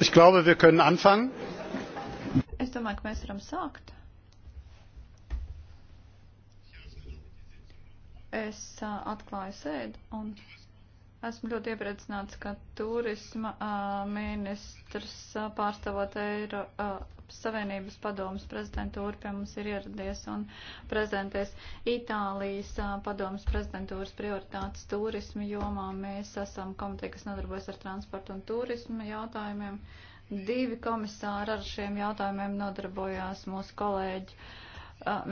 Ich glaube, wir können anfangen. Es domāju, ka mēs varam sākt. Es atklāju sēdi un esmu ļoti iepriecināts, ka turisma ministrs pārstāvot Eiro Eiropas Savienības padomas prezidentūra pie mums ir ieradies un prezentēs Itālijas padomas prezidentūras prioritātes turismu jomā. Mēs esam komiteja, kas nodarbojas ar transportu un turismu jautājumiem. Divi komisāri ar šiem jautājumiem nodarbojās mūsu kolēģi.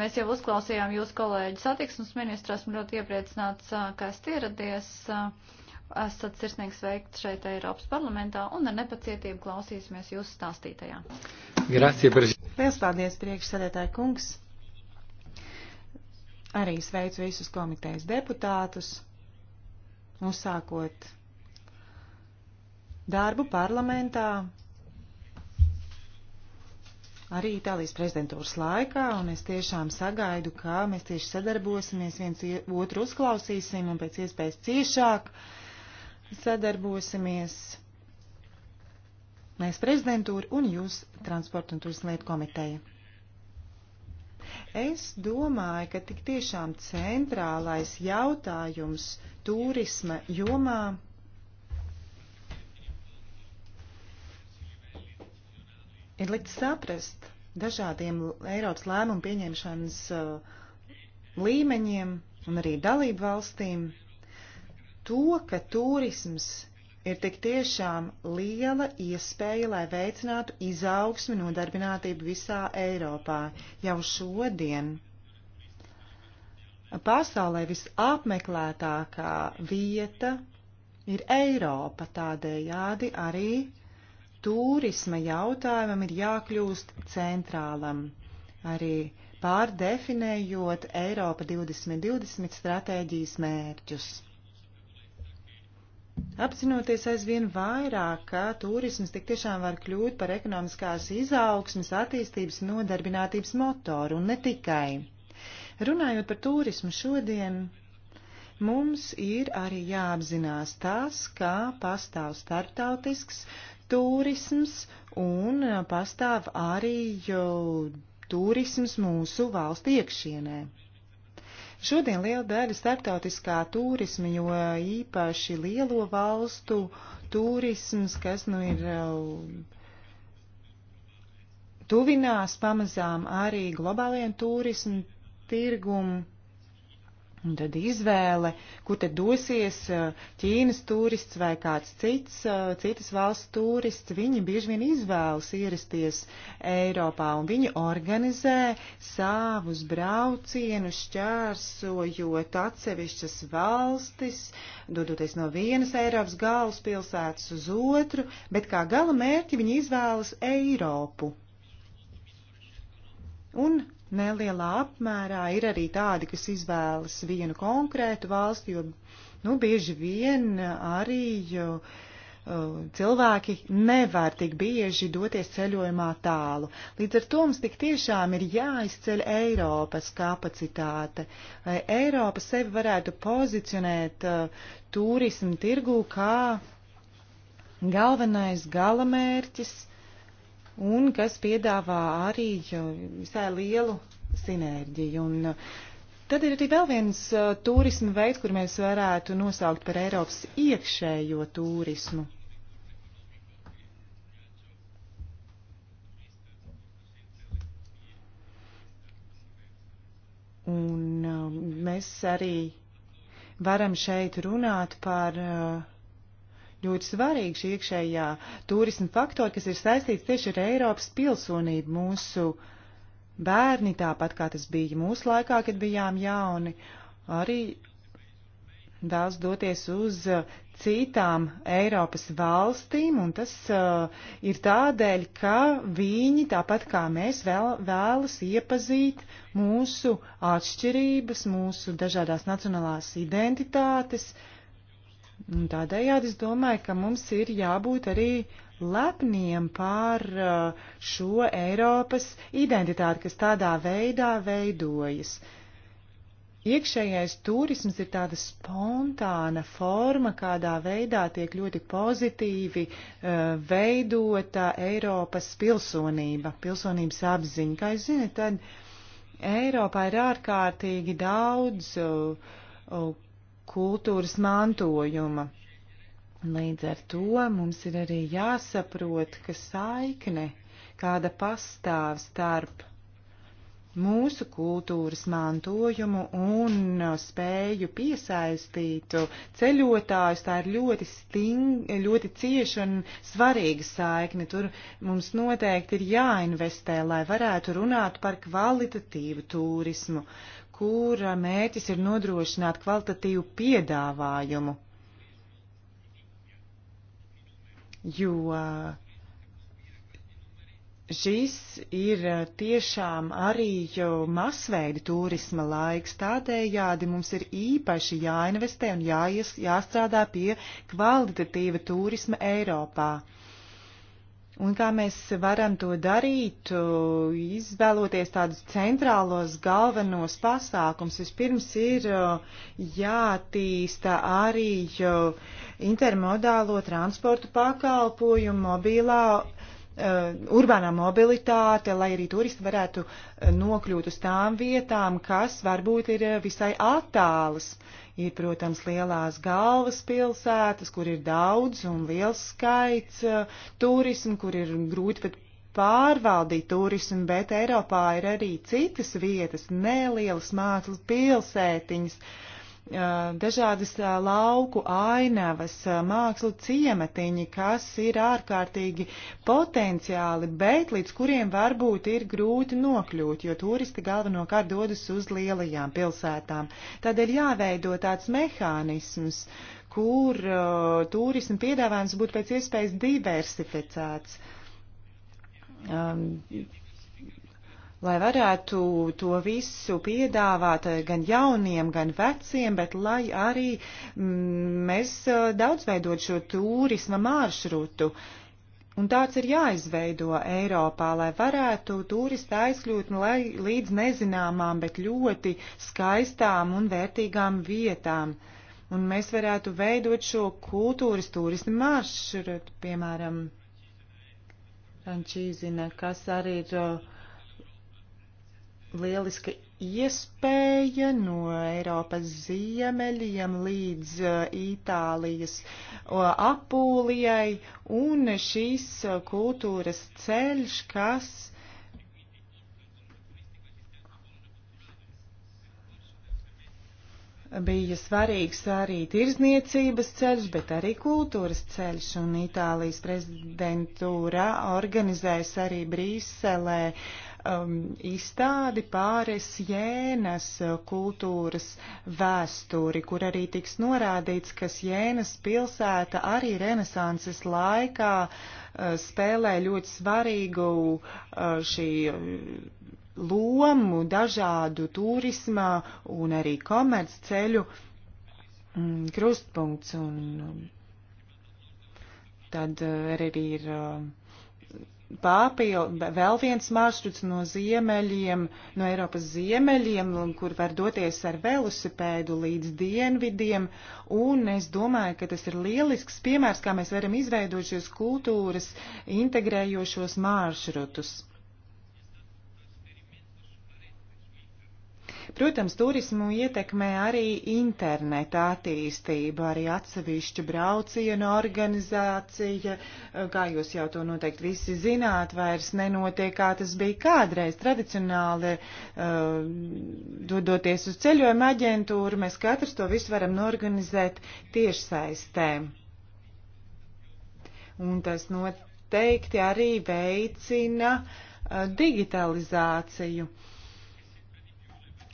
Mēs jau uzklausījām jūsu kolēģi satiksmes ministru, esmu ļoti iepriecināts, ka esat ieradies. Uh, esat sirsnīgi sveikti šeit Eiropas parlamentā un ar nepacietību klausīsimies jūsu stāstītajā. Grazie, Liels paldies, priekšsēdētāji kungs. Arī sveicu visus komitejas deputātus, uzsākot darbu parlamentā, arī Itālijas prezidentūras laikā, un es tiešām sagaidu, ka mēs tieši sadarbosimies, viens otru uzklausīsim un pēc iespējas ciešāk. Uh, sadarbosimies mēs prezidentūra un jūs transporta un turisma lietu komiteja. Es domāju, ka tik tiešām centrālais jautājums turisma jomā ir likt saprast dažādiem Eiropas lēmumu pieņemšanas uh, līmeņiem un arī dalību valstīm to, ka turisms ir tik tiešām liela iespēja, lai veicinātu izaugsmi nodarbinātību visā Eiropā jau šodien. Pasaulē visapmeklētākā vieta ir Eiropa, tādējādi arī turisma jautājumam ir jākļūst centrālam, arī pārdefinējot Eiropa 2020 stratēģijas mērķus. Apzinoties aizvien vairāk, ka turisms tik tiešām var kļūt par ekonomiskās izaugsmes, attīstības, nodarbinātības motoru un ne tikai. Runājot par turismu šodien, mums ir arī jāapzinās tas, ka pastāv starptautisks turisms un pastāv arī turisms mūsu valsts iekšienē. Šodien liela daļa starptautiskā turisma, jo īpaši lielo valstu turisms, kas nu ir eh, tuvinās pamazām arī globālajiem turismu tirgumu, Un tad izvēle, kur te dosies eh, Ķīnas turists vai kāds cits, eh, citas valsts turists, viņi bieži vien izvēlas ierasties Eiropā un viņi organizē savus braucienus, šķērsojot atsevišķas valstis, dodoties no vienas Eiropas galvaspilsētas uz otru, bet kā gala mērķi viņi izvēlas Eiropu. Un nelielā apmērā ir arī tādi, kas izvēlas vienu konkrētu valsti, jo, nu, bieži vien arī jo, cilvēki nevar tik bieži doties ceļojumā tālu. Līdz ar to mums tik tiešām ir jāizceļ Eiropas kapacitāte, lai Eiropa sevi varētu pozicionēt uh, turismu tirgū kā galvenais galamērķis uh, un kas piedāvā arī visai lielu sinērģiju. Un uh, tad ir arī vēl viens uh, turisma veids, kur mēs varētu nosaukt par Eiropas iekšējo turismu. Un uh, mēs arī varam šeit runāt par uh, ļoti svarīgi šī iekšējā turisma faktori, kas ir saistīts tieši ar Eiropas pilsonību mūsu bērni, tāpat kā tas bija mūsu laikā, kad bijām jauni, arī vēlas doties uz uh, citām Eiropas valstīm, un tas uh, ir tādēļ, ka viņi, tāpat kā mēs, vēl, vēlas iepazīt mūsu atšķirības, mūsu dažādās nacionālās identitātes, uh, Un tādējādi es domāju, ka mums ir jābūt arī lepniem par uh, šo Eiropas identitāti, kas tādā veidā veidojas. Iekšējais turisms ir tāda spontāna forma, kādā veidā tiek ļoti pozitīvi uh, veidota Eiropas pilsonība, pilsonības apziņa. Kā jūs zinat, tad Eiropā ir ārkārtīgi daudz uh, uh, kultūras mantojuma. Līdz ar to mums ir arī jāsaprot, ka saikne, kāda pastāv starp mūsu kultūras mantojumu un spēju piesaistīt ceļotājus. Tā ir ļoti, sting, ļoti cieša un svarīga saikne. Tur mums noteikti ir jāinvestē, lai varētu runāt par kvalitatīvu turismu, kura mērķis ir nodrošināt kvalitatīvu piedāvājumu, jo šis ir tiešām arī masveida turisma laiks, tādējādi mums ir īpaši jāinvestē un jāies, jāstrādā pie kvalitatīva turisma Eiropā. Un kā mēs varam to darīt, izvēloties tādus centrālos galvenos pasākums. Vispirms ir jātīsta arī intermodālo transportu pakalpojumu, mobilā Uh, urbānā mobilitāte, lai arī turisti varētu uh, nokļūt uz tām vietām, kas varbūt ir uh, visai attālas. Ir, protams, lielās galvaspilsētas, kur ir daudz un liels skaits turismu, kur ir grūti pat pārvaldīt turismu, bet Eiropā ir arī citas vietas, nelielas mākslas pilsētiņas. Uh, dažādas lauku ainavas, mākslu ciematiņi, kas ir ārkārtīgi potenciāli, bet līdz kuriem varbūt ir grūti nokļūt, jo turisti galvenokārt dodas uz lielajām pilsētām. Tādēļ jāveido tāds mehānisms, kur uh, turismu piedāvājums būtu pēc iespējas diversificēts. Um, lai varētu to visu piedāvāt eh, gan jauniem, gan veciem, bet lai arī mm, mēs eh, daudzveidot šo turisma maršrutu. Un tāds ir jāizveido Eiropā, lai varētu turisti aizkļūt nu, lai, līdz nezināmām, bet ļoti skaistām un vērtīgām vietām. Un mēs varētu veidot šo kultūras turismu maršrutu, piemēram, Frančīzina, kas arī ir uh, lieliska iespēja no Eiropas ziemeļiem līdz uh, Itālijas uh, apūlijai un šīs uh, kultūras ceļš, kas bija svarīgs arī tirzniecības ceļš, bet arī kultūras ceļš, un Itālijas prezidentūra organizēs arī Brīselē uh, um, izstādi pāris jēnas kultūras vēsturi, kur arī tiks norādīts, ka jēnas pilsēta arī renesanses laikā uh, spēlē ļoti svarīgu uh, šī uh, lomu dažādu turismā un arī komercceļu um, mm, krustpunkts. Un, um, tad uh, arī ir. Uh, papildu vēl viens maršruts no ziemeļiem, no Eiropas ziemeļiem, kur var doties ar velosipēdu līdz dienvidiem, un es domāju, ka tas ir lielisks piemērs, kā mēs varam izveidot šos kultūras integrējošos maršrutus. Protams, turismu ietekmē arī interneta attīstība, arī atsevišķu braucienu organizācija, kā jūs jau to noteikti visi zināt, vairs nenotiek, kā tas bija kādreiz tradicionāli, uh, dodoties uz ceļojuma aģentūru, mēs katrs to visu varam norganizēt tiešsaistē. Un tas noteikti arī veicina uh, digitalizāciju. Uh,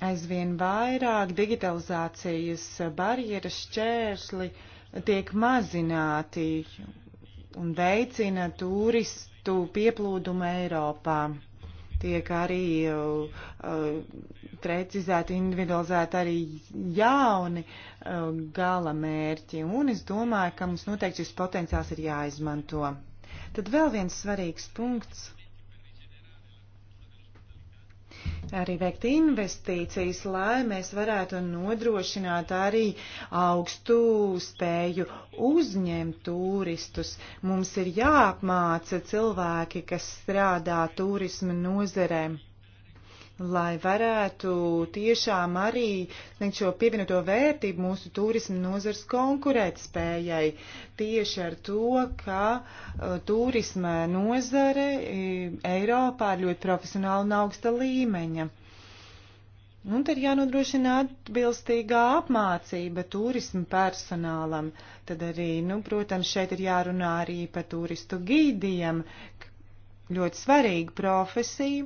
Aizvien vairāk digitalizācijas barjeras šķērsli tiek mazināti un veicina turistu pieplūdumu Eiropā. Tiek arī uh, uh, precizēti, individualizēti arī jauni uh, gala mērķi, un es domāju, ka mums noteikti šis potenciāls ir jāizmanto. Tad vēl viens svarīgs punkts arī veikt investīcijas, lai mēs varētu nodrošināt arī augstu spēju uzņemt turistus. Mums ir jāapmāca cilvēki, kas strādā turisma nozerēm lai varētu tiešām arī sniegt šo pievienoto vērtību mūsu turismu nozars konkurētspējai tieši ar to, ka uh, turisma nozare uh, Eiropā ir ļoti profesionāla un augsta līmeņa. Un tad jānodrošina atbilstīgā apmācība turismu personālam. Tad arī, nu, protams, šeit ir jārunā arī par turistu gīdiem. Ļoti svarīga profesija,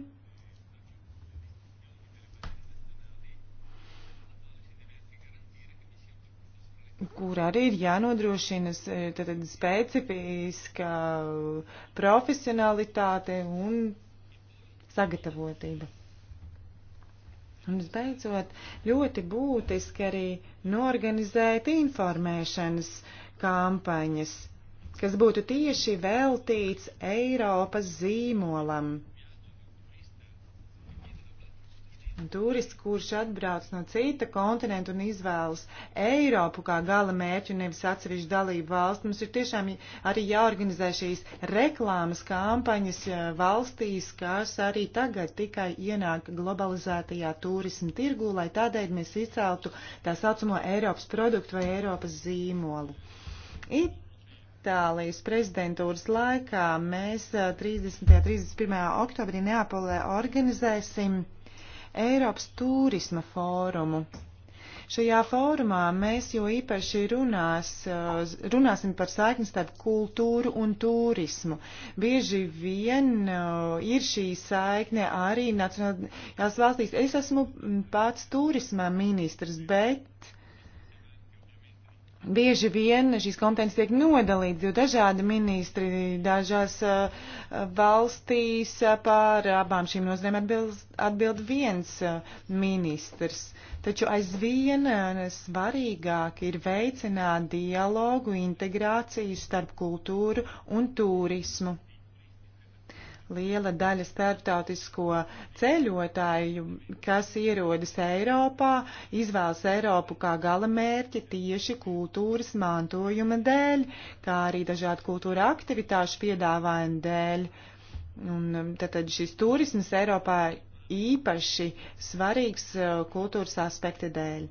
kur arī ir jānodrošina e, tātad specifiska profesionalitāte un sagatavotība. Un visbeidzot, ļoti būtiski arī norganizēt informēšanas kampaņas, kas būtu tieši veltīts Eiropas zīmolam. Turists, kurš atbrauc no cita kontinenta un izvēlas Eiropu kā gala mērķu, nevis atsevišķu dalību valsts, mums ir tiešām arī jāorganizē šīs reklāmas kampaņas eh, valstīs, kas arī tagad tikai ienāk globalizētajā turismu tirgū, lai tādēļ mēs izceltu tā saucamo Eiropas produktu vai Eiropas zīmolu. It Itālijas prezidentūras laikā mēs 30. un 31. oktobrī Neapolē organizēsim Eiropas turisma fórumu. Šajā fórumā mēs jo īpaši runās, eh, runāsim par saikni starp kultūru un turismu. Bieži vien eh, ir šī saikne arī nacionālajās valstīs. Es esmu pats turisma ministrs, bet Bieži vien šīs kompetences tiek nodalīts, jo dažādi ministri dažās uh, valstīs eh, par abām šīm nozarēm atbild, atbild viens uh, ministrs. Taču aizvien svarīgāk ir veicināt dialogu, integrāciju starp kultūru un turismu liela daļa starptautisko ceļotāju, kas ierodas Eiropā, izvēlas Eiropu kā gala mērķi tieši kultūras mantojuma dēļ, kā arī dažādu kultūra aktivitāšu piedāvājumu dēļ. Un tātad um, šis turismas Eiropā īpaši svarīgs uh, kultūras aspekta dēļ.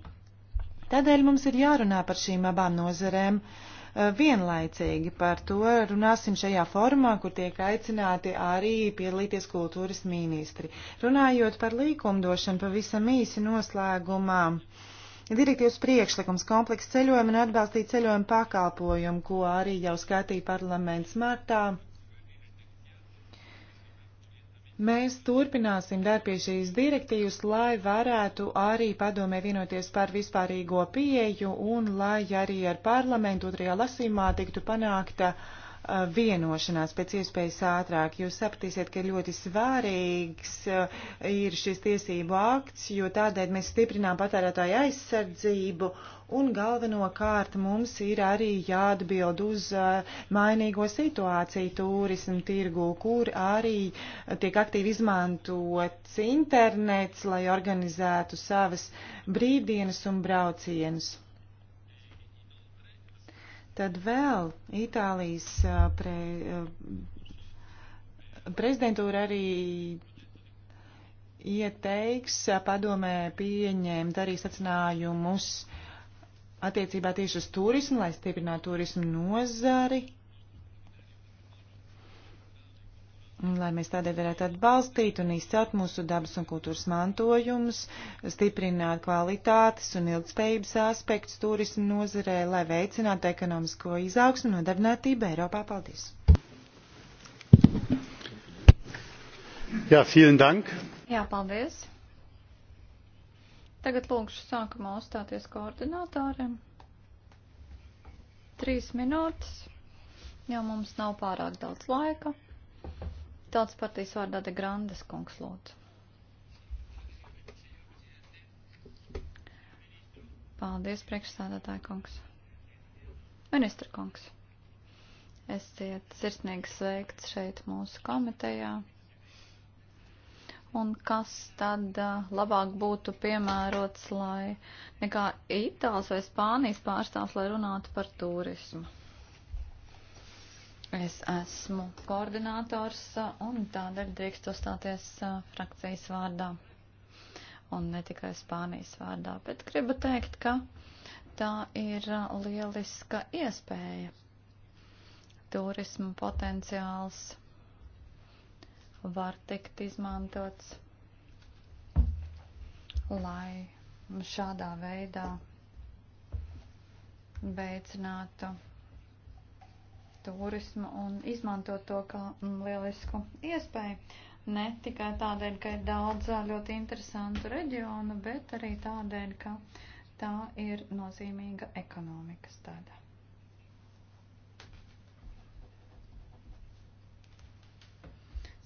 Tādēļ mums ir jārunā par šīm abām nozerēm. Uh, Eh, vienlaicīgi. Par to runāsim šajā formā, kur tiek aicināti arī piedalīties kultūras ministri. Runājot par līkumdošanu pavisam īsi noslēgumā. Direktīvas priekšlikums komplekss ceļojumu un atbalstīt ceļojumu pakalpojumu, ko arī jau skatīja parlaments martā. Mēs turpināsim darbu pie šīs direktīvas, lai varētu arī padomē vienoties par vispārīgo pieeju un lai arī ar parlamentu otrajā lasīmā tiktu panākta uh, vienošanās pēc iespējas ātrāk. Jūs sapratīsiet, ka ļoti svārīgs uh, ir šis tiesību akts, jo tādēļ mēs stiprinām patērētāju aizsardzību Un galvenokārt mums ir arī jāatbild uz mainīgo situāciju turismu tirgu, kur arī tiek aktīvi izmantots internets, lai organizētu savas brīvdienas un braucienus. Tad vēl Itālijas pre, prezidentūra arī ieteiks padomē pieņemt arī sacinājumus uh, attiecībā tieši uz turismu, lai stiprinātu turismu nozari, un lai mēs tādēļ varētu atbalstīt un izcelt mūsu dabas un kultūras mantojumus, stiprināt kvalitātes un ilgspējības aspektus turismu nozarē, lai veicinātu ekonomisko izaugsmu un nodarbinātību Eiropā. Paldies! Jā, ja, vielen dank! Jā, paldies! Tagad lūkšu sākumā uzstāties koordinātāriem. Trīs minūtes, jo mums nav pārāk daudz laika. Tautas partijas vārdā de Grandes kungs lūdzu. Paldies, priekšsādātāja kungs. Ministra kungs. Esiet sirsnīgi sveikts šeit mūsu komitejā un kas tad uh, labāk būtu piemērots, lai nekā Itālijas vai Spānijas pārstāvs, lai runātu par turismu. Es esmu koordinators un tādēļ drīkst uzstāties uh, frakcijas vārdā un ne tikai Spānijas vārdā, bet gribu teikt, ka tā ir lieliska iespēja. Turismu potenciāls var tikt izmantots, lai šādā veidā veicinātu turismu un izmantot to kā lielisku iespēju. Ne tikai tādēļ, ka ir daudz ļoti interesantu reģionu, bet arī tādēļ, ka tā ir nozīmīga ekonomikas daļa.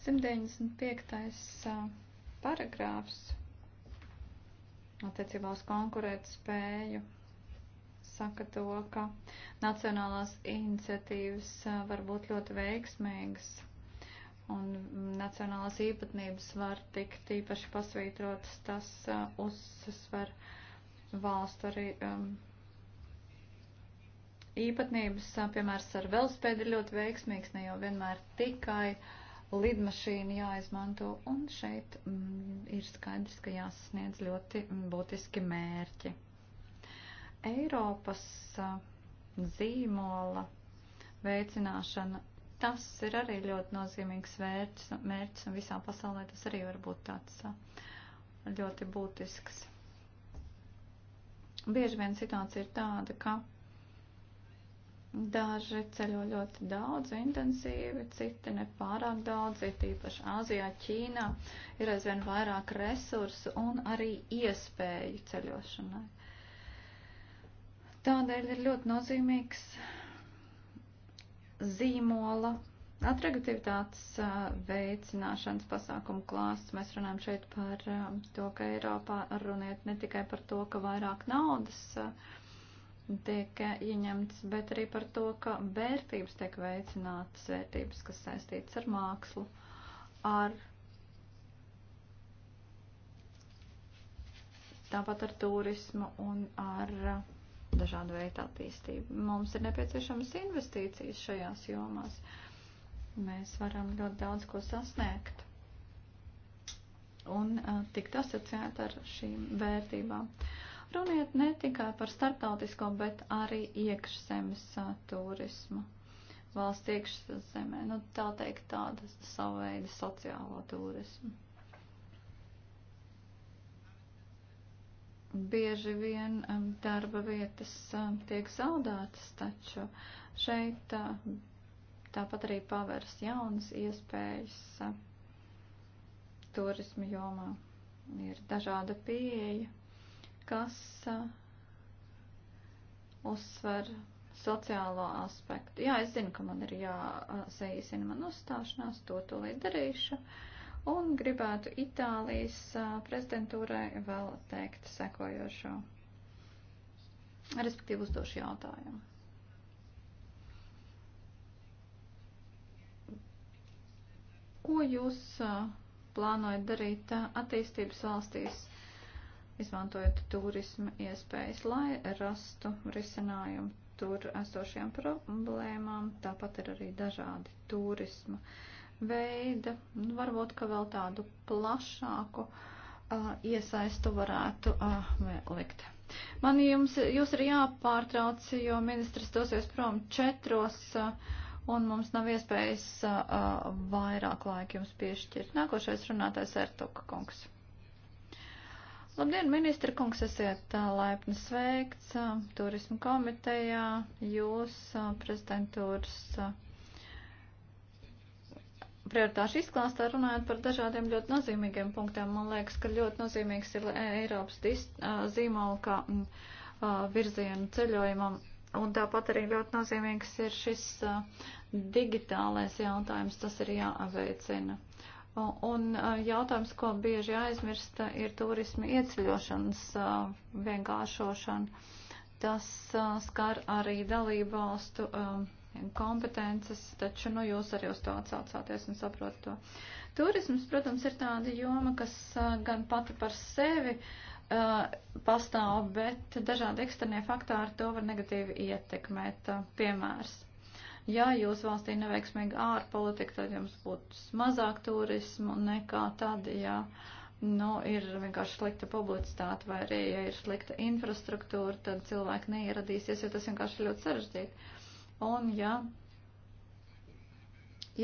195. paragrāfs attiecībā uz konkurēt spēju saka to, ka nacionālās iniciatīvas var būt ļoti veiksmīgas un nacionālās īpatnības var tikt īpaši pasvītrotas, tas uzsver valstu arī um, īpatnības, piemērs ar velospēdu ir ļoti veiksmīgs, ne jau vienmēr tikai uh, lidmašīnu jāizmanto, un šeit mm, ir skaidrs, ka jāsasniedz ļoti mm, būtiski mērķi. Eiropas zīmola veicināšana, tas ir arī ļoti nozīmīgs vērķis, mērķis, un visā pasaulē tas arī var būt tāds ļoti būtisks. Bieži vien situācija ir tāda, ka Daži ceļo ļoti daudz, intensīvi, citi nepārāk daudz, ir tīpaši Āzijā, Ķīnā, ir aizvien vairāk resursu un arī iespēju ceļošanai. Tādēļ ir ļoti nozīmīgs zīmola atraktivitātes veicināšanas pasākumu klāsts. Mēs runājam šeit par to, ka Eiropā runiet ne tikai par to, ka vairāk naudas. Uh, tiek ieņemts, bet arī par to, ka vērtības tiek veicinātas, vērtības, kas saistītas ar mākslu, ar tāpat ar turismu un ar dažādu veidu attīstību. Mums ir nepieciešamas investīcijas šajās jomās. Mēs varam ļoti daudz ko sasniegt un uh, tikt asociēt ar šīm vērtībām. Uh, Runiet ne tikai par starptautisko, bet arī iekšzemes turismu. Valsts iekšzemē, nu tā teikt, tāda sava veida sociālo turismu. Bieži vien darba vietas tiek zaudētas, taču šeit tāpat arī pavērs jaunas iespējas turismu jomā. Ir dažāda pieeja kas uh, uzsver sociālo aspektu. Jā, es zinu, ka man ir jāsaīsina man uzstāšanās, to tūlīt darīšu. Un gribētu Itālijas uh, prezidentūrai vēl teikt sekojošo, respektīvi uzdošu jautājumu. Ko jūs uh, plānojat darīt attīstības valstīs izmantojot turisma iespējas, lai rastu risinājumu tur esošajām problēmām. Tāpat ir arī dažādi turisma veida, nu, varbūt, ka vēl tādu plašāku uh, iesaistu varētu uh, likt. Man jums, jūs ir jāpārtrauc, jo ministrs dosies prom četros. Uh, un mums nav iespējas uh, vairāk laika jums piešķirt. Nākošais runātājs Ertuka kungs. Labdien, ministra kungs, esiet laipni sveikts turismu komitejā. Jūs prezidentūras prioritāšu izklāstā runājot par dažādiem ļoti nozīmīgiem punktiem. Man liekas, ka ļoti nozīmīgs ir Eiropas zīmola kā virzienu ceļojumam. Un tāpat arī ļoti nozīmīgs ir šis digitālais jautājums, tas ir jāveicina. Uh, Un jautājums, ko bieži aizmirst, ir turisma ieceļošanas vienkāršošana. Tas skar arī dalību valstu kompetences, taču nu, jūs arī uz to atsaucāties un saprotat to. Turisms, protams, ir tāda joma, kas gan pati par sevi pastāv, bet dažādi eksternie faktori to var negatīvi ietekmēt. Piemērs Ja jūs valstī neveiksmīga ārpolitika, tad jums būs mazāk turismu nekā tad, ja nu, ir vienkārši slikta publicitāte vai arī, ja ir slikta infrastruktūra, tad cilvēki neieradīsies, jo tas vienkārši ir ļoti sarežģīti. Un, ja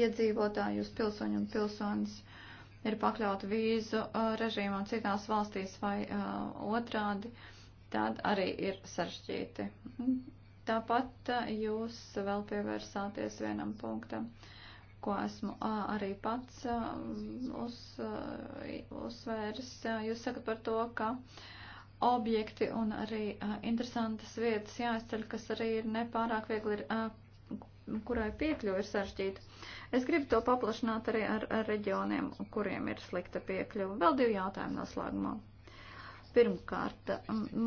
iedzīvotājus, pilsoņu un pilsonis ir pakļauti vīzu uh, režīmam citās valstīs vai uh, otrādi, tad arī ir sarežģīti. Tāpat eh, jūs vēl pievērsāties vienam punktam, ko esmu arī pats uz, uzsvērs. Jūs sakat par to, ka objekti un arī interesantas vietas jāizceļ, kas arī ir nepārāk viegli ir kurai piekļuva ir sarežģīta. Es gribu to paplašināt arī ar, ar reģioniem, kuriem ir slikta piekļuva. Vēl divi jautājumi noslēgumā. Pirmkārt,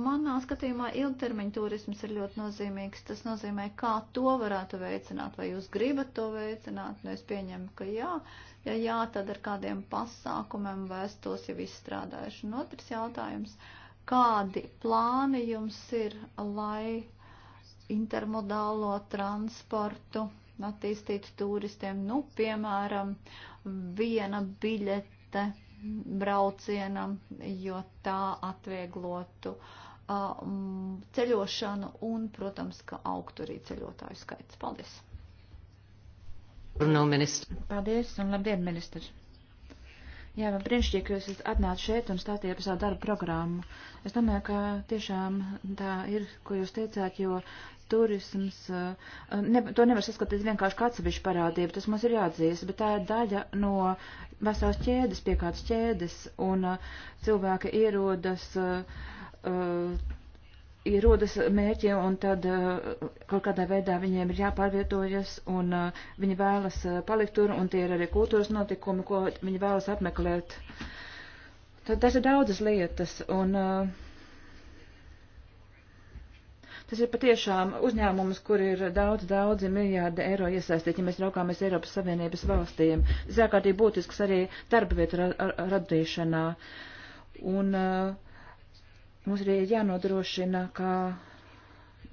manā skatījumā ilgtermiņa turisms ir ļoti nozīmīgs. Tas nozīmē, kā to varētu veicināt, vai jūs gribat to veicināt, nu es pieņemu, ka jā. Ja jā, tad ar kādiem pasākumiem vai es tos jau izstrādājuši. Un otrs jautājums, kādi plāni jums ir, lai intermodālo transportu attīstītu turistiem, nu, piemēram, viena biļete braucienam, jo tā atvieglotu uh, ceļošanu un, protams, ka augtu arī ceļotāju skaits. Paldies! No Paldies un labdien, ministrs! Jā, man brīnišķīgi, ka jūs atnāc šeit un stāstījāt par savu darbu programmu. Es domāju, ka tiešām tā ir, ko jūs teicāt, jo turisms, eh, eh, ne, to nevar saskatīt vienkārši kā atsevišķu parādību, tas mums ir jāatzīst, bet tā ir daļa no veselas ķēdes, pie kādas ķēdes, un eh, cilvēki ierodas, ierodas mērķiem, un tad kaut kādā veidā viņiem ir jāpārvietojas, un viņi vēlas palikt tur, un tie ir arī kultūras notikumi, ko viņi vēlas apmeklēt. Tad tas ir daudzas lietas, un uh, Tas ir patiešām uzņēmums, kur ir daudz, daudzi miljārdi eiro iesaistīti, ja mēs raukāmies Eiropas Savienības valstīm. Tas ārkārtīgi būtisks arī darba vietu ra ra radīšanā. Un uh, mums arī jānodrošina, ka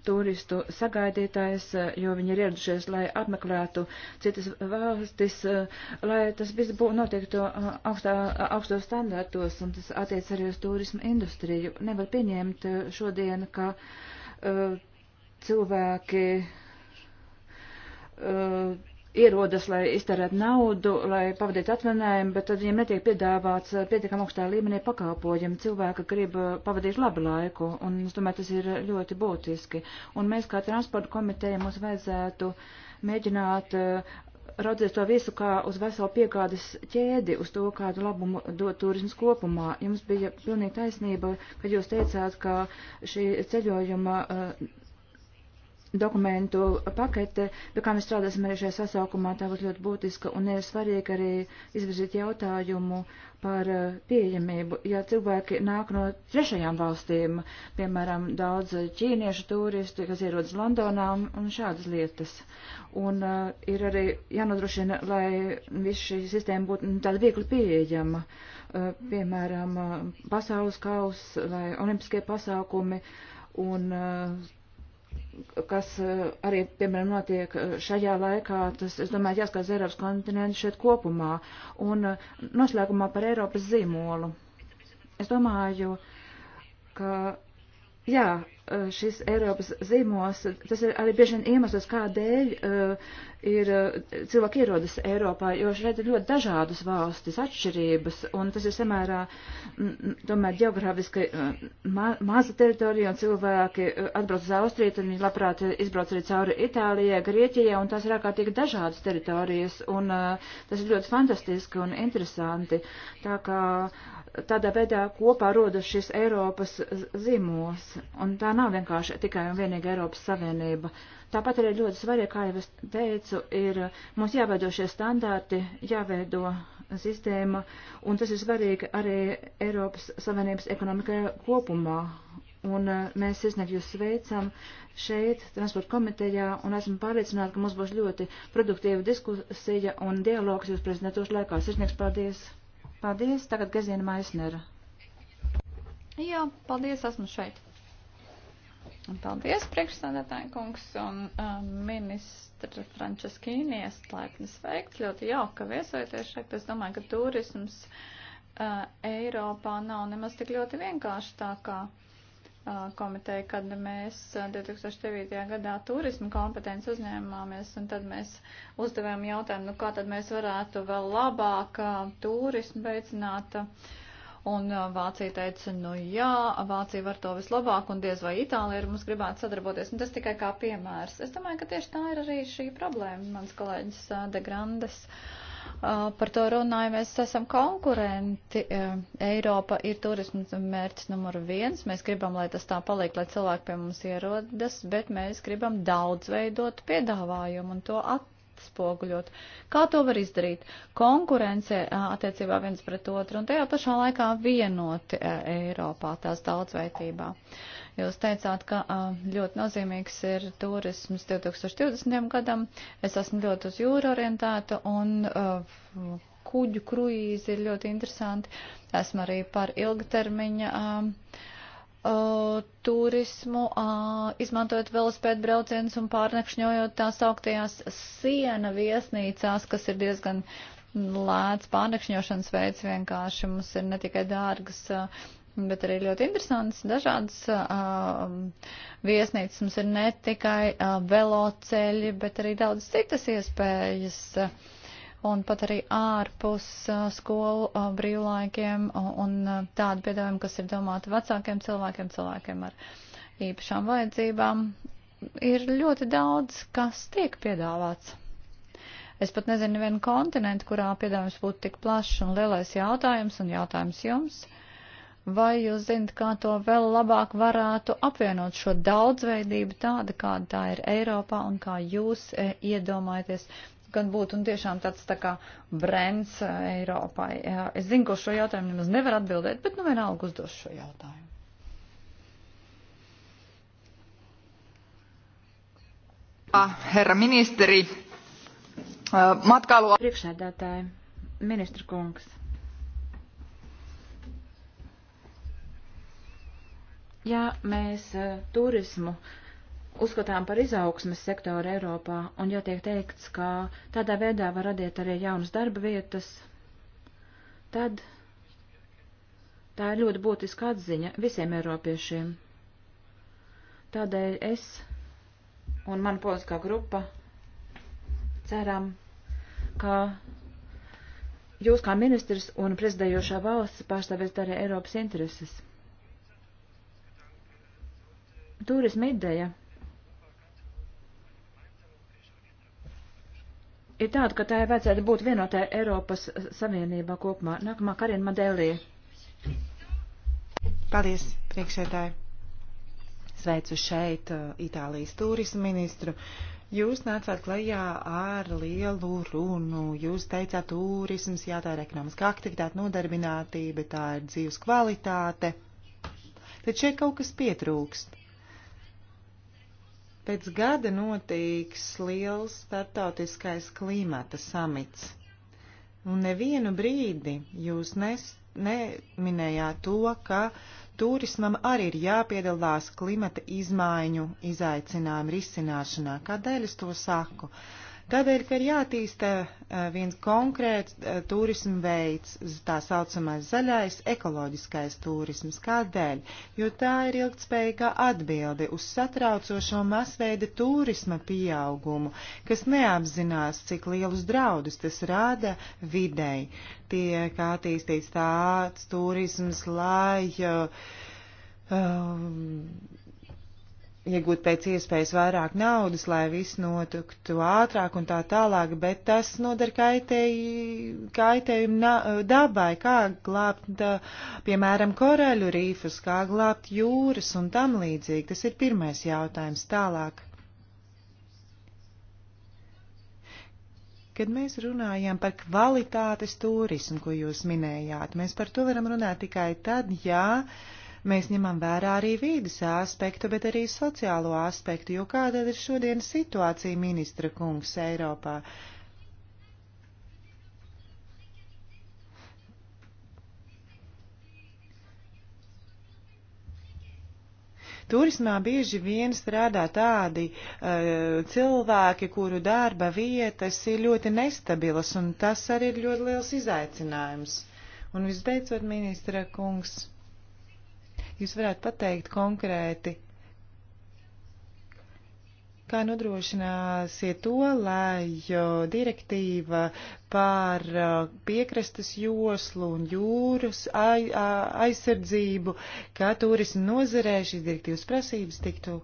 turistu sagaidītājs, uh, jo viņi ir ieradušies, lai apmeklētu citas valstis, uh, lai tas viss būtu noteikto uh, augstā, augstos standartos, un tas attiec arī uz turismu industriju. Nevar pieņemt šodien, ka uh, cilvēki ierodas, lai iztērētu naudu, lai pavadītu atvainājumu, bet tad viņiem netiek piedāvāts pietiekam augstā līmenī pakalpojumi. Cilvēki grib pavadīt labu laiku, un es domāju, tas ir ļoti būtiski. Un mēs kā transporta komiteja mums vajadzētu mēģināt raudzies to visu kā uz veselu piegādes ķēdi, uz to, kādu labumu dod turismas kopumā. Jums bija pilnīgi taisnība, kad jūs teicāt, ka šī ceļojuma uh, dokumentu pakete, pie kā mēs strādāsim arī šajā sasaukumā, tā būs ļoti būtiska un ir svarīgi arī izvirzīt jautājumu par eh, pieejamību. Ja cilvēki nāk no trešajām valstīm, piemēram, daudz ķīniešu turistu, kas ierodas Londonā un šādas lietas. Un uh, ir arī jānodrošina, lai viss šī sistēma būtu nu, tāda viegli pieejama. Uh, piemēram, pasaules kaus vai olimpiskie pasākumi. Un uh, kas eh, arī, piemēram, notiek eh, šajā laikā, tas, es domāju, jāskatās Eiropas kontinentu šeit kopumā un eh, noslēgumā par Eiropas zīmolu. Es domāju, ka Jā, eh, šis Eiropas zīmos, tas ir arī bieži vien iemesls, kādēļ uh, ir eh, cilvēki ierodas Eiropā, jo šeit ir ļoti dažādas valstis, atšķirības, un tas ir samērā, m, tomēr, geogrāfiski ma maza teritorija, un cilvēki atbrauc uz Austriju, tad viņi labprāt izbrauc arī cauri Itālijai, Grieķijai, un tās ir ārkārtīgi dažādas teritorijas, un uh, tas ir ļoti fantastiski un interesanti. Tā kā uh, tādā veidā kopā rodas šis Eiropas zīmols, un tā nav vienkārši tikai un vienīgi Eiropas Savienība. Tāpat arī ļoti svarīgi, kā jau es teicu, ir mums jāveido šie standarti, jāveido sistēma, un tas ir svarīgi arī Eiropas Savienības ekonomikai kopumā. Un eh, mēs iesniegtu jūs sveicam šeit, transporta komitejā, un esmu pārliecināta, ka mums būs ļoti produktīva diskusija un dialogs jūs prezidentūras laikā. Sirsnieks, paldies! Paldies. Tagad Gezina Maisnera. Jā, paldies, esmu šeit. Un paldies, priekšstādātāji kungs un uh, ministra Frančeskīni, es laipni sveikt, ļoti jauka viesojoties šeit. Es domāju, ka turisms uh, Eiropā nav nemaz tik ļoti vienkārši tā kā. Uh, komiteja, kad mēs 2009. gadā turismu kompetenci uzņēmāmies, un tad mēs uzdevām jautājumu, nu kā tad mēs varētu vēl labāk turismu veicināt. Un Vācija teica, nu jā, Vācija var to vislabāk, un diez vai Itālija ar mums gribētu sadarboties. Un tas tikai kā piemērs. Es domāju, ka tieši tā ir arī šī problēma, mans kolēģis De Grandes. Uh, par to runāju, mēs esam konkurenti. Eiropa ir turismas mērķis numur viens. Mēs gribam, lai tas tā paliek, lai cilvēki pie mums ierodas, bet mēs gribam daudz veidot piedāvājumu un to attīstīt atspoguļot. Kā to var izdarīt? Konkurence attiecībā viens pret otru un tajā pašā laikā vienoti Eiropā tās daudzveidībā. Jūs teicāt, ka ļoti nozīmīgs ir turisms 2020. gadam. Es esmu ļoti uz jūru orientēta un kuģu kruīzi ir ļoti interesanti. Esmu arī par ilgtermiņa turismu, izmantojot velospēdu braucienus un pārnakšņojot tās augtajās siena viesnīcās, kas ir diezgan lēts pārnakšņošanas veids vienkārši. Mums ir ne tikai dārgas bet arī ļoti interesants. Dažādas uh, viesnīcas mums ir ne tikai uh, veloceļi, bet arī daudz citas iespējas. Uh, un pat arī ārpus skolu brīvlaikiem un tādu piedāvājumu, kas ir domāti vecākiem cilvēkiem, cilvēkiem ar īpašām vajadzībām, ir ļoti daudz, kas tiek piedāvāts. Es pat nezinu vienu kontinentu, kurā piedāvājums būtu tik plašs un lielais jautājums un jautājums jums. Uh, vai jūs zinat, kā to vēl labāk varētu apvienot šo daudzveidību tāda, kāda tā ir Eiropā un kā jūs e, iedomājaties, kad būtu un tiešām tāds tā kā brends e, Eiropai. Jā, es zinu, ko šo jautājumu nemaz nevar atbildēt, bet nu vienalga uzdošu šo jautājumu. Herra ministeri, e, matkailu... Priekšsēdētāji, ministra kungs. Ja mēs e, turismu uzskatām par izaugsmes sektoru Eiropā, un jau tiek teikts, ka tādā veidā var radīt arī jaunas darba vietas, tad tā ir ļoti būtiska atziņa visiem eiropiešiem. Tādēļ es un mana politiskā grupa ceram, ka jūs kā ministrs un prezidējošā valsts pārstāvēs arī Eiropas intereses turisma ideja ir tāda, ka tā vajadzētu būt vienotā Eiropas Savienībā kopumā. Nākamā Karina Madēlī. Paldies, priekšētāji. Sveicu šeit uh, Itālijas turismu ministru. Jūs nācāt klajā ar lielu runu. Jūs teicāt, turisms, jā, tā ir ekonomiskā aktivitāte, nodarbinātība, tā ir dzīves kvalitāte. Taču šeit kaut kas pietrūkst. Pēc gada notiks liels startautiskais klimata samits. Un nevienu brīdi jūs nes, neminējāt to, ka turismam arī ir jāpiedalās klimata izmaiņu izaicinājumu risināšanā. Kādēļ es to saku? Uh, Tādēļ, ka ir jātīsta viens konkrēts turismu veids, tā saucamais zaļais ekoloģiskais turisms. Kādēļ? Jo tā ir ilgtspējīgā atbilde uz satraucošo masveida turisma pieaugumu, kas neapzinās, cik lielus draudus tas rada videi. Tiek attīstīts tāds turisms, lai. Uh, um, iegūt pēc iespējas vairāk naudas, lai viss notiktu ātrāk un tā tālāk, bet tas nodara kaitējumu kaitē dabai, kā glābt, piemēram, koraļu rīfus, kā glābt jūras un tam līdzīgi. Tas ir pirmais jautājums tālāk. Kad mēs runājam par kvalitātes turismu, ko jūs minējāt, mēs par to varam runāt tikai tad, ja. Uh, Mēs ņemam vērā arī vīdas aspektu, bet arī sociālo aspektu, jo kāda ir šodienas situācija ministra kungs Eiropā? Turismā bieži vien strādā tādi uh, cilvēki, kuru darba vietas ir ļoti nestabilas, un tas arī ir ļoti liels izaicinājums. Un visbeidzot, ministra kungs. Jūs varētu pateikt konkrēti, kā nodrošināsiet to, lai direktīva par piekrastes joslu un jūras aizsardzību, kā turismu nozarē šīs direktīvas prasības tiktu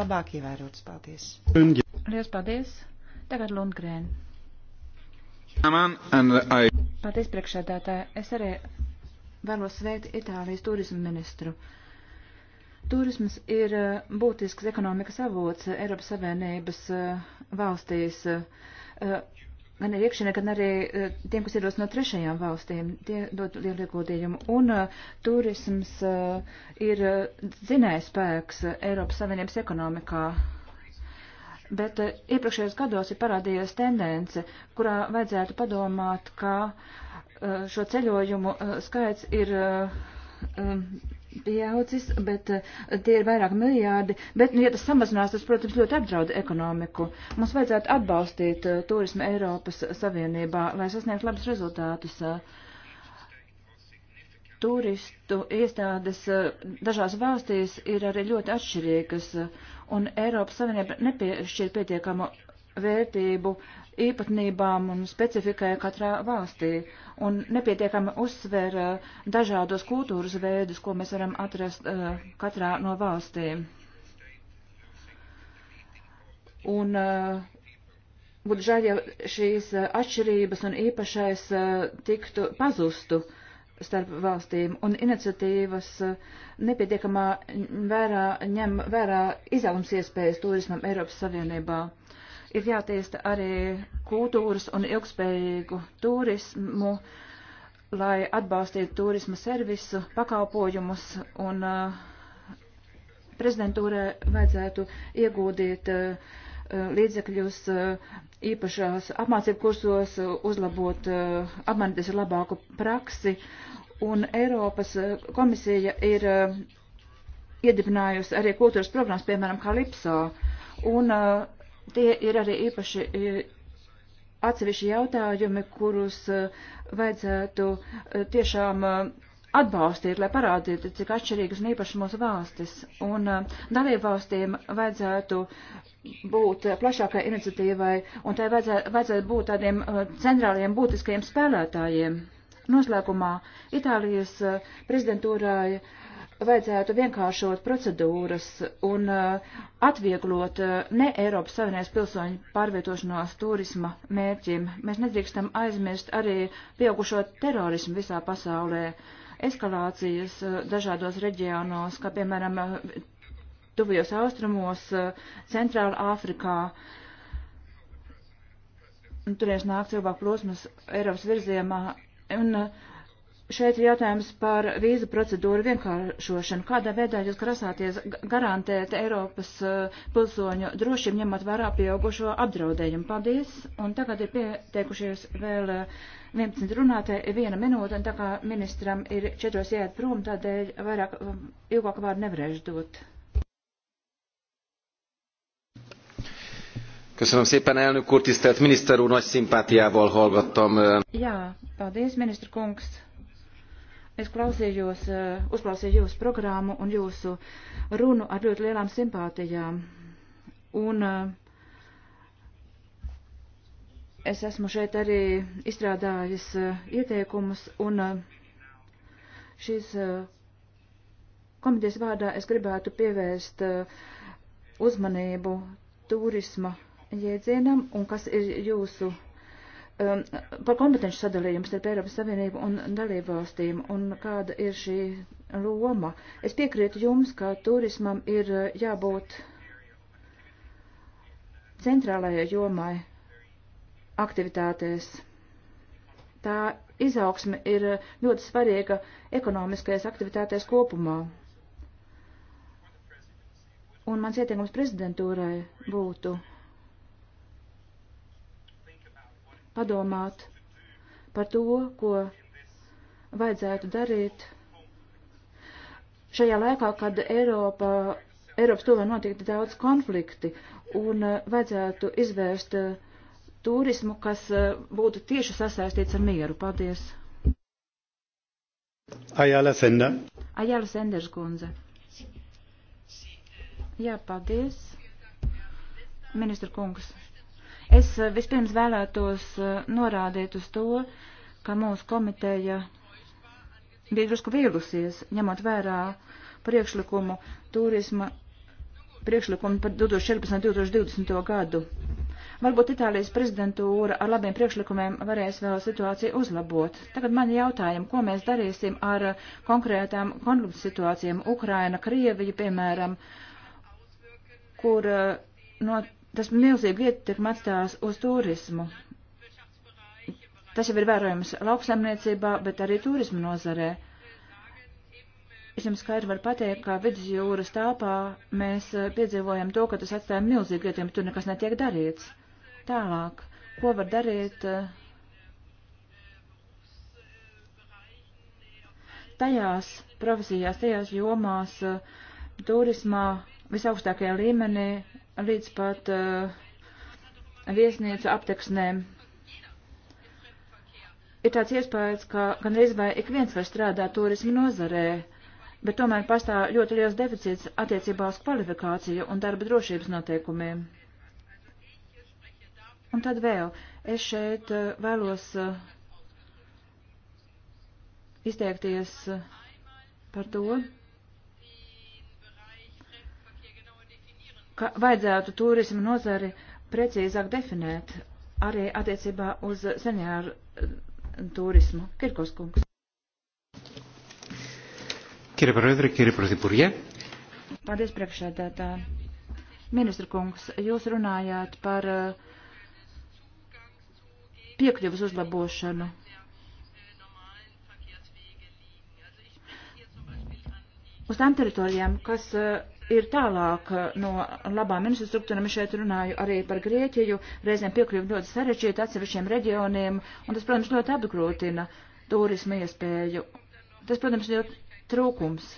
labāk ievērotas. Paldies! Lielas paldies! Tagad Lundgrēn. Paldies, priekšsēdētāji. Es arī vēlos sveikt Itālijas turismu ministru. Turisms ir eh, būtisks ekonomikas avots Eiropas Savienības eh, valstīs, eh, gan ir iekšienē, gan arī tiem, kas iedos no trešajām valstīm, tie dod lielu ieguldījumu. Un turisms ir zinājspēks Eiropas Savienības ekonomikā. Bet iepriekšējos gados ir parādījies tendence, kurā vajadzētu padomāt, ka uh, Eh, šo ceļojumu eh, skaits ir eh, pieaudzis, bet tie ir vairāk miljārdi. Bet, nu, ja tas samazinās, tas, protams, ļoti apdraud ekonomiku. Mums vajadzētu atbalstīt turismu Eiropas Savienībā, lai sasniegtu labus rezultātus. Turistu iestādes dažās valstīs ir arī ļoti atšķirīgas, un Eiropas Savienība nepiešķir pietiekamu vērtību uh, īpatnībām un specifikai katrā valstī, un nepietiekami uzsver uh, dažādos kultūras veidus, ko mēs varam atrast uh, katrā no valstīm. Un uh, būtu žēl, ja šīs uh, atšķirības un īpašais uh, tiktu pazustu starp valstīm, un iniciatīvas uh, nepietiekamā vērā ņem vērā izaugums iespējas turismam Eiropas Savienībā ir jātīsta arī kultūras un ilgspējīgu turismu, lai atbalstītu turisma servisu, pakalpojumus un uh, prezidentūrē vajadzētu ieguldīt uh, līdzekļus uh, īpašās apmācību kursos, uh, uzlabot, uh, apmainīties ar labāku praksi. Un Eiropas uh, komisija ir iedibinājusi arī kultūras programmas, piemēram, Kalipso. Un uh, Tie ir arī īpaši e, atsevišķi jautājumi, kurus e, vajadzētu e, tiešām atbalstīt, lai parādītu, cik atšķirīgas un īpašas mūsu valstis. Un dalību valstīm vajadzētu būt plašākai iniciatīvai, un tai vajadzētu, vajadzētu būt tādiem centrāliem būtiskajiem spēlētājiem. Noslēgumā Itālijas prezidentūrai uh, vajadzētu vienkāršot procedūras un uh, atvieglot uh, ne Eiropas Savienības pilsoņu pārvietošanos turisma mērķim. Mēs nedrīkstam aizmirst arī pieaugušo terorismu visā pasaulē, eskalācijas uh, dažādos reģionos, kā piemēram tuvijos austrumos, centrāla Āfrikā. Turies nāk cilvēku plosmas Eiropas virzienā. Un uh, Šeit ir jautājums par vīzu procedūru vienkāršošanu. Kādā veidā jūs grasāties garantēt Eiropas eh, pilsoņu drošību, ņemot vērā pieaugušo apdraudējumu? Paldies! Un tagad ir pieteikušies vēl 11 eh, runātē viena minūte, un tā kā ministram ir četros jāiet prom, tādēļ vairāk eh, ilgāk vārdu nevarēšu dot. Köszönöm szépen, elnök úr, tisztelt miniszter úr, nagy szimpátiával hallgattam. Jā, paldies, ministra kungs Es klausījos, eh, uzklausīju jūsu programmu un jūsu runu ar ļoti lielām simpātijām. Un eh, es esmu šeit arī izstrādājis eh, ieteikumus un šīs komitejas vārdā es gribētu pievērst uzmanību turisma jēdzienam un kas ir jūsu um, par kompetenci sadalījumu starp Eiropas Savienību un dalībvalstīm un kāda ir šī loma. Es piekrītu jums, ka turismam ir uh, jābūt centrālajai jomai aktivitātēs. Tā izaugsme ir ļoti svarīga ekonomiskajās aktivitātēs kopumā. Un mans ieteikums prezidentūrai būtu padomāt par to, ko vajadzētu darīt šajā laikā, kad Eiropa, Eiropas tuvē notiek daudz konflikti un eh, vajadzētu izvērst eh, turismu, kas eh, būtu tieši sasaistīts ar mieru. Paldies! Ajāla Senda. Ajāla Senders kundze. Jā, paldies. Ministra kungs. Es eh, vispirms vēlētos eh, norādīt uz to, ka mūsu komiteja bija drusku vīlusies, ņemot vērā priekšlikumu turisma priekšlikumu par 2014. un 2020. gadu. Varbūt Itālijas prezidentūra ar labiem priekšlikumiem varēs vēl situāciju uzlabot. Tagad man jautājumi, ko mēs darīsim ar konkrētām konflikta situācijām Ukraina, Krievija, piemēram, kur eh, no Tas milzīgi ietekmi atstās uz turismu. Tas jau ir vērojams lauksaimniecībā, bet arī turismu nozarē. Es jums skaidri varu pateikt, ka vidusjūras tāpā mēs eh, piedzīvojam to, ka tas atstāja milzīgi ietekmi, tur nekas netiek darīts. Tālāk, ko var darīt eh, tajās profesijās, tajās jomās, eh, turismā, visaugstākajā līmenī, līdz pat uh, viesnīcu apteksnēm. Ir tāds iespējas, ka gan vai ik viens var strādāt turismu nozarē, bet tomēr pastāv ļoti liels deficīts attiecībā uz kvalifikāciju un darba drošības noteikumiem. Un tad vēl, es šeit uh, vēlos uh, izteikties par to, ka vajadzētu turismu nozari precīzāk definēt arī attiecībā uz senjāru eh, turismu. Kirkos kungs. Kire Prodri, Kire Protipurje. Paldies priekšsēdētā. Ministra kungs, jūs runājāt par eh, piekļuvas uzlabošanu. Uz tām teritorijām, kas uh, ir tālāk eh, no labām ministru struktūram. Es šeit runāju arī par Grieķiju. Reizēm piekļuvi ļoti sarežģīti atsevišķiem reģioniem, un tas, protams, ļoti apgrūtina turismu iespēju. Tas, protams, ir trūkums.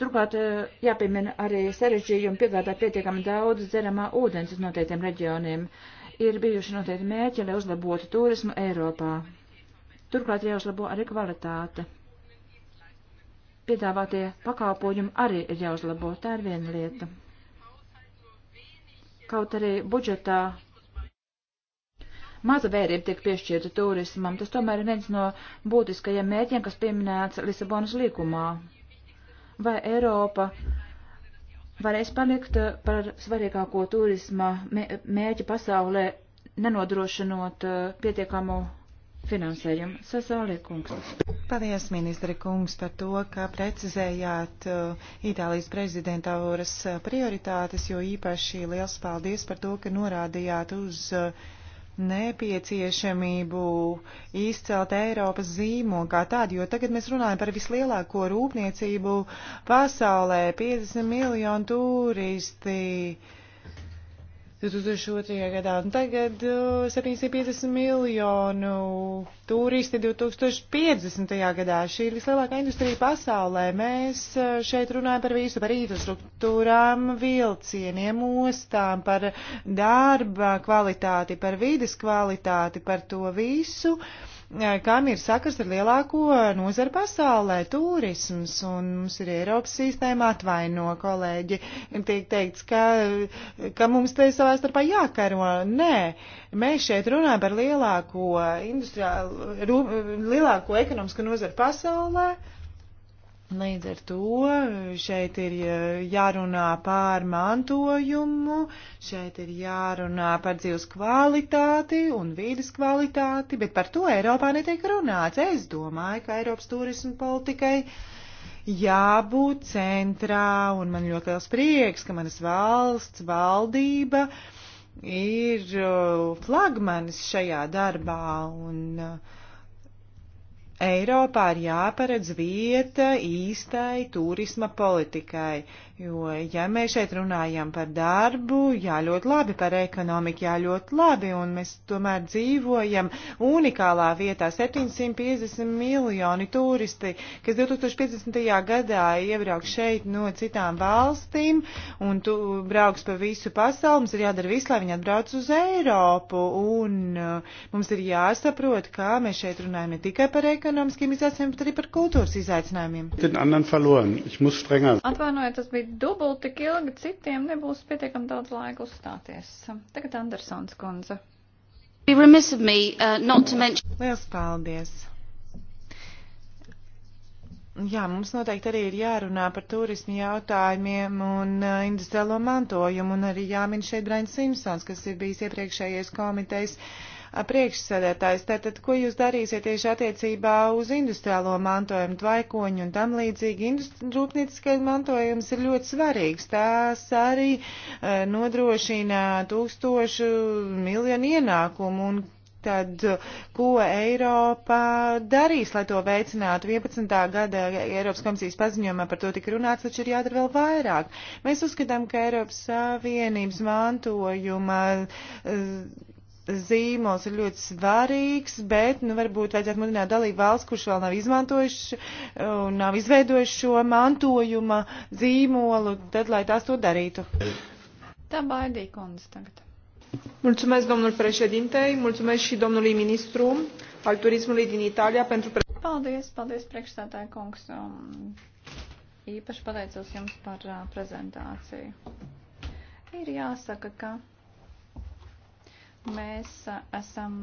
Turklāt eh, jāpiemina arī sarežģījumi piegādā pietiekami daudz dzeramā ūdens uz noteiktiem reģioniem. Ir bijuši noteikti mērķi, lai uzlabotu turismu Eiropā. Turklāt jāuzlabo arī kvalitāte piedāvātie pakalpojumi arī ir jāuzlabo. Tā ir viena lieta. Kaut arī budžetā maza vērība tiek piešķirta turismam, tas tomēr ir viens no būtiskajiem mērķiem, kas pieminēts Lisabonas līkumā. Vai Eiropa varēs palikt par svarīgāko turisma mērķi pasaulē, nenodrošinot uh, pietiekamu finansējumu. Sasālie kungs. Paldies, ministra kungs, par to, ka precizējāt uh, Itālijas prezidentūras uh, prioritātes, jo īpaši liels paldies par to, ka norādījāt uz uh, nepieciešamību izcelt Eiropas zīmolu kā tādu, jo tagad mēs runājam par vislielāko rūpniecību pasaulē - 50 miljonu turisti. Uh, 2002. gadā. Un tagad 750 uh, miljonu turisti 2050. gadā. Šī ir vislielākā industrija pasaulē. Mēs uh, šeit runājam par visu, par infrastruktūrām, vilcieniem, ostām, par darba kvalitāti, par vides kvalitāti, par to visu. Uh, kam ir sakars ar lielāko nozaru pasaulē - turisms. Un mums ir Eiropas sistēma atvaino kolēģi. Tiek teikts, ka, ka mums te savā starpā jākaro. Nē, mēs šeit runājam par lielāko industriālu, lielāko ekonomisko nozaru pasaulē. Līdz ar to šeit ir jārunā pār mantojumu, šeit ir jārunā par dzīves kvalitāti un vīdes kvalitāti, bet par to Eiropā netiek runāts. Es domāju, ka Eiropas turismu politikai jābūt centrā, un man ļoti liels prieks, ka manas valsts valdība ir uh, flagmanis šajā darbā. Un, uh, Eiropā ir jāparedz vieta īstai turisma politikai. Jo, ja mēs šeit runājam par darbu, jā, ļoti labi, par ekonomiku, jā, ļoti labi, un mēs tomēr dzīvojam unikālā vietā - 750 miljoni turisti, kas 2050. gadā iebrauks šeit no citām valstīm, un tu brauks pa visu pasauli, mums ir jādara viss, lai viņi atbrauc uz Eiropu, un uh, mums ir jāsaprot, kā mēs šeit runājam ne tikai par ekonomiskiem izaicinājumiem, bet arī par kultūras izaicinājumiem. Atvainojiet, tas bija tik dubult, tik ilgi, citiem nebūs pietiekam daudz laika uzstāties. Tagad Andersons kundze. Uh, Liels paldies! Jā, mums noteikti arī ir jārunā par turismu jautājumiem un uh, industriālo mantojumu, un arī jāmin šeit Brains Simpsons, kas ir bijis iepriekšējais komitejas uh, priekšsēdētājs. Tātad, ko jūs darīsiet tieši attiecībā uz industriālo mantojumu, tvaikoņu un tam līdzīgi? Rūpnieciskais mantojums ir ļoti svarīgs. Tās arī uh, nodrošina tūkstošu miljonu ienākumu un tad ko Eiropa darīs, lai to veicinātu? 11. gada Eiropas komisijas paziņojumā par to tika runāts, taču ir jādara vēl vairāk. Mēs uzskatām, ka Eiropas Savienības mantojuma e, zīmols ir ļoti svarīgs, bet, nu, varbūt vajadzētu mudināt dalību valsts, kurš vēl nav izmantojuši un nav izveidojuši šo mantojuma zīmolu, tad, lai tās to darītu. Tā baidīja kundze tagad. Mulțumesc, domnul președinte, mulțumesc și domnului ministru al turismului din Italia pentru... Paldies, paldies, priekšstādāja kungs. Um, īpaši pateicos jums par uh, prezentāciju. Ir jāsaka, ka mēs esam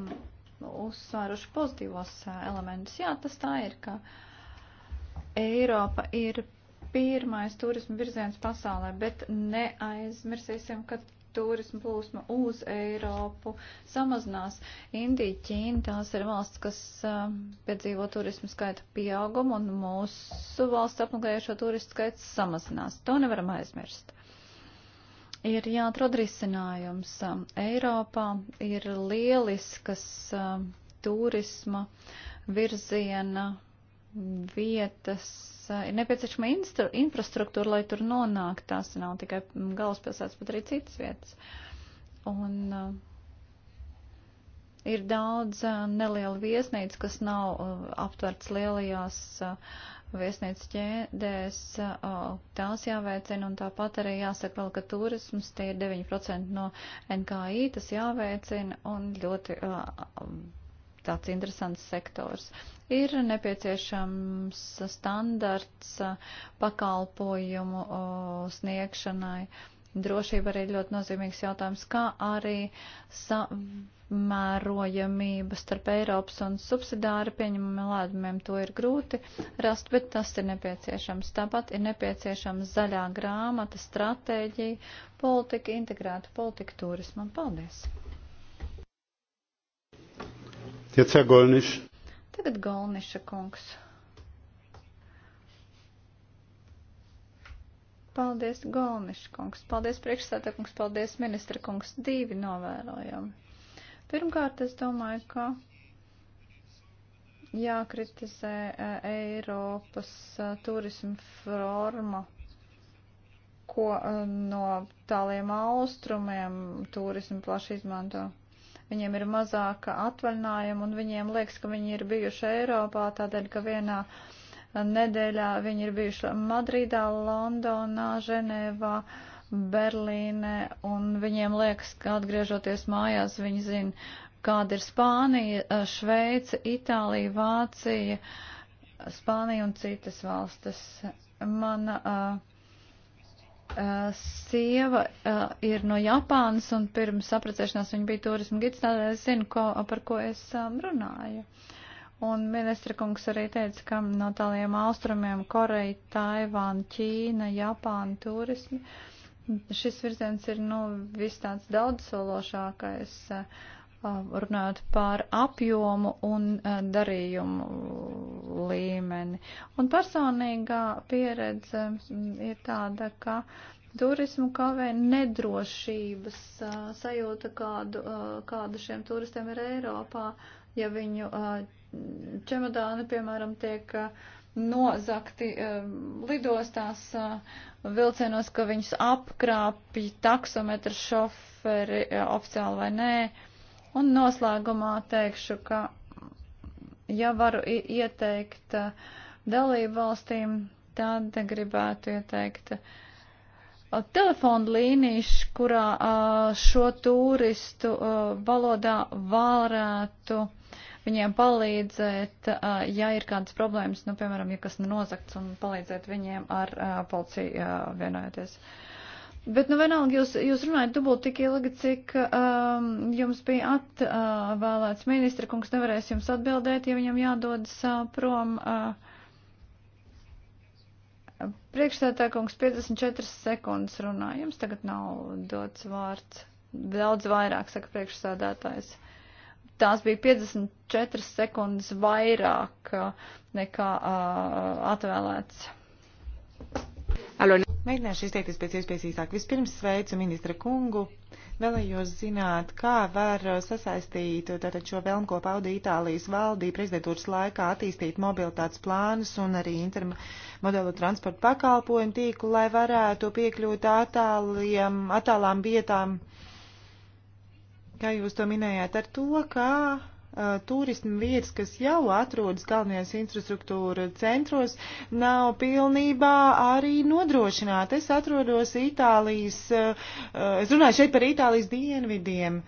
uzsvēruši pozitīvos elementus. Jā, tas tā ir, ka Eiropa ir pirmais turismu virziens pasaulē, bet neaizmirsīsim, ka turismu plūsma uz Eiropu samazinās. Indija, Ķīna, tās ir valsts, kas piedzīvo turismu skaita pieaugumu, un mūsu valsts apmeklējušo turistu skaits samazinās. To nevaram aizmirst ir jāatrod risinājums. Um, Eiropā ir lieliskas um, turisma virziena vietas, uh, ir nepieciešama infrastruktūra, lai tur nonāk. Tās nav tikai galvaspilsētas, bet arī citas vietas. Un uh, Ir daudz nelielu viesnīcu, kas nav aptverts lielajās viesnīcas ķēdēs. Tās jāveicina un tāpat arī jāsaka vēl, ka turisms tie ir 9% no NKI, tas jāveicina un ļoti tāds interesants sektors. Ir nepieciešams standarts pakalpojumu sniegšanai. Drošība arī ļoti nozīmīgs jautājums, kā arī sa mērojamība starp Eiropas un subsidāri pieņemamiem lēmumiem to ir grūti rast, bet tas ir nepieciešams. Tāpat ir nepieciešams zaļā grāmata, stratēģija, politika, integrēta politika turismam. Paldies! Tiecā Golniš. Tagad Golniša kungs. Paldies, Golniša kungs. Paldies, priekšstādā kungs. Paldies, ministra kungs. Divi novērojami Pirmkārt, es domāju, ka jākritizē eh, Eiropas eh, turismu forma, ko eh, no tāliem austrumiem turismu plaši izmanto. Viņiem ir mazāka atvaļinājuma un viņiem liekas, ka viņi ir bijuši Eiropā tādēļ, ka vienā nedēļā viņi ir bijuši Madridā, Londonā, Ženēvā. Uh, Berlīne, un viņiem liekas, ka atgriežoties mājās, viņi zina, kāda ir Spānija, Šveica, Itālija, Vācija, Spānija un citas valstis. Mana uh, Uh, sieva uh, ir no Japānas un pirms apprecēšanās viņa bija turismu gids, tādēļ es zinu, ko, par ko es um, runāju. Un ministra kungs arī teica, ka no tāliem austrumiem Koreja, Taivāna, Ķīna, Japāna turismi. Uh, Šis virziens ir nu, viss tāds daudzsološākais, runājot par apjomu un darījumu līmeni. Un personīgā pieredze ir tāda, ka turismu kavē nedrošības sajūta, kādu, kādu šiem turistiem ir Eiropā, ja viņu čemodāni, piemēram, tiek. Uh, nozakti lidostās eh, vilcienos, ka viņus apkrāpja taksometra šoferi eh, oficiāli vai nē. Un noslēgumā teikšu, ka ja varu ieteikt eh, dalību valstīm, tad gribētu ieteikt telefonu līniju, kurā šo turistu valodā varētu viņiem palīdzēt, ja ir kādas problēmas, nu, piemēram, ja kas nozakts un palīdzēt viņiem ar policiju vienojoties. Bet, nu, vienalga, jūs, jūs runājat dubult tik ilgi, cik um, jums bija atvēlēts ministra kungs, nevarēs jums atbildēt, ja viņam jādodas uh, prom. Uh, Priekšstādā kungs 54 sekundes runā, jums tagad nav dots vārds. Daudz vairāk, saka priekšsādātājs tās bija 54 sekundes vairāk uh, nekā uh, atvēlēts. Mēģināšu izteikties pēc iespējas īsāk. Vispirms sveicu ministra kungu. Vēlējos zināt, kā var uh, sasaistīt uh, tātad šo vēlmu, ko pauda Itālijas valdība prezidentūras laikā attīstīt mobilitātes plānus un arī intermodelu transportu pakalpojumu tīklu, lai varētu piekļūt attāliem, attālām vietām. Uh, kā jūs to minējāt, ar to, kā uh, turismu vietas, kas jau atrodas galvenajās infrastruktūra centros, nav pilnībā arī nodrošināta. Es atrodos Itālijas, uh, es runāju šeit par Itālijas dienvidiem.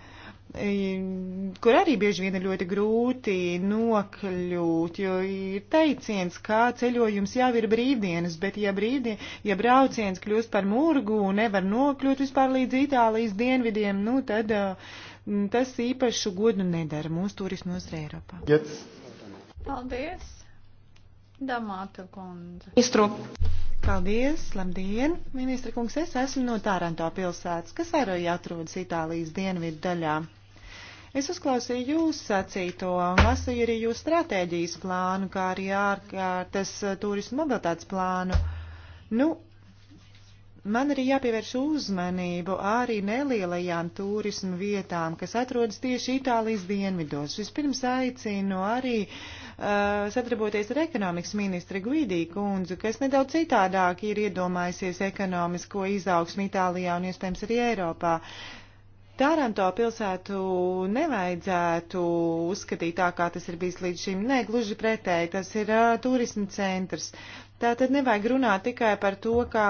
Uh, kur arī bieži vien ir ļoti grūti nokļūt, jo ir teiciens, kā ceļojums jau ir brīvdienas, bet ja, brīvdien, ja brauciens kļūst par murgu un nevar nokļūt vispār līdz Itālijas dienvidiem, nu tad uh, Mm, tas īpašu godu nedara mūsu turismu nozarē Eiropā. Yes. Paldies, Damāta kundze. Ministru. Paldies, labdien. Ministra kungs, es esmu no Tāranto pilsētas, kas arī atrodas Itālijas dienvidu daļā. Es uzklausīju jūs sacīto un lasīju arī jūsu stratēģijas plānu, kā arī ārkārtas turismu mobilitātes plānu. Nu, Man arī jāpievērš uzmanību arī nelielajām turismu vietām, kas atrodas tieši Itālijas dienvidos. Vispirms aicinu arī uh, sadarboties ar ekonomikas ministri Guidī kundzu, kas nedaudz citādāk ir iedomājusies ekonomisko izaugsmu Itālijā un iespējams arī Eiropā. Tāranto pilsētu nevajadzētu uzskatīt tā, kā tas ir bijis līdz šim. Nē, gluži pretēji, tas ir uh, turismu centrs. Uh, Tā tad nevajag runāt tikai par to, kā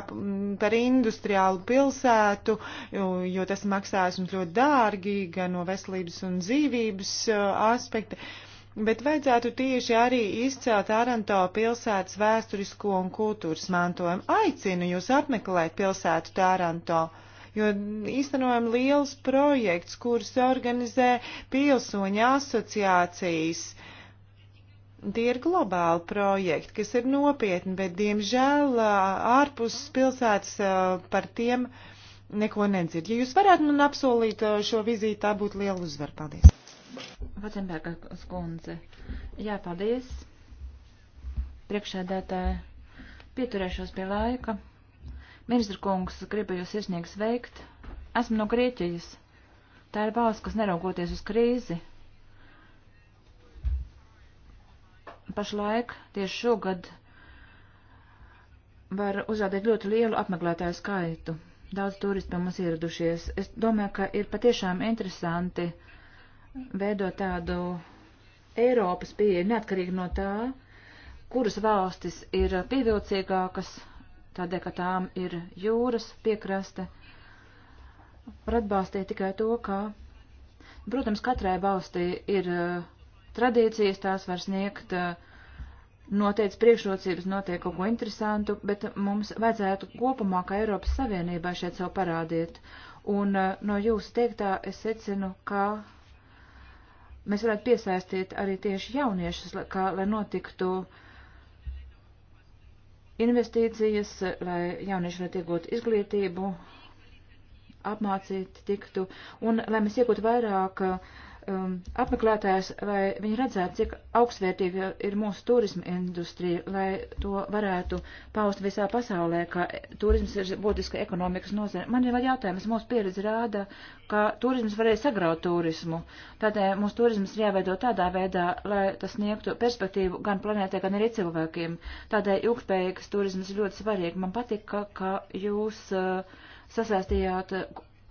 par industriālu pilsētu, jo, jo tas maksās mums ļoti dārgi, gan no veselības un dzīvības aspekta, bet vajadzētu tieši arī izcelt Aranto pilsētas vēsturisko un kultūras mantojumu. Aicinu jūs apmeklēt pilsētu Tāranto jo īstenojam liels projekts, kurus organizē pilsoņa asociācijas. Uh, Tie ir globāli projekti, kas ir nopietni, bet, diemžēl, ārpus pilsētas par tiem neko nedzird. Ja jūs varētu man apsolīt šo vizīti, tā būtu liela uzvara. Paldies. Vacenberga skundze. Jā, paldies. Priekšēdētāji, pieturēšos pie laika. Ministra kungs, gribu jūs iesniegt sveikt. Esmu no Grieķijas. Tā ir valsts, kas neraugoties uz krīzi, pašlaik tieši šogad var uzrādīt ļoti lielu apmeklētāju skaitu. Daudz turisti pie mums ieradušies. Es domāju, ka ir patiešām interesanti veidot tādu Eiropas pieeja neatkarīgi no tā, kuras valstis ir pievilcīgākas, tādēļ, ka tām ir jūras piekraste, var atbalstīt tikai to, ka, protams, katrai valstī ir uh, tradīcijas, tās var sniegt eh, noteikts priekšrocības, notiek kaut ko interesantu, bet mums vajadzētu kopumā, kā Eiropas Savienībai, šeit sev parādīt. Un eh, no jūsu teiktā es secinu, ka mēs varētu piesaistīt arī tieši jauniešus, kā, lai notiktu investīcijas, lai jaunieši varētu iegūt izglītību, apmācīt tiktu, un lai mēs iegūtu vairāk uh, um, apmeklētājs, lai viņi redzētu, cik augstvērtīga ir mūsu turisma industrija, lai to varētu paust visā pasaulē, ka turisms ir būtiska ekonomikas nozare. Man ir vēl jautājums, mūsu pieredze rāda, ka turisms varēja sagraut turismu. Tādēļ mūsu turisms ir jāveido tādā veidā, lai tas sniegtu perspektīvu gan planētai, gan arī cilvēkiem. Tādēļ ilgspējīgs turisms ir ļoti svarīgi. Man patika, ka jūs uh, sasāstījāt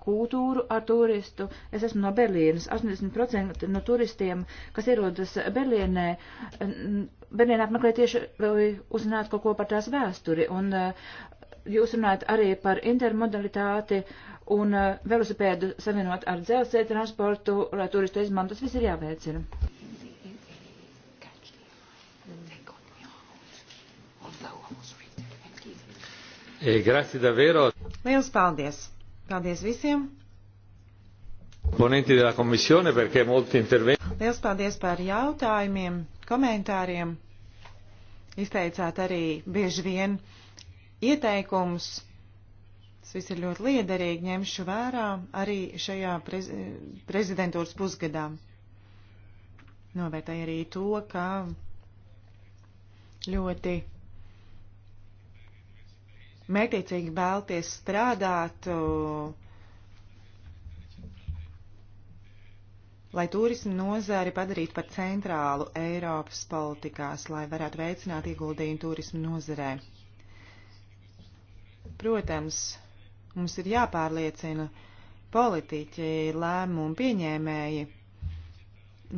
kultūru ar turistu. Es esmu no Berlīnas. 80% no turistiem, kas ierodas Berlīnē, Berlīnē apmeklē tieši, lai uzzinātu kaut ko par tās vēsturi. Un eh, jūs runājat arī par intermodalitāti un eh, velosipēdu savienot ar dzelzceļa transportu, lai turistu izmantu. Tas viss ir jāveicina. Eh, Liels paldies! Paldies visiem! Ponenti della Commissione perché molti interventi. Liels paldies par jautājumiem, komentāriem. Izteicāt arī bieži vien ieteikumus. Tas viss ir ļoti liederīgi, ņemšu vērā arī šajā prez prezidentūras pusgadā. Novērtēju arī to, ka ļoti mērķiecīgi vēlties strādāt, uh, lai turismu nozari padarītu par centrālu Eiropas politikās, lai varētu veicināt ieguldījumu turismu nozarē. Protams, mums ir jāpārliecina politiķi, lēmumu pieņēmēji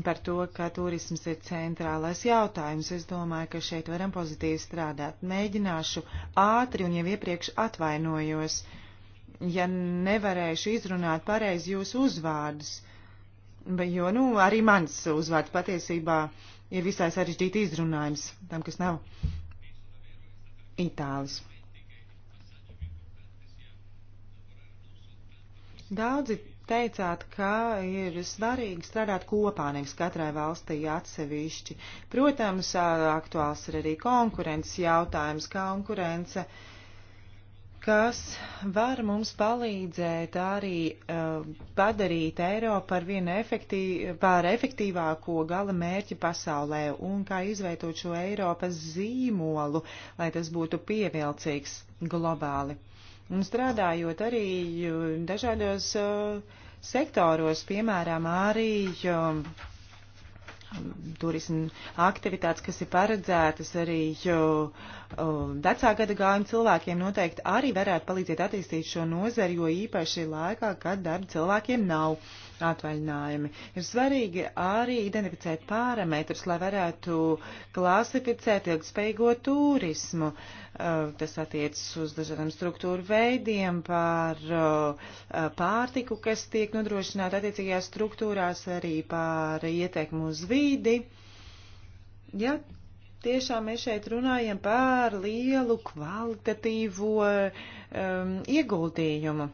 par to, ka turisms ir centrālais jautājums. Es domāju, ka šeit varam pozitīvi strādāt. Mēģināšu ātri un jau iepriekš atvainojos, ja nevarēšu izrunāt pareizi jūsu uzvārdus, bet, jo, nu, arī mans uzvārds patiesībā ir visai sarežģīti izrunājums tam, kas nav itālis. Daudzi teicāt, ka ir svarīgi strādāt kopā, nevis katrai valstī atsevišķi. Protams, aktuāls ir arī konkurences jautājums, konkurence, kas var mums palīdzēt arī uh, padarīt Eiropu par vienu efektī, par efektīvāko gala mērķi pasaulē un kā izveidot šo Eiropas zīmolu, lai tas būtu pievilcīgs globāli un strādājot arī dažādos sektoros, piemēram, arī turismu aktivitātes, kas ir paredzētas arī vecā gada gājuma cilvēkiem, noteikti arī varētu palīdzēt attīstīt šo nozari, jo īpaši laikā, kad darba cilvēkiem nav atvaļinājumi. Ir svarīgi arī identificēt parametrus, lai varētu klasificēt ilgspējīgo turismu. Uh, tas attiecas uz dažādiem struktūru veidiem par uh, pārtiku, kas tiek nodrošināta attiecīgajās struktūrās, arī par ietekmu uz vidi. Ja tiešām mēs šeit runājam par lielu kvalitatīvo um, ieguldījumu.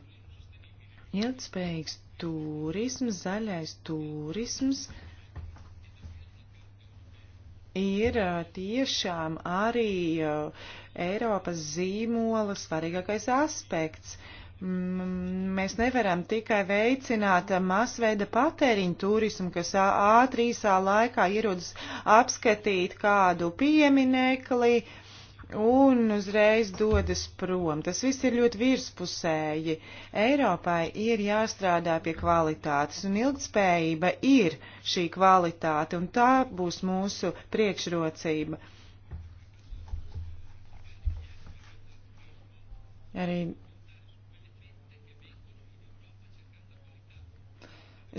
Ilgspējīgs turisms, zaļais turisms ir tiešām arī Eiropas zīmola svarīgākais aspekts. Mēs nevaram tikai veicināt masveida patēriņu turismu, kas ātrīsā laikā ierodas apskatīt kādu pieminekli, uh, un uzreiz dodas prom. Tas viss ir ļoti virspusēji. Eiropai ir jāstrādā pie kvalitātes, un ilgtspējība ir šī kvalitāte, un tā būs mūsu priekšrocība. Arī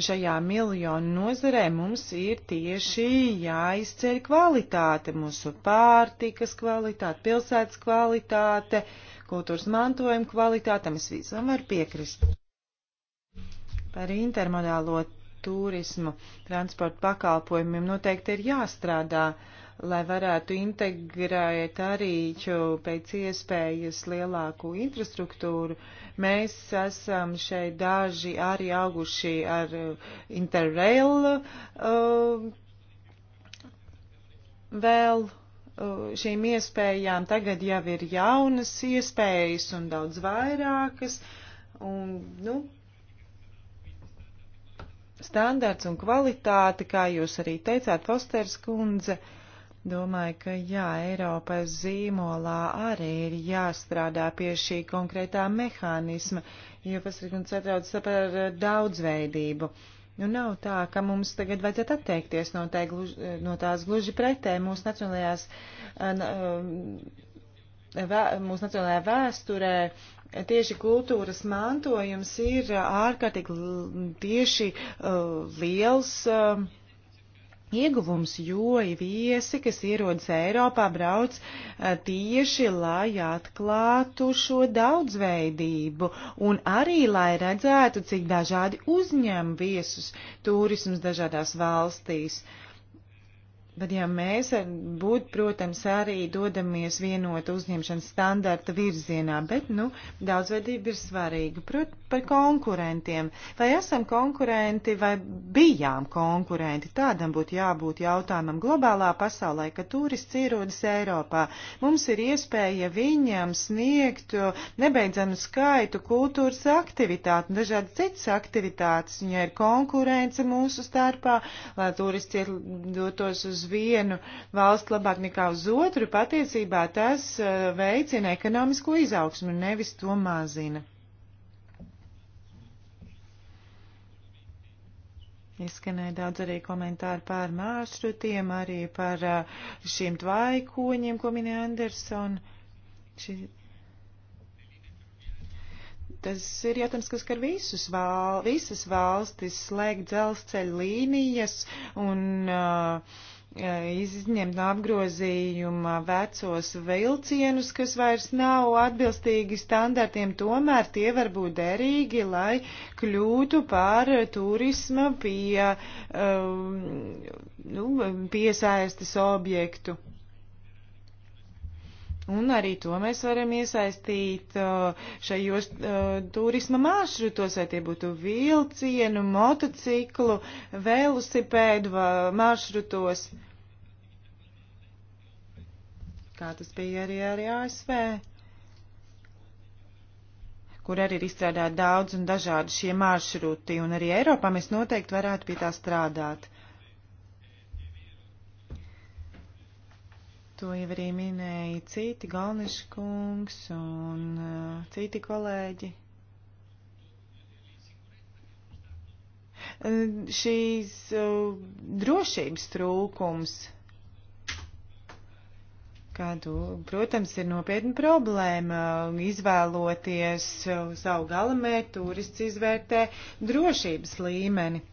šajā miljonu nozarē mums ir tieši jāizceļ kvalitāte, mūsu pārtikas kvalitāte, pilsētas kvalitāte, kultūras mantojuma kvalitāte, mēs visam var piekrist. Par intermodālo turismu, transporta pakalpojumiem noteikti ir jāstrādā. Uh, lai varētu integrēt arī pēc iespējas lielāku infrastruktūru. Mēs esam šeit daži arī auguši ar Interrail uh, vēl. Uh, šīm iespējām tagad jau ir jaunas iespējas un daudz vairākas. Un, nu, standarts un kvalitāte, kā jūs arī teicāt, Fosters kundze, uh, Domāju, ka jā, Eiropas zīmolā arī ir jāstrādā pie šī konkrētā mehānisma, jo pasargums atrauc par daudzveidību. Nu, nav tā, ka mums tagad vajadzētu atteikties no, tā, gluži, no tās gluži pretē mūsu nacionālajās, mūsu nacionālajā vēsturē. Tieši kultūras mantojums ir ārkārtīgi tieši liels. Uh, ieguvums, jo viesi, kas ierodas Eiropā, brauc eh, tieši, lai atklātu šo daudzveidību un arī, lai redzētu, cik dažādi uzņem viesus turisms dažādās valstīs. Uh, Bet ja mēs eh, būtu, protams, arī dodamies vienota uzņemšanas standarta virzienā, bet, nu, daudzveidība ir svarīga. Prot, par konkurentiem. Vai esam konkurenti vai bijām konkurenti? Tādam būtu jābūt jautājumam globālā pasaulē, ka turists ierodas Eiropā. Mums ir iespēja viņam sniegt nebeidzanu skaitu kultūras aktivitātu nu, un dažādi citas aktivitātes. Viņai ir konkurence mūsu starpā, lai turists dotos uz uz vienu valstu labāk nekā uz otru, patiesībā tas eh, veicina ekonomisko izaugsmu, nevis to mazina. Izskanēja daudz arī komentāru par māršrutiem, arī par eh, šiem tvaikoņiem, ko minēja Anderson. Ši... Tas ir jautājums, kas skar visus val... visas valstis, slēgt dzelzceļa līnijas un uh, izņemt no apgrozījuma vecos vilcienus, kas vairs nav atbilstīgi standartiem, tomēr tie var būt derīgi, lai kļūtu par turisma pie, nu, piesaistes objektu. Un arī to mēs varam iesaistīt šajos turisma maršrutos, vai tie būtu vilcienu, motociklu, velosipēdu maršrutos. Mm kā tas bija arī, arī ASV, kur arī ir izstrādāti daudz un dažādi šie maršruti, un arī Eiropā mēs noteikti varētu pie tā strādāt. To jau arī minēja citi Galniškungs un uh, citi kolēģi. Uh, šīs uh, drošības trūkums kādu, protams, ir nopietna problēma izvēloties savu galamērķi, turists izvērtē drošības līmeni.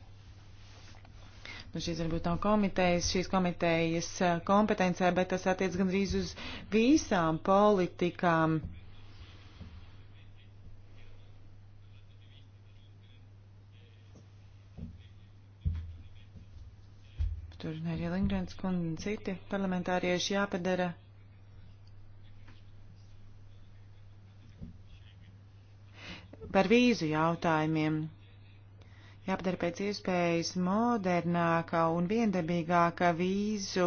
Nu, šīs varbūt nav komitejas, šīs komitejas kompetencē, bet tas attiec gandrīz uz visām politikām. Tur arī Lingrēns kundze un citi parlamentārieši jāpadara par vīzu jautājumiem. Jāpadara pēc iespējas modernāka un viendabīgāka vīzu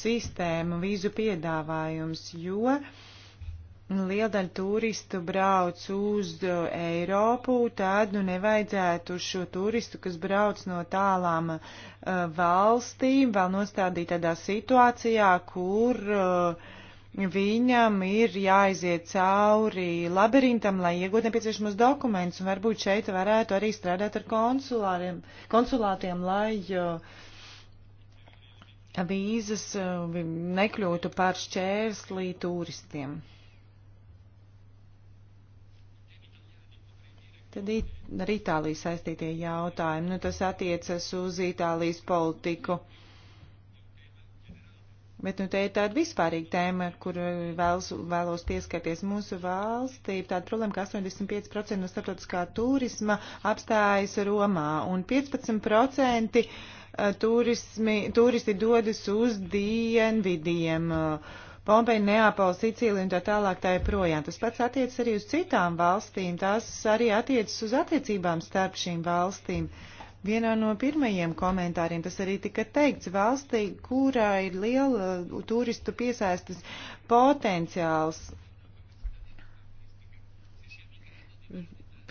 sistēma, vīzu piedāvājums, jo liela daļa turistu brauc uz Eiropu, tad nu nevajadzētu šo turistu, kas brauc no tālām uh, valstīm, vēl nostādīt tādā situācijā, kur uh, viņam ir jāaiziet cauri labirintam, lai iegūtu nepieciešamos dokumentus, un varbūt šeit varētu arī strādāt ar konsulātiem, lai uh, vīzas uh, nekļūtu par šķērslī turistiem. Tad ar Itāliju saistītie jautājumi, nu tas attiecas uz Itālijas politiku. Uh, Bet nu, te ir tāda vispārīga tēma, ar kuru vēlos, vēlos pieskarties. Mūsu valstī ir tāda problēma, ka 85% no starptautiskā turisma apstājas Romā un 15% eh, turismi, turisti dodas uz dienvidiem. Eh, Pompeja, Neapoli, Sicīlija un tā tālāk tā ir projām. Tas pats attiecas arī uz citām valstīm. Tās arī attiecas uz attiecībām starp šīm valstīm. Uh, Vienā no pirmajiem komentāriem tas arī tika teikts valstī, kurā ir liela uh, turistu piesaistas potenciāls.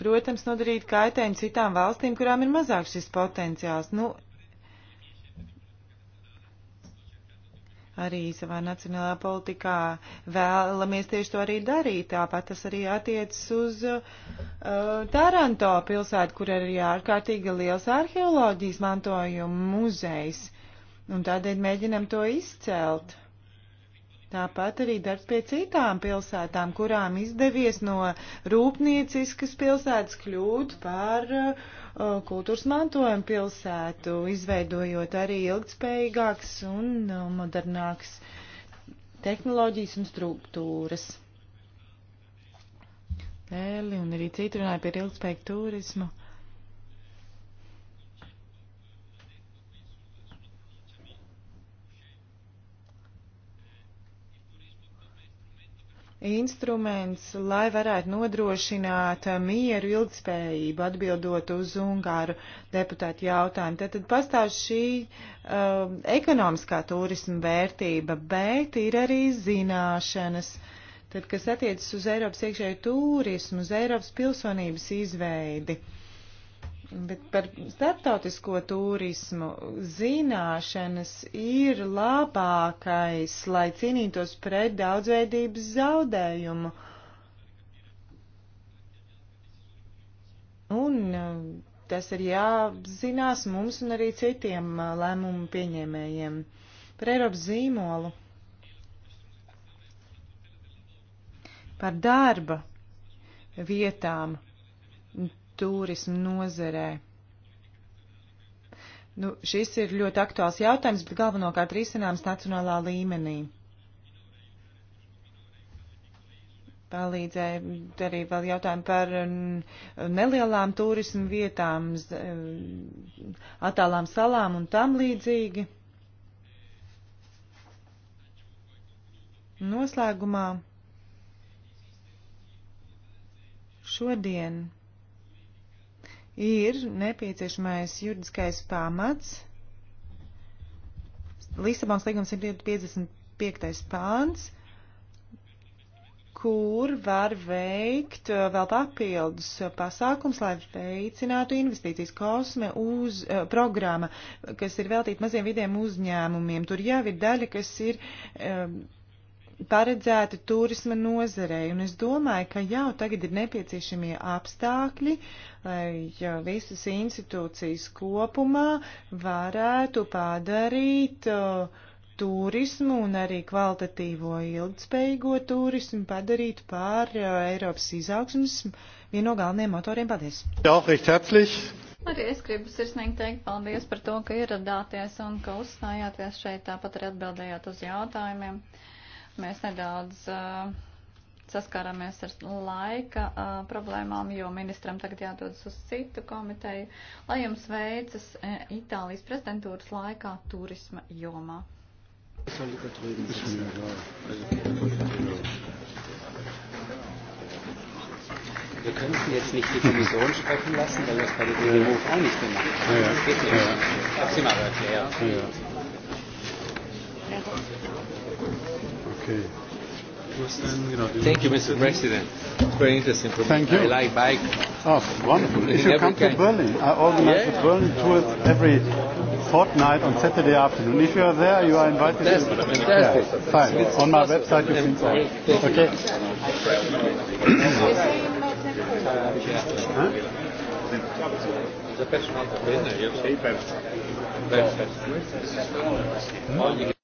Protams, nodarīt kaitējumu citām valstīm, kurām ir mazāk šis potenciāls. Nu, arī savā nacionālā politikā vēlamies tieši to arī darīt. Tāpat tas arī attiecas uz uh, Taranto pilsētu, kur arī ārkārtīgi liels arheoloģijas mantojuma muzejs. Un tādēļ mēģinam to izcelt. Tāpat arī darbs pie citām pilsētām, kurām izdevies no rūpnieciskas pilsētas kļūt par uh, Uh, kultūras mantojumu pilsētu, izveidojot arī ilgtspējīgāks un uh, modernāks tehnoloģijas un struktūras. Eli un arī citi runāja par ilgspējīgu turismu. instruments, lai varētu nodrošināt mieru ilgspējību, atbildot uz Ungāru deputātu jautājumu. Tad, tad pastāv šī uh, ekonomiskā turisma vērtība, bet ir arī zināšanas. Tad, kas attiecas uz Eiropas iekšēju turismu, uz Eiropas pilsonības izveidi. Uh, Bet par starptautisko turismu zināšanas ir labākais, lai cīnītos pret daudzveidības zaudējumu. Un uh, tas ir jāzinās mums un arī citiem uh, lēmumu pieņēmējiem. Par Eiropas zīmolu. Par darba vietām turismu nozerē. Nu, šis ir ļoti aktuāls jautājums, bet galvenokārt risināms nacionālā līmenī. Palīdzēja arī vēl jautājumu par nelielām turismu vietām, e, attālām salām un tam līdzīgi. Noslēgumā šodien ir nepieciešamais juridiskais pamats. Lisabons līgums ir 55. pāns, kur var veikt uh, vēl papildus uh, pasākums, lai veicinātu investīcijas kosme uz uh, programma, kas ir veltīta maziem vidiem uzņēmumiem. Tur jau ir daļa, kas ir. Uh, paredzēti turisma nozarei, un es domāju, ka jau tagad ir nepieciešamie apstākļi, lai visas institūcijas kopumā varētu padarīt turismu un arī kvalitatīvo ilgspējīgo turismu padarīt pār Eiropas izaugsmas vieno no galvenajiem motoriem. Paldies! Jā, Arī es gribu sirsnīgi teikt paldies par to, ka ieradāties un ka uzstājāties šeit, tāpat arī atbildējāt uz jautājumiem. Uh, Mēs nedaudz uh, saskārāmies ar laika uh, problēmām, jo ministram tagad jādodas uz citu komiteju. Lai jums veicas uh, Itālijas prezidentūras laikā turisma jomā. Wir könnten jetzt nicht die Kommission sprechen lassen, weil das bei der DGU auch nicht gemacht wird. Ja, ja. Das geht nicht. Ja, ja. Ich habe es immer erklärt. Ja, ja. Okay. And, you know, Thank you, Mr. President. It's very interesting for me. Thank you. I like bike. Oh, wonderful. If you come kind. to Berlin, I organize yeah. the Berlin tours every fortnight on Saturday afternoon. If you are there, you are invited. That's to... fantastic. Yeah, fine. It's on my website, you can find it. Okay. huh?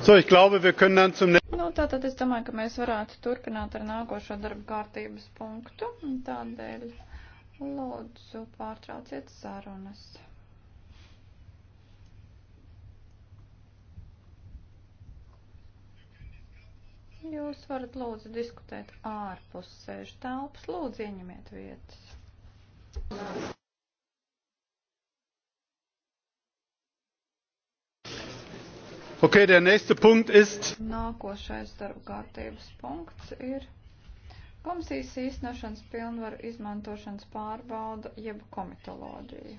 So, ich glaube, wir können dann zum Nu, tātad es domāju, ka mēs varētu turpināt ar nākošo darba kārtības punktu, un tādēļ lūdzu pārtrauciet sarunas. Jūs varat lūdzu diskutēt ārpus sēžu telpas, lūdzu ieņemiet vietas. Okay, der nächste Punkt ist. Nākošais darba kārtības punkts ir komisijas īstenošanas pilnvaru izmantošanas pārbauda jeb komitoloģija.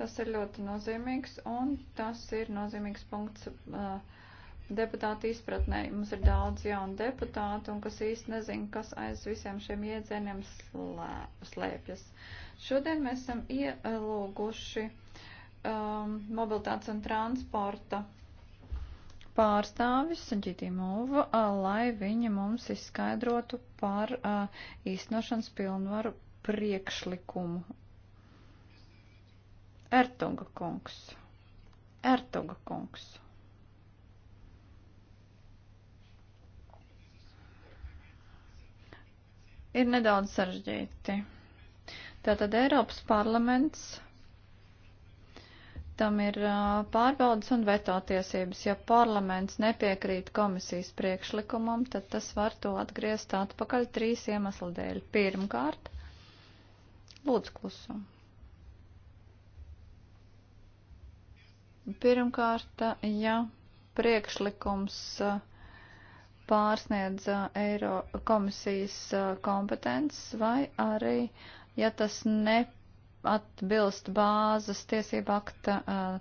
Tas ir ļoti nozīmīgs un tas ir nozīmīgs punkts uh, deputātu izpratnē. Mums ir daudz jaunu deputātu un kas īsti nezin, kas aiz visiem šiem iedzieniem slē, slēpjas. Šodien mēs esam ielūguši um, mobilitātes un transporta pārstāvis Džidimuvu, lai viņa mums izskaidrotu par īstenošanas pilnvaru priekšlikumu. Ertuga kungs. Ertuga kungs. Ir nedaudz sarežģīti. Tātad Eiropas parlaments Tam ir pārbaudas un veto tiesības. Ja parlaments nepiekrīt komisijas priekšlikumam, tad tas var to atgriezt atpakaļ trīs iemeslu dēļ. Pirmkārt, lūdzu klusumu. Pirmkārt, ja priekšlikums pārsniedz Eiro komisijas kompetences vai arī, ja tas nepārsniedz atbilst bāzes tiesība akta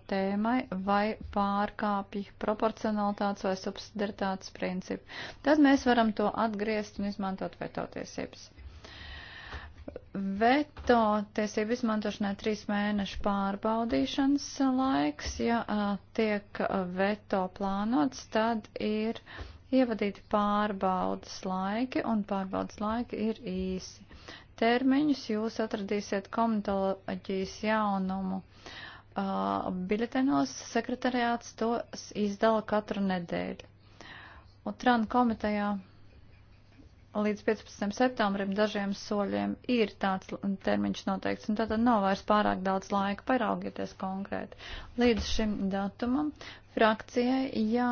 tēmai vai pārkāpj proporcionalitātes vai subsidiaritātes principu. Tad mēs varam to atgriezt un izmantot veto tiesības. Veto tiesību izmantošanai trīs mēnešu pārbaudīšanas laiks, ja tiek veto plānots, tad ir ievadīti pārbaudas laiki, un pārbaudas laiki ir īsi termiņus. Jūs atradīsiet komitoloģijas jaunumu uh, biļetenos. Sekretariāts tos izdala katru nedēļu. Un Trana komitejā līdz 15. septembrim dažiem soļiem ir tāds termiņš noteikts, un tātad nav vairs pārāk daudz laika, paraugieties konkrēti. Līdz šim datumam frakcijai jā,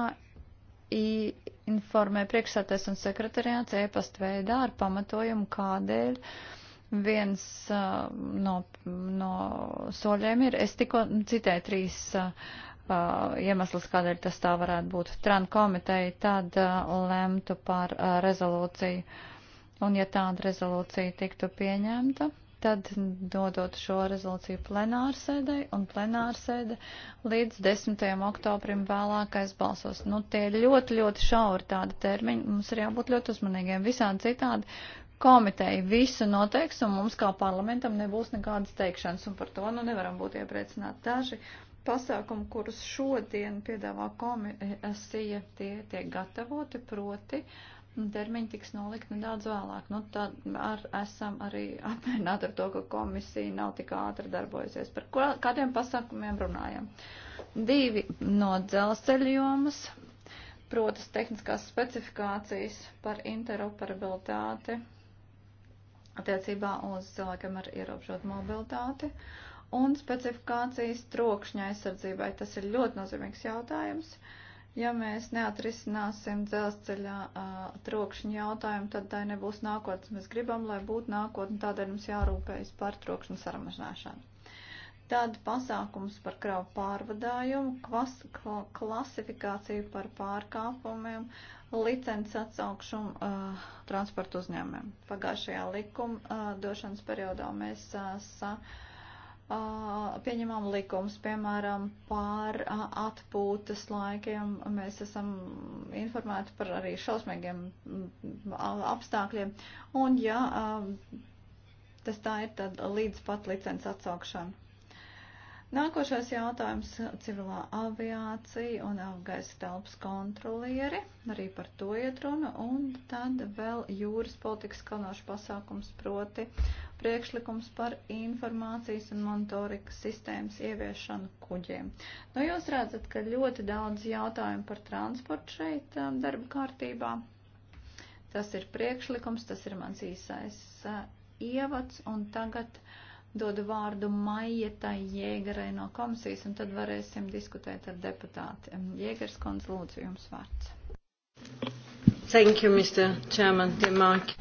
i, informē priekšsētais un sekretariāts ēpast veidā ar pamatojumu, kādēļ viens uh, no, no soļiem ir. Es tikko citēju trīs uh, iemeslus, kādēļ tas tā varētu būt. Tran komiteja tad uh, lemtu par uh, rezolūciju. Un ja tāda rezolūcija tiktu pieņemta, tad dodot šo rezolūciju plenārsēdē un plenārsēde līdz 10. oktobrim vēlākais balsos. Nu, tie ir ļoti, ļoti šauri tādi termiņi. Mums ir jābūt ļoti uzmanīgiem. Visādi citādi komiteja visu noteiks un mums kā parlamentam nebūs nekādas teikšanas un par to nu nevaram būt iepriecināti daži. Pasākumi, kurus šodien piedāvā komisija, tie tiek gatavoti proti. Uh, termiņi tiks nolikt nedaudz vēlāk. Nu, tad ar, esam arī apmierināti ar to, ka komisija nav tik ātri darbojusies. Par ko, kādiem pasākumiem runājam? Divi no dzelzceļa jomas, protas tehniskās specifikācijas par interoperabilitāti attiecībā uz cilvēkiem ar ierobežotu mobilitāti un specifikācijas trokšņa aizsardzībai. Tas ir ļoti nozīmīgs jautājums. Uh, Ja mēs neatrisināsim dzelzceļa uh, trokšņa jautājumu, tad tai nebūs nākotnes. Mēs gribam, lai būtu nākotne, tādēļ mums jārūpējas par trokšņa saramazināšanu. Tad pasākums par kravu pārvadājumu, klas, kl, klasifikāciju par pārkāpumiem, licences atsaukšumu uh, transporta uzņēmumiem. Pagājušajā likuma uh, došanas periodā mēs uh, sa, uh, pieņemam likums, piemēram, pār atpūtas laikiem. Mēs esam informēti par arī šausmīgiem apstākļiem. Un, ja tas tā ir, tad līdz pat licences atsaukšana. Nākošais jautājums - civilā aviācija un gaisa telpas kontrolieri. Arī par to iet runa. Un tad vēl jūras politikas kalnošu pasākums proti priekšlikums par informācijas un monitorika sistēmas ieviešanu kuģiem. Nu, jūs redzat, ka ļoti daudz jautājumu par transportu šeit um, darba kārtībā. Tas ir priekšlikums, tas ir mans īsais uh, ievads un tagad. Uh, dodu vārdu Maietai Jēgarai no komisijas, un tad varēsim diskutēt ar deputāti. Jēgars kundze, lūdzu, jums vārds. Thank you, Mr. Chairman, dear Mark.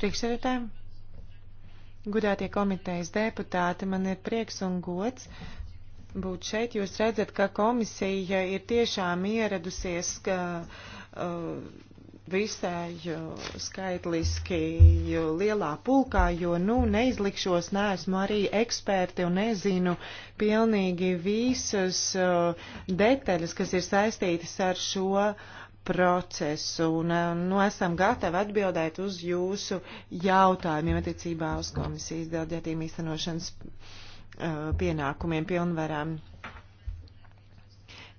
Priekšsēdētājiem, gudātie komitejas deputāti, man ir prieks un gods būt šeit. Jūs redzat, ka komisija ir tiešām ieradusies, ka. Uh, visai skaitliski lielā pulkā, jo, nu, neizlikšos, neesmu arī eksperti un nezinu pilnīgi visas uh, detaļas, kas ir saistītas ar šo procesu. Un, uh, nu, esam gatavi atbildēt uz jūsu jautājumiem attiecībā uz komisijas delegētiem īstenošanas uh, pienākumiem, pilnvarām.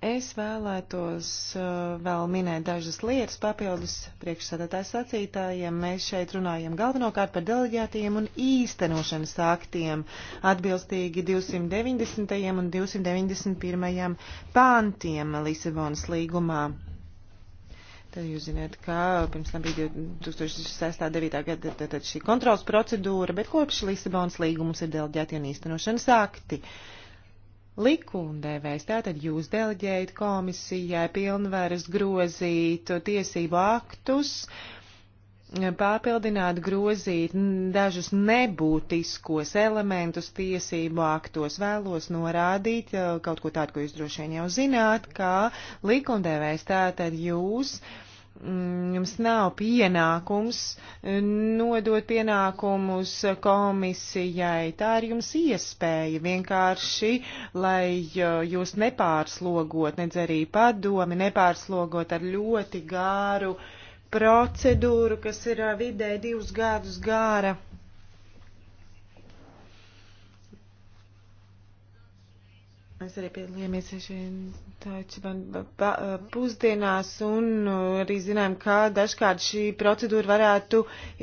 Es vēlētos uh, vēl minēt dažas lietas papildus priekšsēdētājs sacītājiem. Mēs šeit runājam galvenokārt par deleģētajiem un īstenošanas aktiem atbilstīgi 290. un 291. pāntiem Lisabonas līgumā. Tad jūs zināt, ka pirms tam bija 2006.9. gada tad šī kontrols procedūra, bet kopš Lisabonas līgumus ir deleģēti un īstenošanas akti. Uh, likumdevējs, tātad jūs deleģējat komisijai pilnvaras grozīt tiesību aktus, papildināt, grozīt dažus nebūtiskos elementus tiesību aktos. Vēlos norādīt eh, kaut ko tādu, ko jūs droši vien jau zināt, kā likumdevējs, tātad jūs uh, Mm, jums nav pienākums nodot pienākumus komisijai. Tā ir jums iespēja vienkārši, lai jūs nepārslogot, nedz arī padomi, nepārslogot ar ļoti gāru procedūru, kas ir vidē divus gadus gāra. Mēs arī piedalījāmies Tačiban pusdienās un uh, arī zinām, ka dažkārt šī procedūra varētu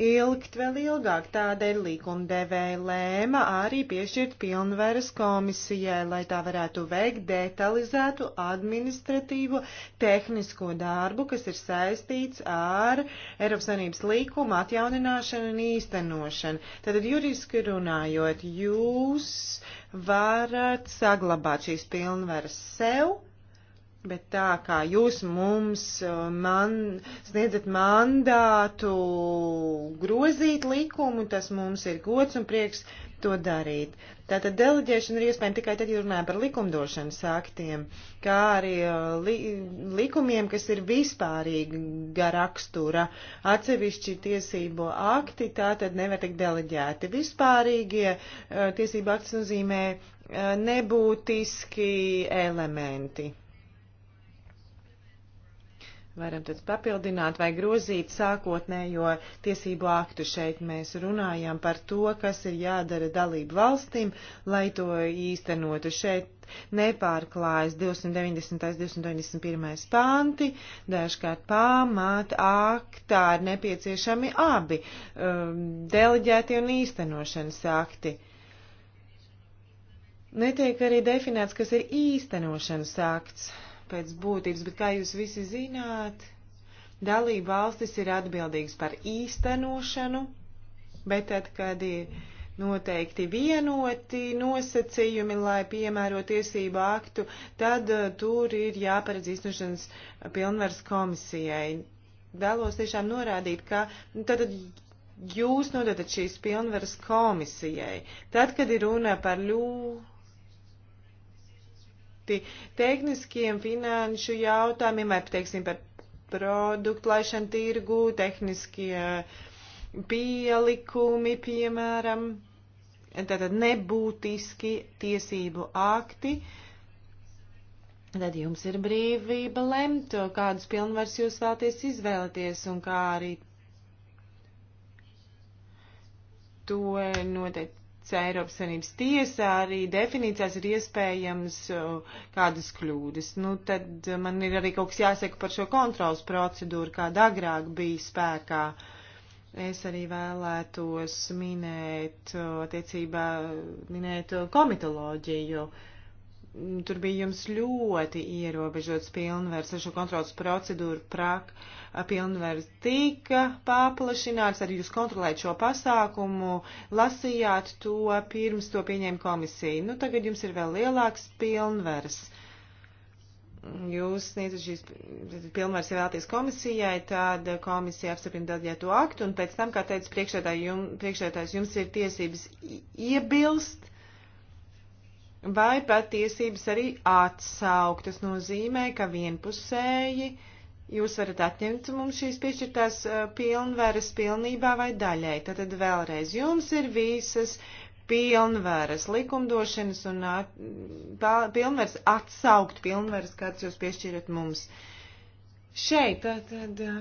ilgt vēl ilgāk. Tādēļ līkumdevēja lēma arī piešķirt pilnvaras komisijai, lai tā varētu veikt detalizētu administratīvo tehnisko darbu, kas ir saistīts ar Eiropas Savienības līkumu atjaunināšanu un īstenošanu. Tātad juridiski runājot, jūs. Uh, varat saglabāt šīs pilnvaras sev, bet tā kā jūs mums uh, man, sniedzat mandātu grozīt likumu, tas mums ir gods un prieks to darīt. Tātad deleģēšana ir iespējama tikai tad, ja runājam par likumdošanas aktiem, kā arī uh, li likumiem, kas ir vispārīga rakstura. Atsevišķi tiesību akti tātad nevar tikt deleģēti. Vispārīgie uh, tiesību akti nozīmē uh, nebūtiski elementi varam tad papildināt vai grozīt sākotnējo tiesību aktu. Šeit mēs runājam par to, kas ir jādara dalību valstīm, lai to īstenotu. Šeit nepārklājas 290. 291. panti, dažkārt pamata aktā ir nepieciešami abi um, deleģēti un īstenošanas akti. Netiek arī definēts, kas ir īstenošanas akts pēc būtības, bet kā jūs visi zināt, dalība valstis ir atbildīgas par īstenošanu, bet tad, kad ir noteikti vienoti nosacījumi, lai piemēro tiesību aktu, tad uh, tur ir jāparedz īstenošanas pilnvars komisijai. Vēlos tiešām norādīt, ka nu, tad jūs nododat šīs pilnvaras komisijai. Tad, kad ir runa par ļoti ļoti tehniskiem finanšu jautājumiem, vai, teiksim, par produktu laišanu tirgu, tehniskie pielikumi, piemēram, tātad nebūtiski tiesību akti. Tad jums ir brīvība lemt, kādus pilnvars jūs vēlaties izvēlēties un kā arī to noteikti Eiropas Savienības tiesā arī definīcijās ir iespējams uh, kādas kļūdas. Nu, tad uh, man ir arī kaut kas jāsaka par šo kontrolas procedūru, kāda agrāk bija spēkā. Es arī vēlētos minēt, uh, attiecībā, minēt komitoloģiju. Uh, Mm, tur bija jums ļoti ierobežots pilnvērs ar šo kontrolas procedūru. Prak, pilnvērs tika paplašināts, arī jūs kontrolējat šo pasākumu, lasījāt to pirms to pieņēma komisija. Nu, tagad jums ir vēl lielāks pilnvērs. Jūs sniedzat šīs pilnvērs, ja vēlaties komisijai, tad komisija apstiprina dadļēto aktu, un pēc tam, kā teica priekšētājs, jums, priekšētājs, jums ir tiesības iebilst vai pat tiesības arī atsaukt. Tas nozīmē, ka vienpusēji jūs varat atņemt mums šīs piešķirtās pilnvaras pilnībā vai daļai. Tātad vēlreiz jums ir visas pilnvaras likumdošanas un at, pilnvaras atsaukt pilnvaras, kāds jūs piešķirat mums. Šeit tātad. Tā,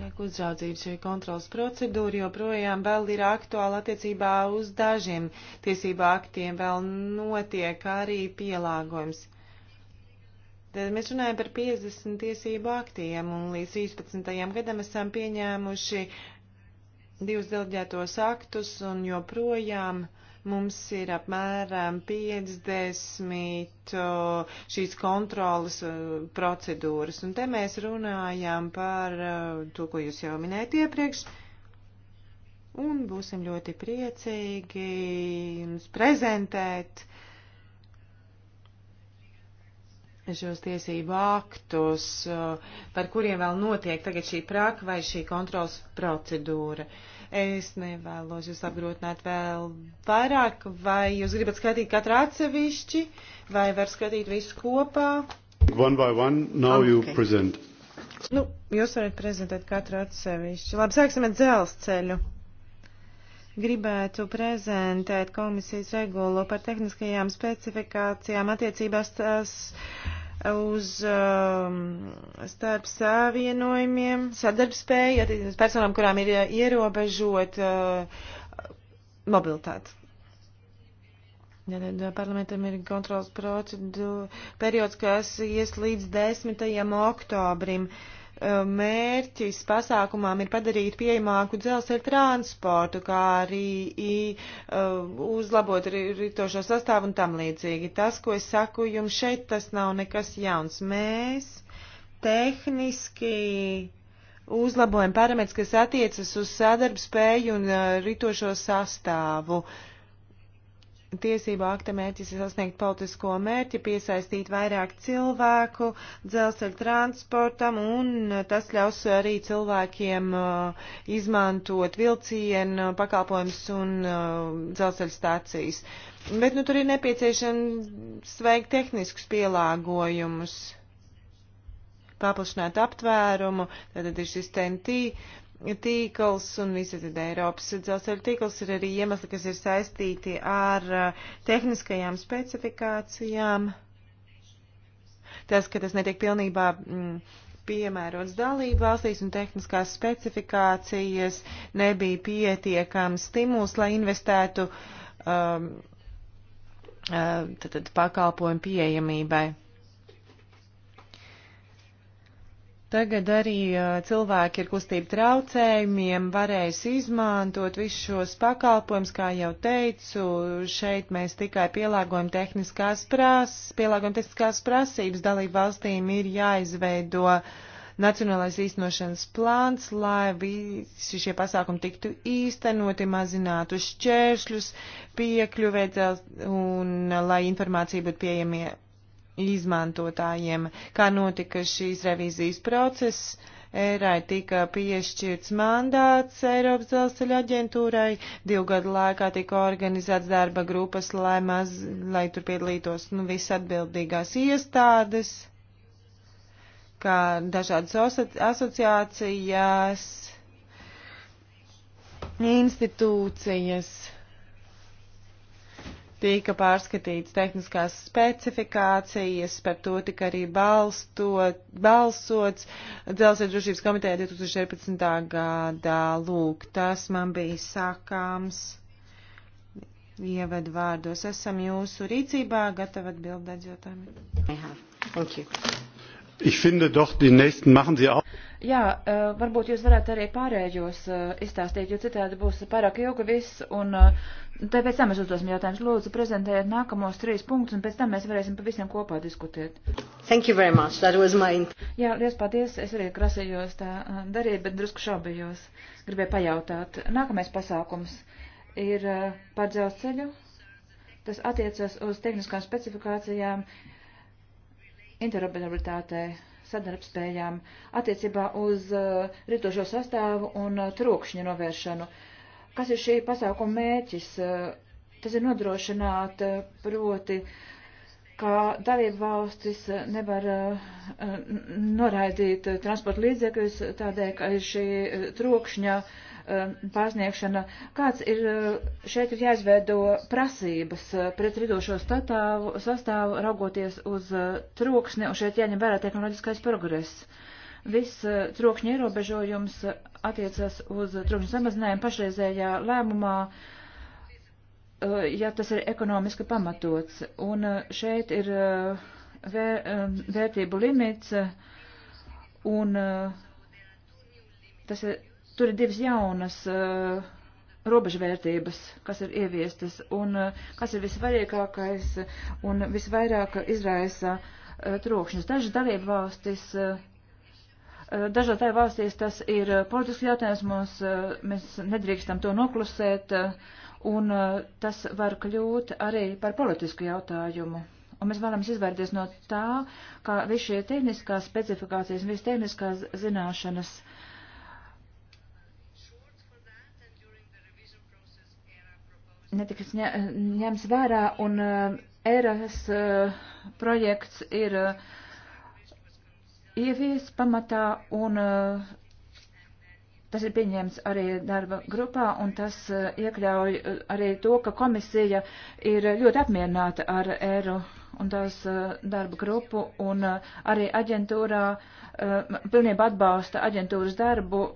Jāku uzraudzības vai kontrolas procedūra joprojām vēl ir aktuāla attiecībā uz dažiem tiesību aktiem, vēl notiek arī pielāgojums. Tad mēs runājam par 50 tiesību aktiem un līdz 13. gadam esam pieņēmuši divus deleģētos aktus un joprojām uh, Mums ir apmēram 50 šīs kontrolas procedūras, un te mēs runājam par to, ko jūs jau minējat iepriekš. Un būsim ļoti priecīgi jums prezentēt šos tiesību aktus, par kuriem vēl notiek tagad šī prāka vai šī kontrols procedūra. Uh, Es nevēlos jūs apgrūtināt vēl vairāk, vai jūs gribat skatīt katru atsevišķi, vai var skatīt visu kopā? One by one, now okay. you present. Nu, jūs varat prezentēt katru atsevišķi. Labi, sāksim ar dzelzceļu gribētu prezentēt komisijas regulu par tehniskajām specifikācijām attiecībās tās uz um, starp savienojumiem, sadarbspēju, attiecības personām, kurām ir uh, ierobežot uh, mobilitāti. Ja, tad uh, parlamentam ir kontrols procedūra periods, kas ies līdz 10. oktobrim. Uh, Eh, mērķis pasākumām ir padarīt pieejamāku dzelzceļa transportu, kā arī i, eh, uzlabot rītošo sastāvu un tam līdzīgi. Tas, ko es saku jums šeit, tas nav nekas jauns. Mēs tehniski uzlabojam parametrus, kas attiecas uz sadarbspēju un eh, rītošo sastāvu. Uh, tiesību akta mērķis ir sasniegt politisko mērķi, piesaistīt vairāk cilvēku dzelzceļa transportam, un tas ļaus arī cilvēkiem uh, izmantot vilcienu pakalpojumus un uh, dzelzceļa stācijas. Bet nu, tur ir nepieciešams veikt tehniskus pielāgojumus paplašināt aptvērumu, tad ir šis TNT tīkls un visi tad Eiropas dzelzceļa tīkls ir arī iemesli, kas ir saistīti ar eh, tehniskajām specifikācijām. Tas, ka tas netiek pilnībā mm, piemērots dalību valstīs un tehniskās specifikācijas nebija pietiekams stimuls, lai investētu um, uh, tad, tad pakalpojumu pieejamībai. Tagad arī cilvēki ar kustību traucējumiem varēs izmantot visus šos pakalpojumus, kā jau teicu, šeit mēs tikai pielāgojam tehniskās prasības, pielāgojam tehniskās prasības, dalību valstīm ir jāizveido nacionālais īstenošanas plāns, lai visi šie pasākumi tiktu īstenoti, mazinātu šķēršļus, piekļuvēt un lai informācija būtu pieejamie izmantotājiem. Kā notika šīs revīzijas process, ERAI tika piešķirts mandāts Eiropas dzelzceļa aģentūrai, divu gadu laikā tika organizēts darba grupas, lai, maz, lai tur piedalītos nu, visatbildīgās iestādes, kā dažādas asociācijas, institūcijas tika pārskatīts tehniskās specifikācijas, par to tika arī balstot, balsots Dzelzceļa drošības komitejā 2014. gadā. Lūk, tas man bija sakāms. Ievedu vārdos. Esam jūsu rīcībā, gatavi atbildēt jautājumiem. Ich finde doch, die nächsten machen Sie auch. Jā, eh, varbūt jūs varētu arī pārējos eh, izstāstīt, jo citādi būs pārāk ilga viss, un eh, te pēc tam mēs uzdosim jautājumus. Lūdzu, prezentējiet nākamos trīs punktus, un pēc tam mēs varēsim pa visiem kopā diskutēt. Thank you very much, that was mine. Jā, liels paldies, es arī grasējos tā darīt, bet drusku šaubījos. Gribēju pajautāt. Nākamais pasākums ir par dzelzceļu. Tas attiecas uz tehniskām specifikācijām interoperabilitātei sadarbspējām attiecībā uz uh, ritošo sastāvu un uh, trokšņu novēršanu. Kas ir šī pasākuma mērķis? Uh, tas ir nodrošināt uh, proti, ka dalību valstis uh, nevar uh, noraidīt uh, transporta līdzekļus tādēļ, ka ir šī uh, trokšņa uh, Um, pārsniegšana. Kāds ir, uh, šeit ir jāizveido prasības uh, pret ridošo statāvu, sastāvu, raugoties uz uh, troksni, un šeit jāņem vērā tehnoloģiskais progress. Viss trokšņa ierobežojums attiecas uz trokšņa samazinājumu pašreizējā lēmumā, ja tas ir ekonomiski pamatots. Un šeit ir vēr, um, vērtību limits, un tas ir Tur ir divas jaunas uh, robežvērtības, kas ir ieviestas un uh, kas ir visvarīgākais un visvairāk izraisa uh, trokšņus. Dažas dalību valstis. Uh, uh Dažās tajā valstīs tas ir uh, politisks jautājums, mums, uh, mēs nedrīkstam to noklusēt, un tas var kļūt arī par politisku jautājumu. Un mēs vēlamies izvairīties no tā, ka visi šie tehniskās specifikācijas, visas tehniskās zināšanas uh, netiks ņa, ņems vērā un uh, ERAS uh, projekts ir uh, ievies pamatā un uh, tas ir pieņēmts arī darba grupā un tas uh, iekļauj uh, arī to, ka komisija ir ļoti apmierināta ar ERU un tās uh, darba grupu un uh, arī aģentūrā uh, pilnībā atbalsta aģentūras darbu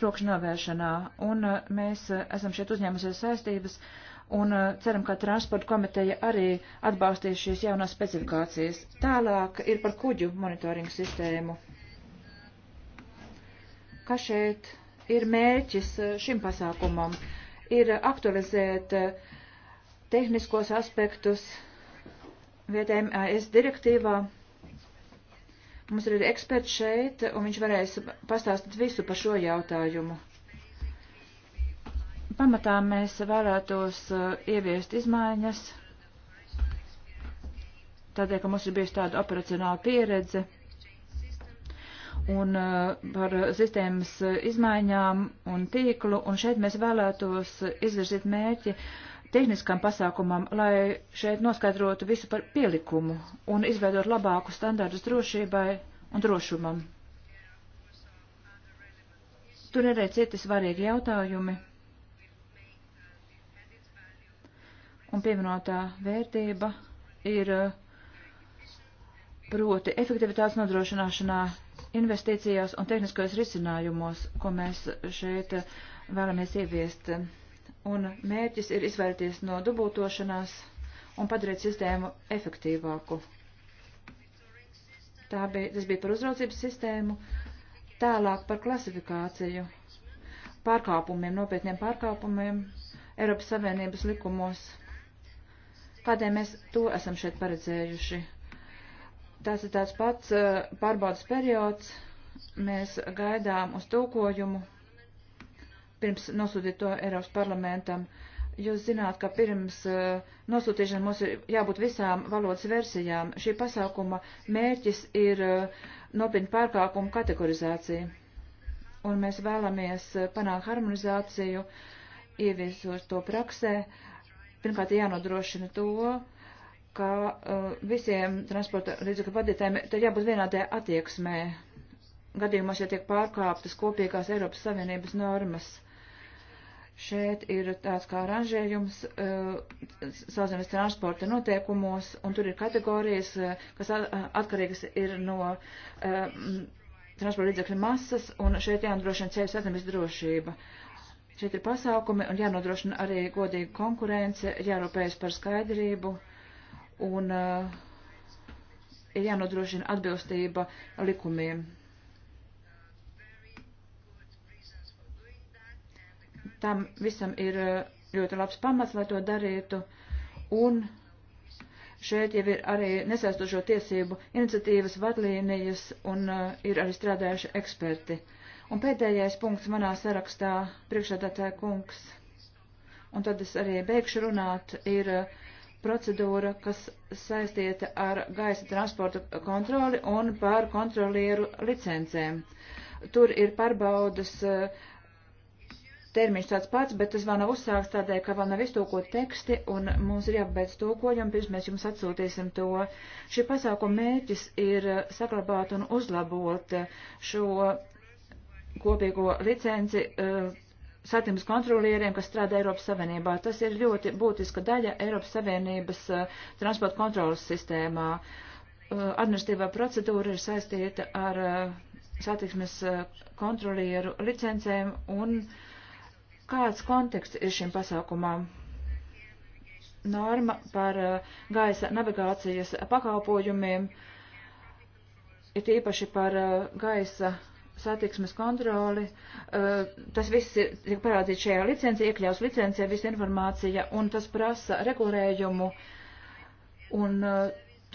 trokšņu novēršanā. Un mēs esam šeit uzņēmusies saistības. Uh, un eh, ceram, ka transporta komiteja arī atbalstīs šīs jaunās specifikācijas. Tālāk ir par kuģu monitoringu sistēmu. Kas šeit ir mērķis eh, šim pasākumam? Ir aktualizēt eh, tehniskos aspektus VTMS direktīvā. Mums ir eksperts šeit, un viņš varēs pastāstīt visu par šo jautājumu. Pamatā mēs vēlētos eh, ieviest izmaiņas, tādēļ, ka mums ir bijusi tāda operacionāla pieredze un eh, par sistēmas eh, izmaiņām un tīklu, un šeit mēs vēlētos izvirzīt mērķi tehniskam pasākumam, lai šeit noskaidrotu visu par pielikumu un izveidot labāku standārdus drošībai un drošumam. Tur ir arī citi svarīgi jautājumi. un pievienotā vērtība ir proti efektivitātes nodrošināšanā, investīcijās un tehniskajos risinājumos, ko mēs šeit vēlamies ieviest. Un mērķis ir izvairīties no dubultošanās un padarīt sistēmu efektīvāku. Tā bija, tas bija par uzraudzības sistēmu, tālāk par klasifikāciju, pārkāpumiem, nopietniem pārkāpumiem Eiropas Savienības likumos Tādēļ mēs to esam šeit paredzējuši. Tas ir tāds pats eh, pārbaudas periods. Mēs gaidām uz tūkojumu pirms nosūtīt to Eiropas parlamentam. Jūs zināt, ka pirms eh, nosūtīšanas mums ir jābūt visām valodas versijām. Šī pasākuma mērķis ir eh, nopietni pārkāpumu kategorizācija. Un mēs vēlamies panākt harmonizāciju, ieviesot to praksē. Uh, pirmkārt jānodrošina to, ka uh, visiem transporta līdzekļu vadītājiem ir jābūt vienādai attieksmē gadījumos, ja tiek pārkāptas kopīgās Eiropas Savienības normas. Šeit ir tāds kā ranžējums uh, sauszemes transporta noteikumos, un tur ir kategorijas, uh, kas atkarīgas ir no uh, transporta līdzekļu masas, un šeit jānodrošina ceļu satiksmes drošība. Uh, Šeit ir pasākumi un jānodrošina arī godīga konkurence, jārūpējas par skaidrību un uh, ir jānodrošina atbilstība likumiem. Tam visam ir uh, ļoti labs pamats, lai to darītu, un šeit jau ir arī nesaistošo tiesību iniciatīvas vadlīnijas, un uh, ir arī strādājuši eksperti. Uh, Un pēdējais punkts manā sarakstā, priekšsēdētāja kungs, un tad es arī beigšu runāt, ir uh, procedūra, kas saistīta ar gaisa transporta kontroli un par kontrolieru licencēm. Tur ir pārbaudas uh, termiņš tāds pats, bet tas vēl nav uzsākts tādēļ, ka vēl nav iztūkot teksti un mums ir jāpabeidz tūkoļam, pirms mēs jums atsūtīsim to. Šī pasākuma mērķis ir uh, saglabāt un uzlabot šo kopīgo licenci uh, satiksmes kontrolieriem, kas strādā Eiropas Savienībā. Tas ir ļoti būtiska daļa Eiropas Savienības uh, transporta kontrolas sistēmā. Uh, administratīvā procedūra ir saistīta ar satiksmes kontrolieru licencēm un kāds konteksts ir šim pasākumam. Norma par gaisa navigācijas pakalpojumiem, ir tīpaši par gaisa satiksmes kontroli. Eh, tas viss ir, tiek parādīts šajā licencē, iekļaus licencē visa informācija, un tas prasa regulējumu. Un eh,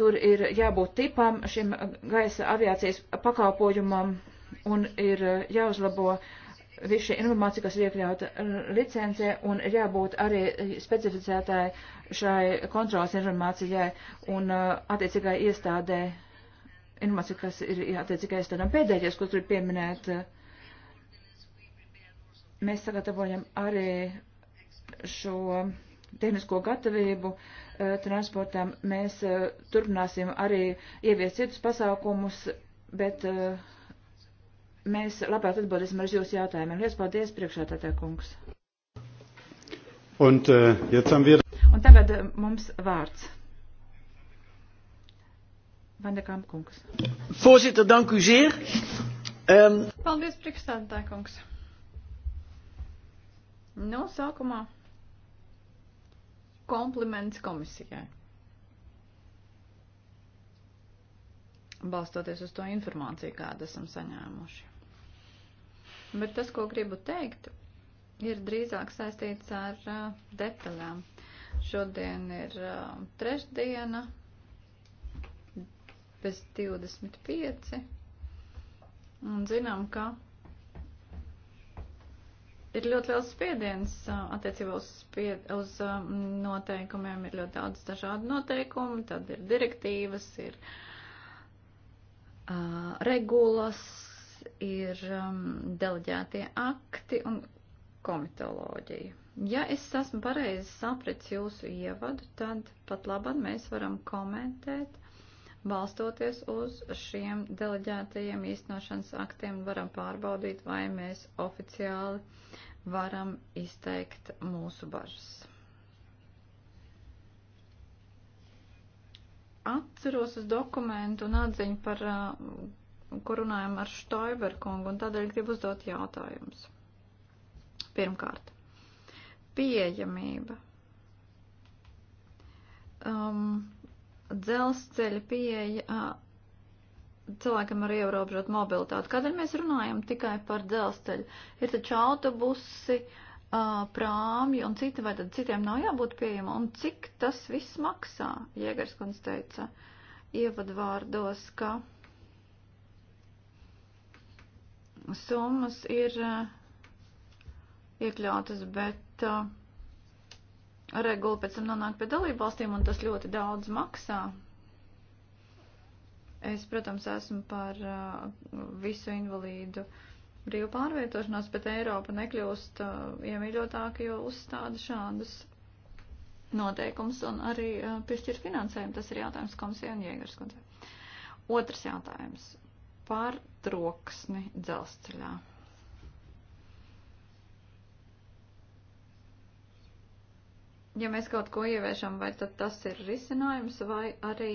tur ir jābūt tipam šim eh, gaisa aviācijas pakalpojumam, un ir jāuzlabo visu šī informācija, kas ir iekļauta licencē, un ir jābūt arī specificētāji šai kontrolas informācijai un attiecīgai iestādē informācija, kas ir attiecīgais tādam pēdējais, ko tur pieminēt. Mēs sagatavojam arī šo tehnisko gatavību eh, transportam. Mēs eh, turpināsim arī ievies citus pasākumus, bet eh, mēs labāk atbildēsim ar jūsu jautājumiem. Liels paldies, priekšētātē kungs. Un, uh, wir... Un tagad mums vārds. Van de Kamp kungs. Voorzitter, dank u zeer. Um... Paldies, priekšstādātāja kungs. No sākumā kompliments komisijai. Balstoties uz to informāciju, kādu esam saņēmuši. Bet tas, ko gribu teikt, ir drīzāk saistīts ar uh, detaļām. Šodien ir uh, trešdiena, bez 25. Un zinām, ka ir ļoti liels spiediens attiecībā uz, spied, uz noteikumiem, ir ļoti daudz dažādu noteikumu, tad ir direktīvas, ir uh, regulas, ir um, deleģētie akti un komitoloģija. Ja es esmu pareizi sapratis jūsu ievadu, tad pat labāk mēs varam komentēt Balstoties uz šiem deleģētajiem īstenošanas aktiem varam pārbaudīt, vai mēs oficiāli varam izteikt mūsu bažas. Atceros uz dokumentu un atziņu par, uh, ko runājam ar Štoiberkungu, un tādēļ gribu uzdot jautājumus. Pirmkārt, pieejamība. Um, dzelzceļa pieeja cilvēkam ar ierobežotu mobilitāti. Kādēļ mēs runājam tikai par dzelzceļu? Ir taču autobusi, prāmji un citi, vai tad citiem nav jābūt pieejama? Un cik tas viss maksā? Jēgars kundze teica ievadvārdos, ka summas ir iekļautas, bet uh, regula pēc tam nonāk pie dalību valstīm, un tas ļoti daudz maksā. Es, protams, esmu par uh, visu invalīdu brīvu pārvietošanos, bet Eiropa nekļūst uh, iemīļotāka, jo uzstāda šādus noteikumus un arī uh, piešķir finansējumu. Tas ir jautājums komisijai un Jēgars kundzei. Otrs jautājums par troksni dzelzceļā. ja mēs kaut ko ieviešam, vai tad tas ir risinājums, vai arī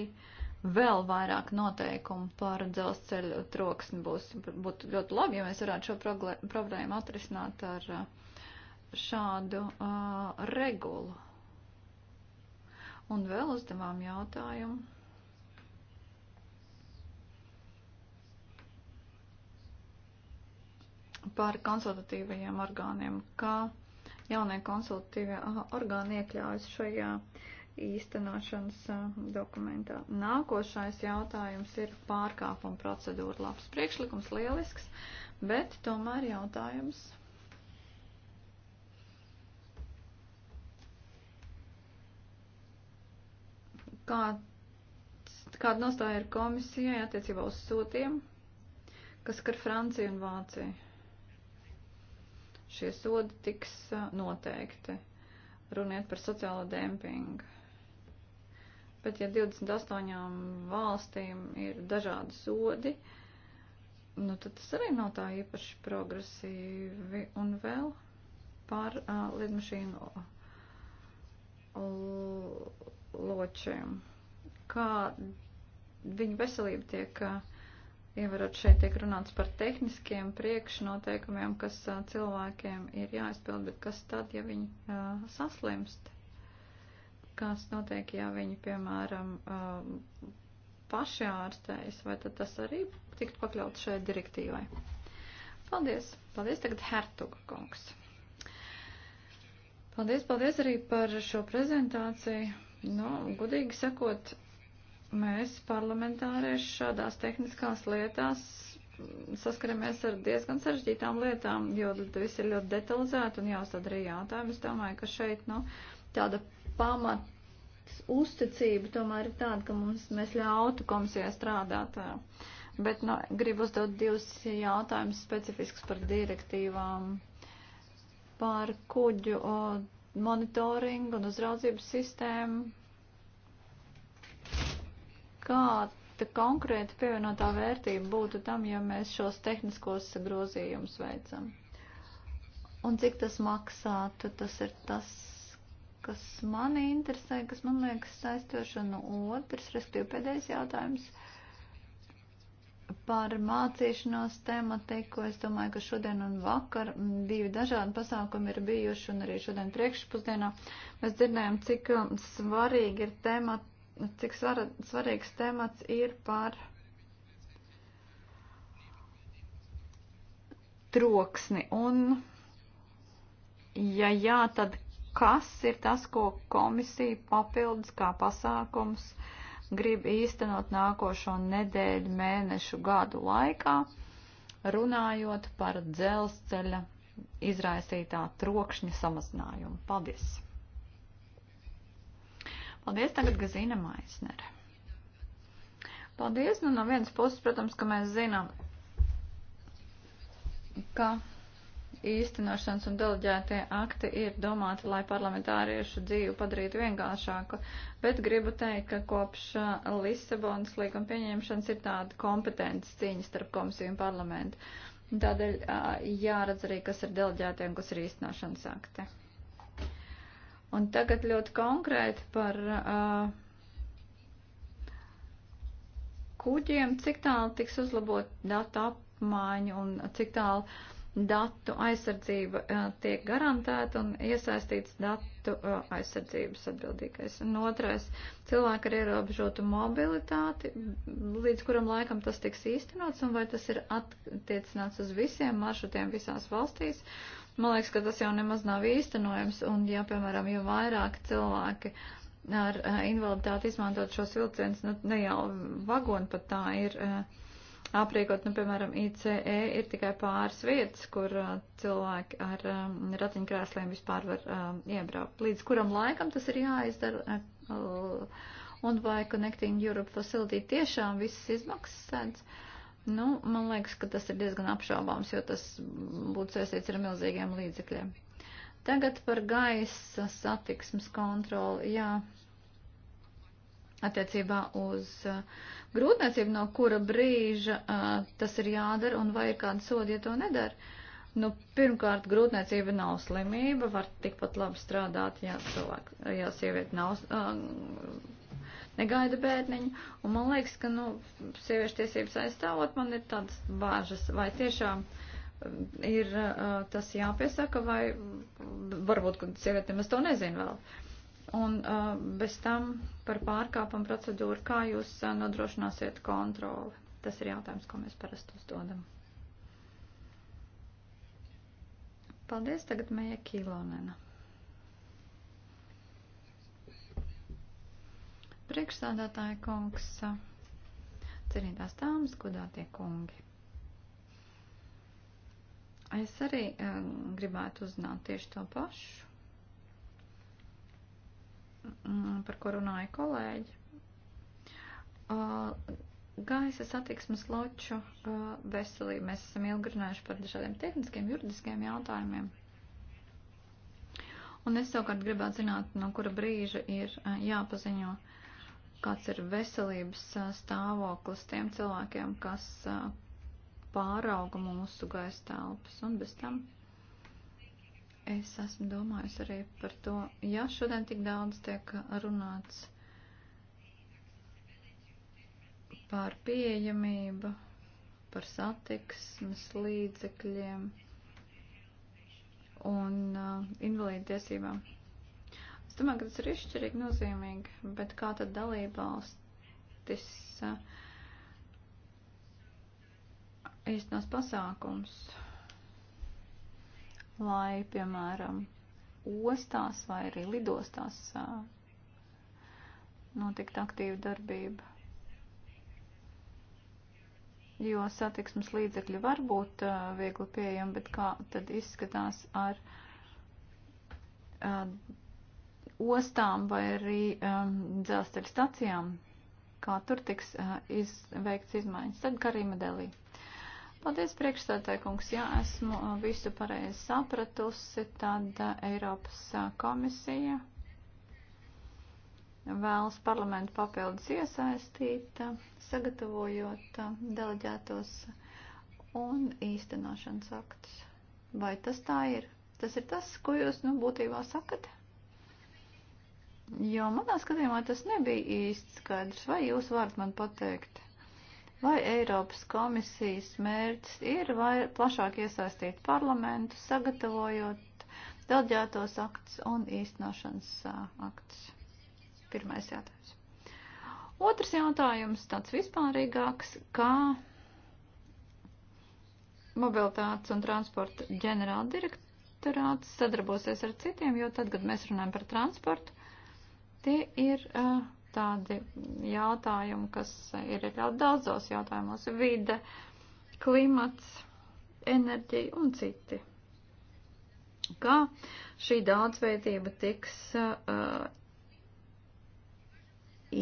vēl vairāk noteikumu par dzelzceļu troksni būs. Būtu ļoti labi, ja mēs varētu šo problēmu atrisināt ar uh, šādu uh, regulu. Un vēl uzdevām jautājumu. par konsultatīvajiem orgāniem, kā ka jaunie konsultīvie orgāni iekļaujas šajā īstenošanas dokumentā. Nākošais jautājums ir pārkāpuma procedūra. Labs priekšlikums, lielisks, bet tomēr jautājums. Kā, kāda nostāja ir komisijai attiecībā uz sūtiem, kas skar Franciju un Vāciju? šie sodi tiks noteikti. Runiet par sociālo dempingu. Bet ja 28 valstīm ir dažādi sodi, nu tad tas arī nav tā īpaši progresīvi. Un vēl par uh, lidmašīnu ločiem. Kā viņu veselība tiek uh, Ievarot šeit tiek runāts par tehniskiem priekšnoteikumiem, kas a, cilvēkiem ir jāizpild, bet kas tad, ja viņi a, saslimst? Kas notiek, ja viņi, piemēram, a, paši ārstējas, vai tad tas arī tiktu pakļauts šai direktīvai? Paldies! Paldies tagad Hertuga kungs! Paldies, paldies arī par šo prezentāciju. Nu, gudīgi sakot, mēs parlamentārieši šādās tehniskās lietās saskaramies ar diezgan sarežģītām lietām, jo viss ir ļoti detalizēti un jāuzdod arī jautājumi. Es domāju, ka šeit nu, tāda pamat uzticība tomēr ir tāda, ka mums, mēs ļautu komisijai strādāt. Bet nu, gribu uzdot divus jautājumus specifiskus par direktīvām, par kuģu monitoringu un uzraudzības sistēmu kāda konkrēta pievienotā vērtība būtu tam, ja mēs šos tehniskos grozījumus veicam. Un cik tas maksātu, tas ir tas, kas mani interesē, kas man liekas saistoši, un otrs, respektīvi pēdējais jautājums par mācīšanos tematiku. Es domāju, ka šodien un vakar divi dažādi pasākumi ir bijuši, un arī šodien priekšpusdienā mēs dzirdējām, cik um, svarīgi ir temati cik svara, svarīgs temats ir par troksni. Un, ja jā, tad kas ir tas, ko komisija papildus kā pasākums grib īstenot nākošo nedēļu, mēnešu, gadu laikā, runājot par dzelzceļa izraisītā trokšņa samazinājumu? Paldies! Paldies, tagad Gazīna Maisnere. Paldies, nu no vienas puses, protams, ka mēs zinām, ka īstenošanas un deleģētie akti ir domāti, lai parlamentāriešu dzīvi padarītu vienkāršāku, bet gribu teikt, ka kopš Lisabonas līguma pieņemšanas ir tāda kompetences cīņa starp komisiju un parlamentu. Tādēļ jāredz arī, kas ir deleģētie un kas ir īstenošanas akti. Un tagad ļoti konkrēti par uh, kuģiem, cik tālu tiks uzlabot datu apmaiņu un cik tālu datu aizsardzība uh, tiek garantēta un iesaistīts datu uh, aizsardzības atbildīgais. Un otrais - cilvēki ar ierobežotu mobilitāti, līdz kuram laikam tas tiks īstenots un vai tas ir attiecināts uz visiem maršrutiem visās valstīs. Uh, Man liekas, ka tas jau nemaz nav īstenojams, un ja, piemēram, jo vairāk cilvēki ar uh, invaliditāti izmantot šos vilcienus, nu, ne jau vagoni pat tā ir uh, aprīkot, nu, piemēram, ICE ir tikai pāris vietas, kur uh, cilvēki ar um, ratiņkrēsliem vispār var um, iebraukt. Līdz kuram laikam tas ir jāizdara, uh, un vai Connecting Europe Facility tiešām visas izmaksas sēdz? Uh, Nu, man liekas, ka tas ir diezgan apšaubāms, jo tas būtu saistīts ar milzīgiem līdzekļiem. Tagad par gaisa satiksmes kontroli. Jā, attiecībā uz uh, grūtniecību, no kura brīža uh, tas ir jādara un vai ir kāda sodi, ja to nedara. Nu, pirmkārt, grūtniecība nav slimība, var tikpat labi strādāt, ja cilvēki, ja sievieti nav. Uh, negaida bērniņu. Un man liekas, ka, nu, sieviešu tiesības aizstāvot, man ir tādas bāžas, vai tiešām eh, ir uh, tas jāpiesaka, vai varbūt, ka sievietēm es to nezinu vēl. Un uh, bez tam par pārkāpumu procedūru, kā jūs uh, nodrošināsiet kontroli? Tas ir jautājums, ko mēs parasti uzdodam. Paldies, tagad Mēja Kīlonena. Priekšsādātāja kungs, cerītās tāmas, godātie kungi. Es arī um, gribētu uzzināt tieši to pašu, mm, par ko runāja kolēģi. Uh, gaisa satiksmes loču eh, veselību. Mēs esam ilgi runājuši par dažādiem tehniskiem, juridiskiem jautājumiem. Un es savukārt gribētu zināt, no kura brīža ir jāpaziņo kāds ir veselības stāvoklis tiem cilvēkiem, kas pārauga mūsu gaisa telpas. Un bez tam es esmu domājusi arī par to, ja šodien tik daudz tiek runāts par pieejamību, par satiksmes līdzekļiem un uh, invalīdu tiesībām Es domāju, ka tas ir izšķirīgi nozīmīgi, bet kā tad dalībvalstis eh, īstenās pasākums, lai, piemēram, ostās vai arī lidostās eh, notikt aktīva darbība. Jo satiksmes līdzekļi var būt eh, viegli pieejami, bet kā tad izskatās ar ostām vai arī um, dzelzceļa stacijām, kā tur tiks uh, iz, veikts izmaiņas. Tad Karīma Delī. Paldies, priekšstādātāji kungs. Jā, esmu uh, visu pareizi sapratusi. Tad uh, Eiropas uh, komisija vēlas parlamentu papildus iesaistīt, uh, sagatavojot uh, deleģētos un īstenošanas aktus. Vai tas tā ir? Tas ir tas, ko jūs, nu, būtībā sakat? Jo manā skatījumā tas nebija īsti skaidrs. Vai jūs varat man pateikt, vai Eiropas komisijas mērķis ir vai plašāk iesaistīt parlamentu, sagatavojot delģētos akts un īstenošanas akts? Pirmais jautājums. Otrs jautājums tāds vispārīgāks, kā mobilitātes un transporta ģenerāldirektorāts sadarbosies ar citiem, jo tad, kad mēs runājam par transportu, Tie ir uh, tādi jautājumi, kas ir ļoti daudzos jautājumos - vide, klimats, enerģija un citi. Kā šī daudzveidība tiks uh,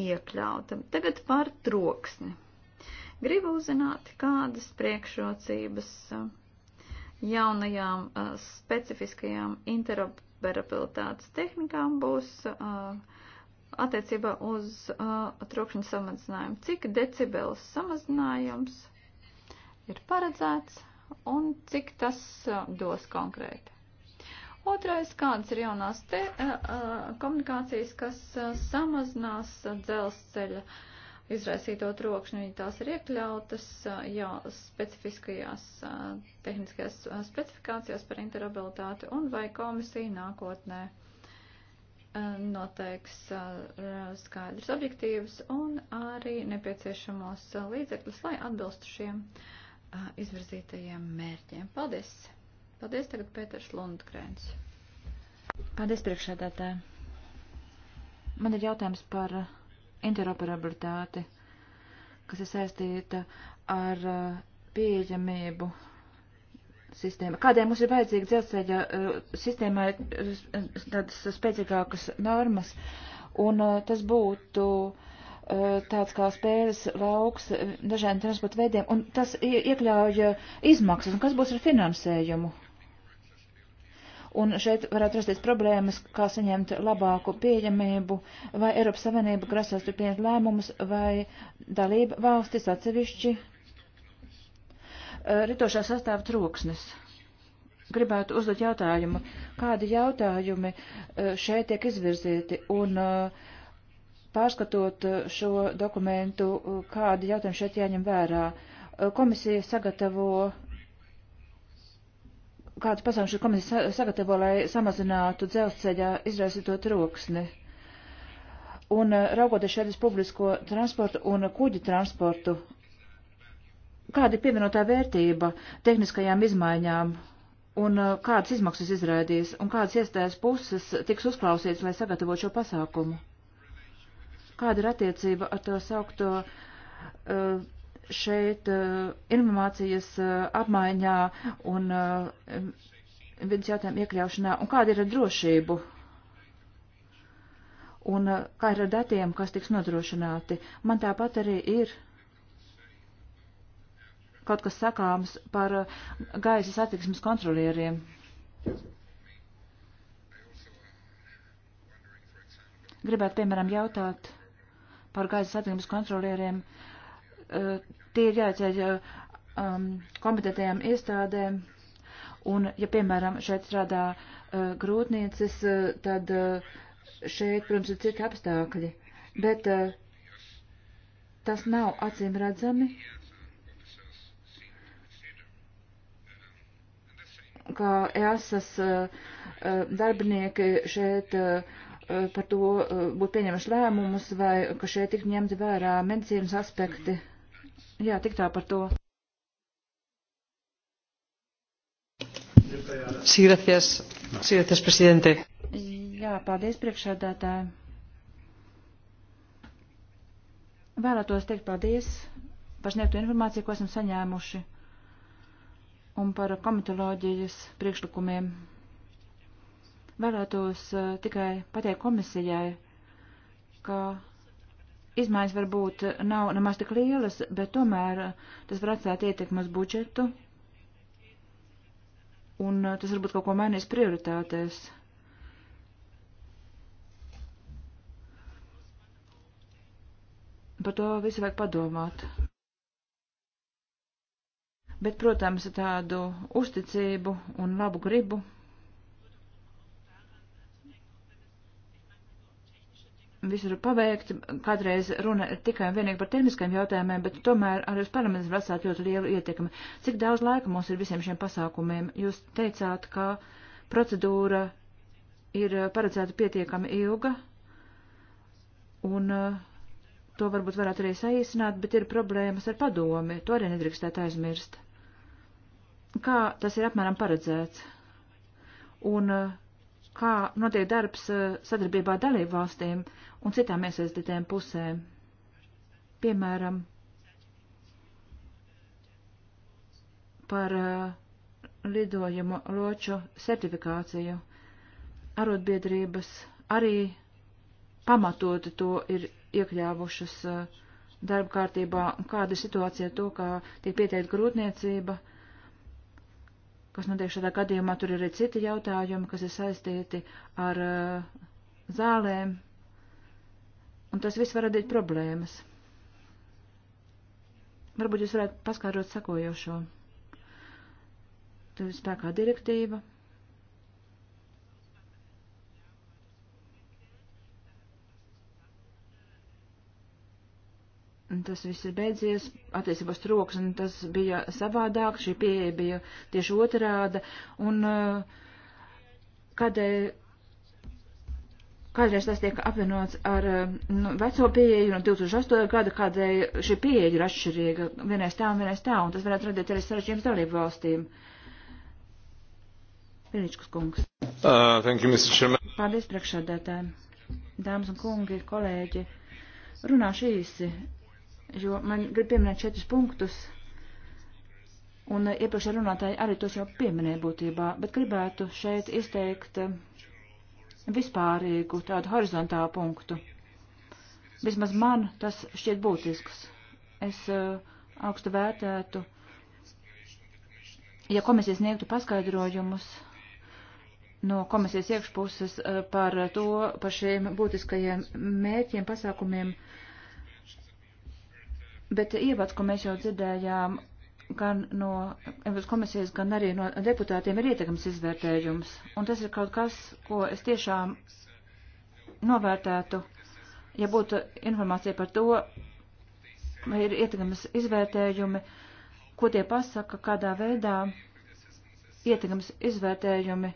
iekļauta? Tagad par troksni. Gribu uzzināt, kādas priekšrocības eh, jaunajām uh, specifiskajām interoperabilitātes tehnikām būs. Uh, attiecībā uz uh, trokšņa samazinājumu. Cik decibels samazinājums ir paredzēts un cik tas uh, dos konkrēti? Otrais, kādas ir jaunās te, uh, uh komunikācijas, kas uh, samazinās uh, dzelzceļa izraisīto trokšņu, viņi tās ir iekļautas uh, jau specifiskajās uh, tehniskajās uh, specifikācijās par interabilitāti un vai komisija nākotnē. Uh, Eh, noteiks eh, skaidrs objektīvs un arī nepieciešamos eh, līdzekļus, lai atbilstu šiem izvirzītajiem mērķiem. Paldies! Paldies tagad Pēters Lundgrēns. Paldies priekšsēdētāji. Man ir jautājums par interoperabilitāti, kas ir saistīta ar pieejamību sistēma. Kādēļ mums ir vajadzīga dzelzceļa uh, sistēmai uh, tādas spēcīgākas normas? Un uh, tas būtu tāds kā spēles lauks dažādiem transporta veidiem, un tas iekļauj izmaksas, un kas būs ar finansējumu? Un šeit varētu rasties problēmas, kā saņemt labāku pieejamību, vai Eiropas Savienība grasās tur pieņemt lēmumus, vai dalība valstis atsevišķi Eh, ritošā sastāv troksnis. Gribētu uzdot jautājumu, kādi jautājumi eh, šeit tiek izvirzīti un eh, pārskatot šo dokumentu, kādi jautājumi šeit jāņem vērā. Komisija sagatavo kāds pasākums šī komisija sagatavo, lai samazinātu dzelzceļā izraisīto troksni. Un raugoties šeit uz publisko transportu un kuģi transportu, Kāda ir pievienotā vērtība tehniskajām izmaiņām un uh, kādas izmaksas izraidīs un kādas iestājas puses tiks uzklausīts, lai sagatavotu šo pasākumu? Kāda ir attiecība ar to saukto uh, šeit uh, informācijas apmaiņā un vidas jautājumu iekļaušanā un kāda ir ar drošību? Un kā ir ar datiem, kas tiks nodrošināti? Man tāpat arī ir kaut kas sakāms par uh, gaisa satiksmes kontrolieriem? Gribētu, piemēram, jautāt par gaisa satiksmes kontrolieriem. Uh, tie ir jāceļ uh, um, kompetentajām iestādēm. Un, ja, piemēram, šeit strādā uh, grūtniecis, uh, tad uh, šeit, protams, ir citi apstākļi. Bet uh, tas nav acīm redzami. Uh, kā EASAS uh, uh, darbinieki šeit uh, par to būtu pieņemuši lēmumus vai ka šeit tik ņemti vērā medicīnas aspekti. Jā, tik tā par to. Sí, gracias. Sí, gracias, presidente. Jā, paldies priekšādātāji. Vēlētos teikt paldies par sniegto informāciju, ko esam saņēmuši un par komitoloģijas priekšlikumiem. Vēlētos eh, tikai pateikt komisijai, ka izmaiņas varbūt nav nemaz tik lielas, bet tomēr eh, tas var atstāt ietekmi uz budžetu, un eh, tas varbūt kaut ko mainīs prioritātēs. Par to visu vajag padomāt bet, protams, tādu uzticību un labu gribu. Visur ir paveikts, kādreiz runa ir tikai un vienīgi par tehniskiem jautājumiem, bet tomēr arī uz parlamentu rasāt ļoti lielu ietekmi. Cik daudz laika mums ir visiem šiem pasākumiem? Jūs teicāt, ka procedūra ir paredzēta pietiekami ilga, un uh, to varbūt varētu arī saīsināt, bet ir problēmas ar padomi, to arī nedrīkstētu aizmirst kā tas ir apmēram paredzēts un uh, kā notiek darbs uh, sadarbībā dalību valstīm un citām iesaistītēm pusēm. Piemēram, par uh, lidojumu loču certifikāciju. Arotbiedrības arī pamatoti to ir iekļāvušas darba kārtībā, un kāda ir situācija to, kā tiek pieteikta grūtniecība kas notiek šādā gadījumā. Tur ir arī citi jautājumi, kas ir saistīti ar uh, zālēm, un tas viss var radīt problēmas. Varbūt jūs varētu paskārot sakojošo. Tur ir spēkā direktīva tas viss ir beidzies attiecībās troks, un tas bija savādāk, šī pieeja bija tieši otrāda, un uh, kādēļ. Kādreiz tas tiek apvienots ar uh, nu, veco pieeju no 2008. gada, kādēļ šī pieeja ir atšķirīga, vienais tā un vienais tā, un tas varētu radīt arī sarežģījums dalību valstīm. Piličkas kungs. Uh, thank you, Mr. Chairman. Paldies priekšādētājiem. Dāmas un kungi, kolēģi runāšu īsi jo man grib pieminēt četrus punktus, un eh, iepriekšējā runātāji arī tos jau pieminēja būtībā, bet gribētu šeit izteikt eh, vispārīgu tādu horizontālu punktu. Vismaz man tas šķiet būtisks. Es uh, augstu vērtētu, ja komisija sniegtu paskaidrojumus no komisijas iekšpuses uh, par to, par šiem būtiskajiem mērķiem, pasākumiem, uh, Bet ievads, ko mēs jau dzirdējām gan no Eiropas komisijas, gan arī no deputātiem, ir ietekmes izvērtējums. Un tas ir kaut kas, ko es tiešām novērtētu, ja būtu informācija par to, vai ir ietekmes izvērtējumi, ko tie pasaka, kādā veidā ietekmes izvērtējumi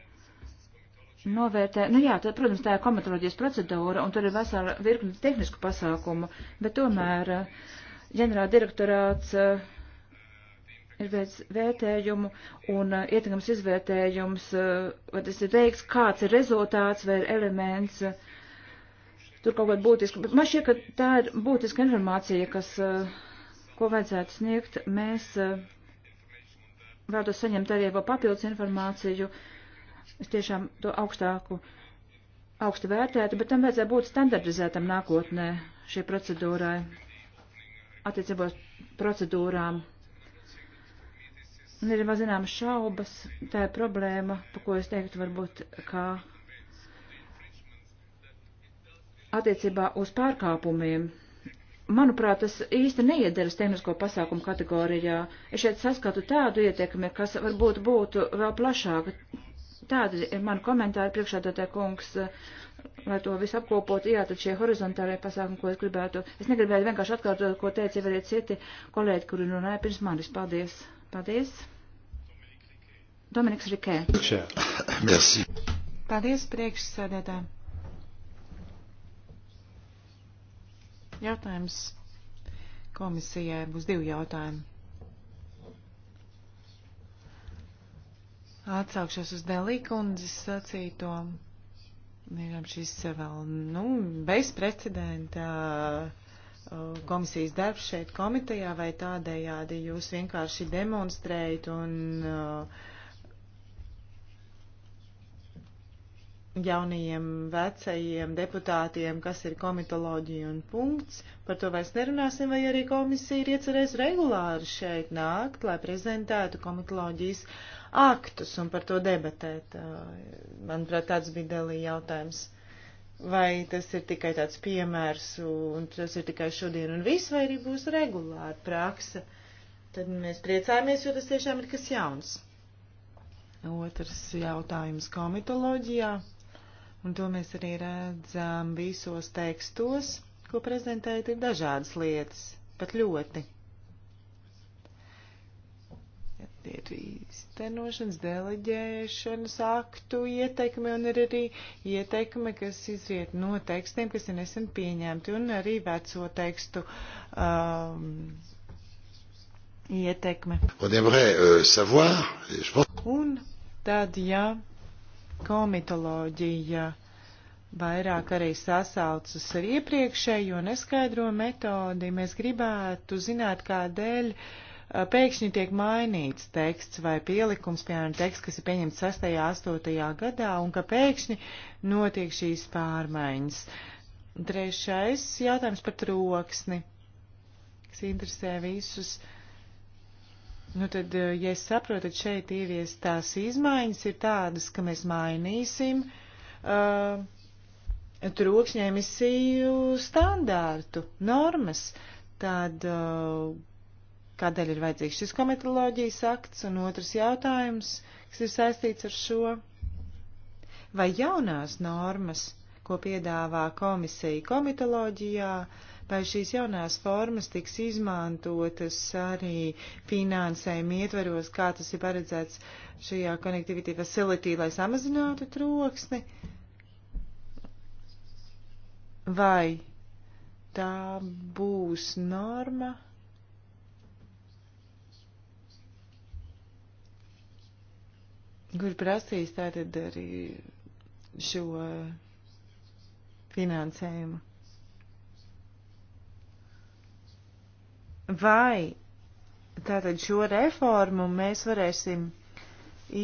novērtē. Nu jā, tad, protams, tā ir komatoloģijas procedūra, un tur ir vesela virkni tehnisku pasākumu, bet tomēr. Uh, ģenerāla direktorāts eh, ir veids vērtējumu un eh, ietekams izvērtējums, eh, vai tas ir veikts, kāds ir rezultāts vai elements, tur kaut kāda būtiska. Bet man šķiet, ka tā ir būtiska informācija, kas, ko vajadzētu sniegt. Mēs vēlamies saņemt arī vēl papildus informāciju. Es tiešām to augstāku augstu vērtētu, bet tam vajadzētu būt standardizētam nākotnē šī procedūrai attiecībos procedūrām. Un ir maz zināmas šaubas, tā ir problēma, pa ko es teiktu varbūt, kā attiecībā uz pārkāpumiem. Manuprāt, tas īsti neiederas tehnisko pasākumu kategorijā. Es šeit saskatu tādu ietekmi, kas varbūt būtu vēl plašāka. Tādi ir mani komentāri priekšādātē kungs lai to visu apkopotu, jā, tad šie horizontālie pasākumi, ko es gribētu, es negribētu vienkārši atkārtot, ko teica jau arī citi kolēģi, kuri runāja pirms manis. Paldies. Paldies. Dominiks Rikē. Merci. Paldies, priekšsēdētāji. Jautājums komisijai būs divi jautājumi. Atsaukšos uz Delī kundzes sacīto. Vienam šis vēl nu, bezprecedenta uh, komisijas darbs šeit komitejā vai tādējādi jūs vienkārši demonstrējat un uh, jaunajiem vecajiem deputātiem, kas ir komitoloģija un punkts, par to vairs nerunāsim, vai arī komisija ir iecerējusi regulāri šeit nākt, lai prezentētu komitoloģijas uh, aktus un par to debatēt. Manuprāt, tāds bija Delī jautājums. Vai tas ir tikai tāds piemērs un tas ir tikai šodien un viss, vai arī būs regulāra praksa? Tad mēs priecājamies, jo tas tiešām ir kas jauns. Otrs jautājums komitoloģijā, un to mēs arī redzam visos tekstos, ko prezentēt ir dažādas lietas, pat ļoti ir īstenošanas, deleģēšanas aktu ieteikumi un ir arī ieteikumi, kas izriet no tekstiem, kas ir nesen pieņemti un arī veco tekstu um, ieteikumi. Euh, un tad, ja komitoloģija vairāk arī sasaucas ar iepriekšējo neskaidro metodi, mēs gribētu zināt, kādēļ uh, pēkšņi tiek mainīts teksts vai pielikums, piemēram, teksts, kas ir pieņemts 6. un 8. gadā, un ka pēkšņi notiek šīs pārmaiņas. Trešais jautājums par troksni, kas interesē visus. Nu tad, ja es saprotu, tad šeit ieviestās izmaiņas ir tādas, ka mēs mainīsim uh, trokšņa emisiju standārtu, normas, tad uh, kādēļ ir vajadzīgs šis komitoloģijas akts, un otrs jautājums, kas ir saistīts ar šo, vai jaunās normas, ko piedāvā komisija komitoloģijā, vai šīs jaunās formas tiks izmantotas arī finansējumi ietveros, kā tas ir paredzēts šajā Connectivity Facility, lai samazinātu troksni, vai tā būs norma? kur prasīs tātad arī šo finansējumu. Vai tātad šo reformu mēs varēsim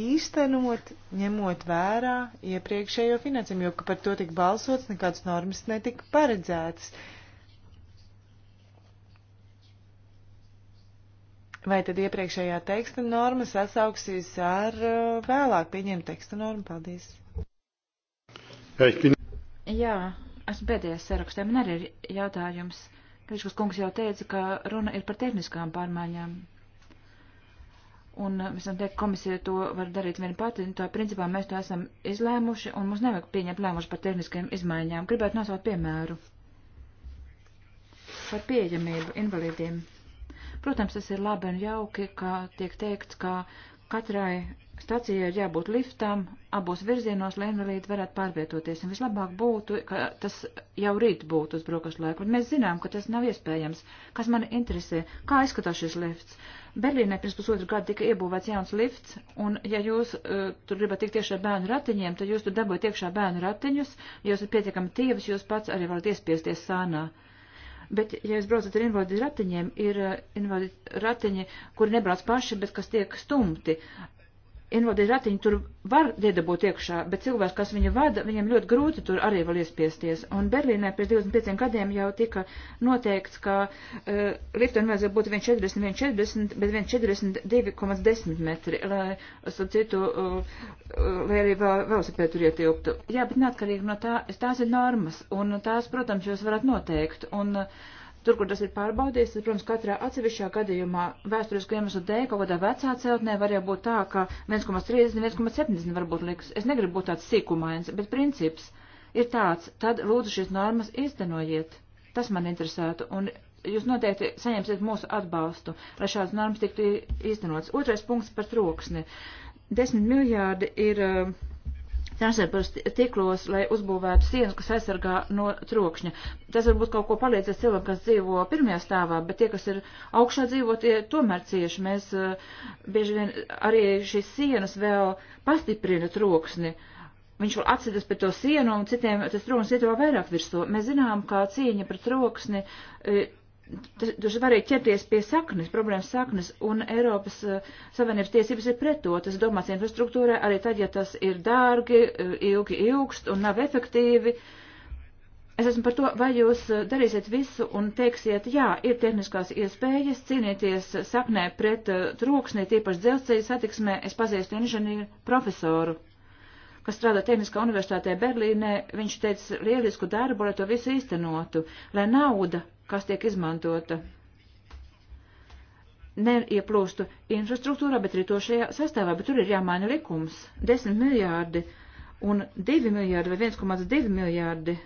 īstenot, ņemot vērā iepriekšējo finansējumu, jo par to tik balsots, nekādas normas netika paredzētas. Uh, Vai tad iepriekšējā teksta norma sasauksies ar uh, vēlāk pieņemtu teksta normu? Paldies. Jā, esmu pēdējais sarakstā. Man arī ir jautājums. Kriškus kungs jau teica, ka runa ir par tehniskām pārmaiņām. Un uh, mēs varam teikt, komisija to var darīt viena pati, un tā principā mēs to esam izlēmuši, un mums nevajag pieņemt lēmumus par tehniskajām izmaiņām. Gribētu nosaukt piemēru par pieejamību invalīdiem. Protams, tas ir labi un jauki, ka tiek teikts, ka katrai stacijai ir jābūt liftam abos virzienos, lai invalīdi varētu pārvietoties. Un vislabāk būtu, ka tas jau rīt būtu uz brokastu laiku. Un mēs zinām, ka tas nav iespējams. Kas mani interesē? Kā izskatās šis lifts? Berlīnē pirms pusotra gada tika iebūvēts jauns lifts, un ja jūs uh, tur gribat tikt iekšā bērnu ratiņiem, tad jūs tur dabūjat iekšā bērnu ratiņus, ja jūs esat pietiekami tievas, jūs pats arī varat iespiesties sānā. Uh, Bet, ja jūs braucat ar invalīdu ratiņiem, ir eh, invalīdu ratiņi, kur nebrauc paši, bet kas tiek stumti invalīdi ratiņi tur var iedabūt iekšā, bet cilvēki, kas viņu vada, viņiem ļoti grūti tur arī vēl iespiesties. Un Berlīnē pēc 25 gadiem jau tika noteikts, ka uh, liftam vajadzēja būt 1,40, 1,40, bet 1,42,10 metri, lai, starp citu, uh, lai arī vēl, velosipēdi tur ietilptu. Jā, bet neatkarīgi no tā, tās ir normas, un tās, protams, jūs varat noteikt. Un, uh, tur, kur tas ir pārbaudīts, tad, protams, katrā atsevišķā gadījumā vēsturisku iemeslu dēļ kaut kādā vecā celtnē var jau būt tā, ka 1,30, 1,70 varbūt liks. Es negribu būt tāds sīkumains, bet princips ir tāds, tad lūdzu šīs normas īstenojiet. Tas man interesētu, un jūs noteikti saņemsiet mūsu atbalstu, lai šādas normas tiktu īstenotas. Otrais punkts par troksni. Desmit miljārdi ir uh, jāsēpars tiklos, lai uzbūvētu sienu, kas aizsargā no trokšņa. Tas varbūt kaut ko palīdzēs cilvēkiem, kas dzīvo pirmajā stāvā, bet tie, kas ir augšā dzīvo, tie tomēr cieši. Mēs uh, bieži vien arī šīs sienas vēl pastiprina troksni. Viņš vēl atsidas pret to sienu, un citiem tas troksnis iet vēl vairāk virsū. Mēs zinām, kā cīņa pret troksni. Uh, taču varēja ķerties pie saknes, problēmas saknes, un Eiropas eh, Savienības tiesības ir pret to. Tas domāts infrastruktūrē arī tad, ja tas ir dārgi, eh, ilgi ilgst un nav efektīvi. Es esmu par to, vai jūs eh, darīsiet visu un teiksiet, jā, ir tehniskās iespējas cīnīties saknē pret troksnī, tīpaši dzelzceļa satiksmē. Es pazīstu inženieru profesoru, kas strādā Tehniskā universitātē Berlīnē. Viņš teica lielisku darbu, lai to visu īstenotu, lai nauda kas tiek izmantota neieplūstu infrastruktūrā, bet arī to šajā sastāvā, bet tur ir jāmaina likums. 10 miljārdi un 2 miljārdi vai 1,2 miljārdi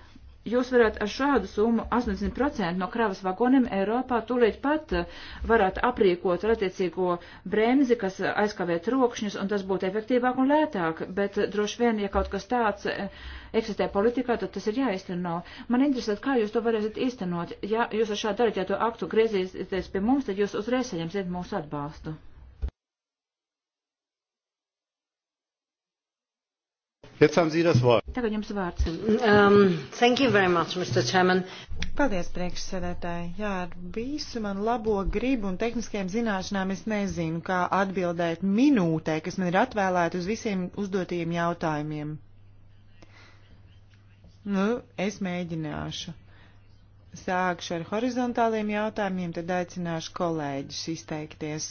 jūs varat ar šādu summu 80% no kravas vagoniem Eiropā tūlīt pat eh, varat aprīkot ar attiecīgo bremzi, kas aizkavē trokšņus, un tas būtu efektīvāk un lētāk. Bet eh, droši vien, ja kaut kas tāds eh, eksistē politikā, tad tas ir jāizteno. Man interesē, kā jūs to varēsiet īstenot. Ja jūs ar šādu darītu, ja to aktu griezīsieties pie mums, tad jūs uzreiz saņemsiet mūsu atbalstu. Tagad jums vārds. Um, thank you very much, Mr. Chairman. Paldies, priekšsēdētāji. Jā, ar visu man labo gribu un tehniskajām zināšanām es nezinu, kā atbildēt minūtē, kas man ir atvēlēta uz visiem uzdotajiem jautājumiem. Nu, es mēģināšu. Sākšu ar horizontāliem jautājumiem, tad aicināšu kolēģus izteikties.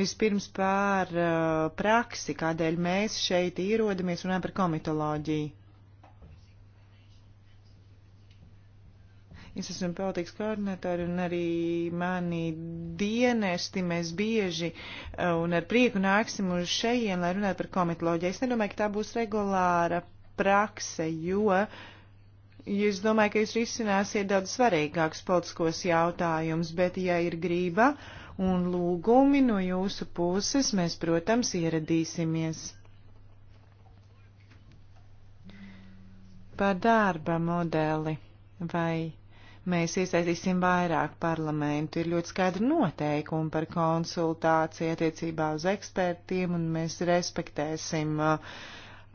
Vispirms pār uh, praksi, kādēļ mēs šeit ierodamies un par komitoloģiju. Es esmu politikas koordinatori un arī mani dienesti mēs bieži uh, un ar prieku nāksim uz šejien, lai runātu par komitoloģiju. Es nedomāju, ka tā būs regulāra prakse, jo. Uh, Es domāju, ka jūs risināsiet daudz svarīgākus politiskos jautājumus, bet ja ir grība un lūgumi no jūsu puses, mēs, protams, ieradīsimies. Par darba modeli vai mēs iesaistīsim vairāk parlamentu. Ir ļoti skaidri noteikumi par konsultāciju attiecībā uz ekspertiem, un mēs respektēsim uh,